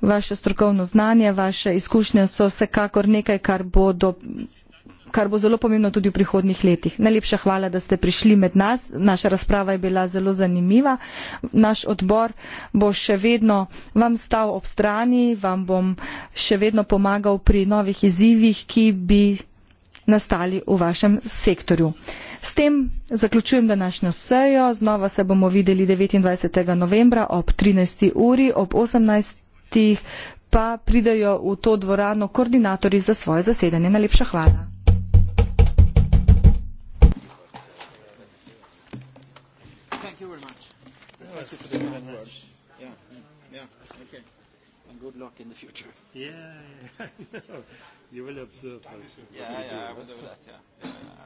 Vaše strokovno znanje, vaše izkušnje so vsekakor nekaj, kar bodo kar bo zelo pomembno tudi v prihodnih letih. Najlepša hvala, da ste prišli med nas. Naša razprava je bila zelo zanimiva. Naš odbor bo še vedno vam stal ob strani, vam bom še vedno pomagal pri novih izzivih, ki bi nastali v vašem sektorju. S tem zaključujem današnjo sejo. Znova se bomo videli 29. novembra ob 13. uri, ob 18. pa pridajo v to dvorano koordinatorji za svoje zasedanje. Najlepša hvala. us. Thank you for the kind words. Yeah. Yeah. Okay. And good luck in the future. Yeah. yeah. *laughs* you will observe us. Yeah, yeah, I will do that, yeah. yeah.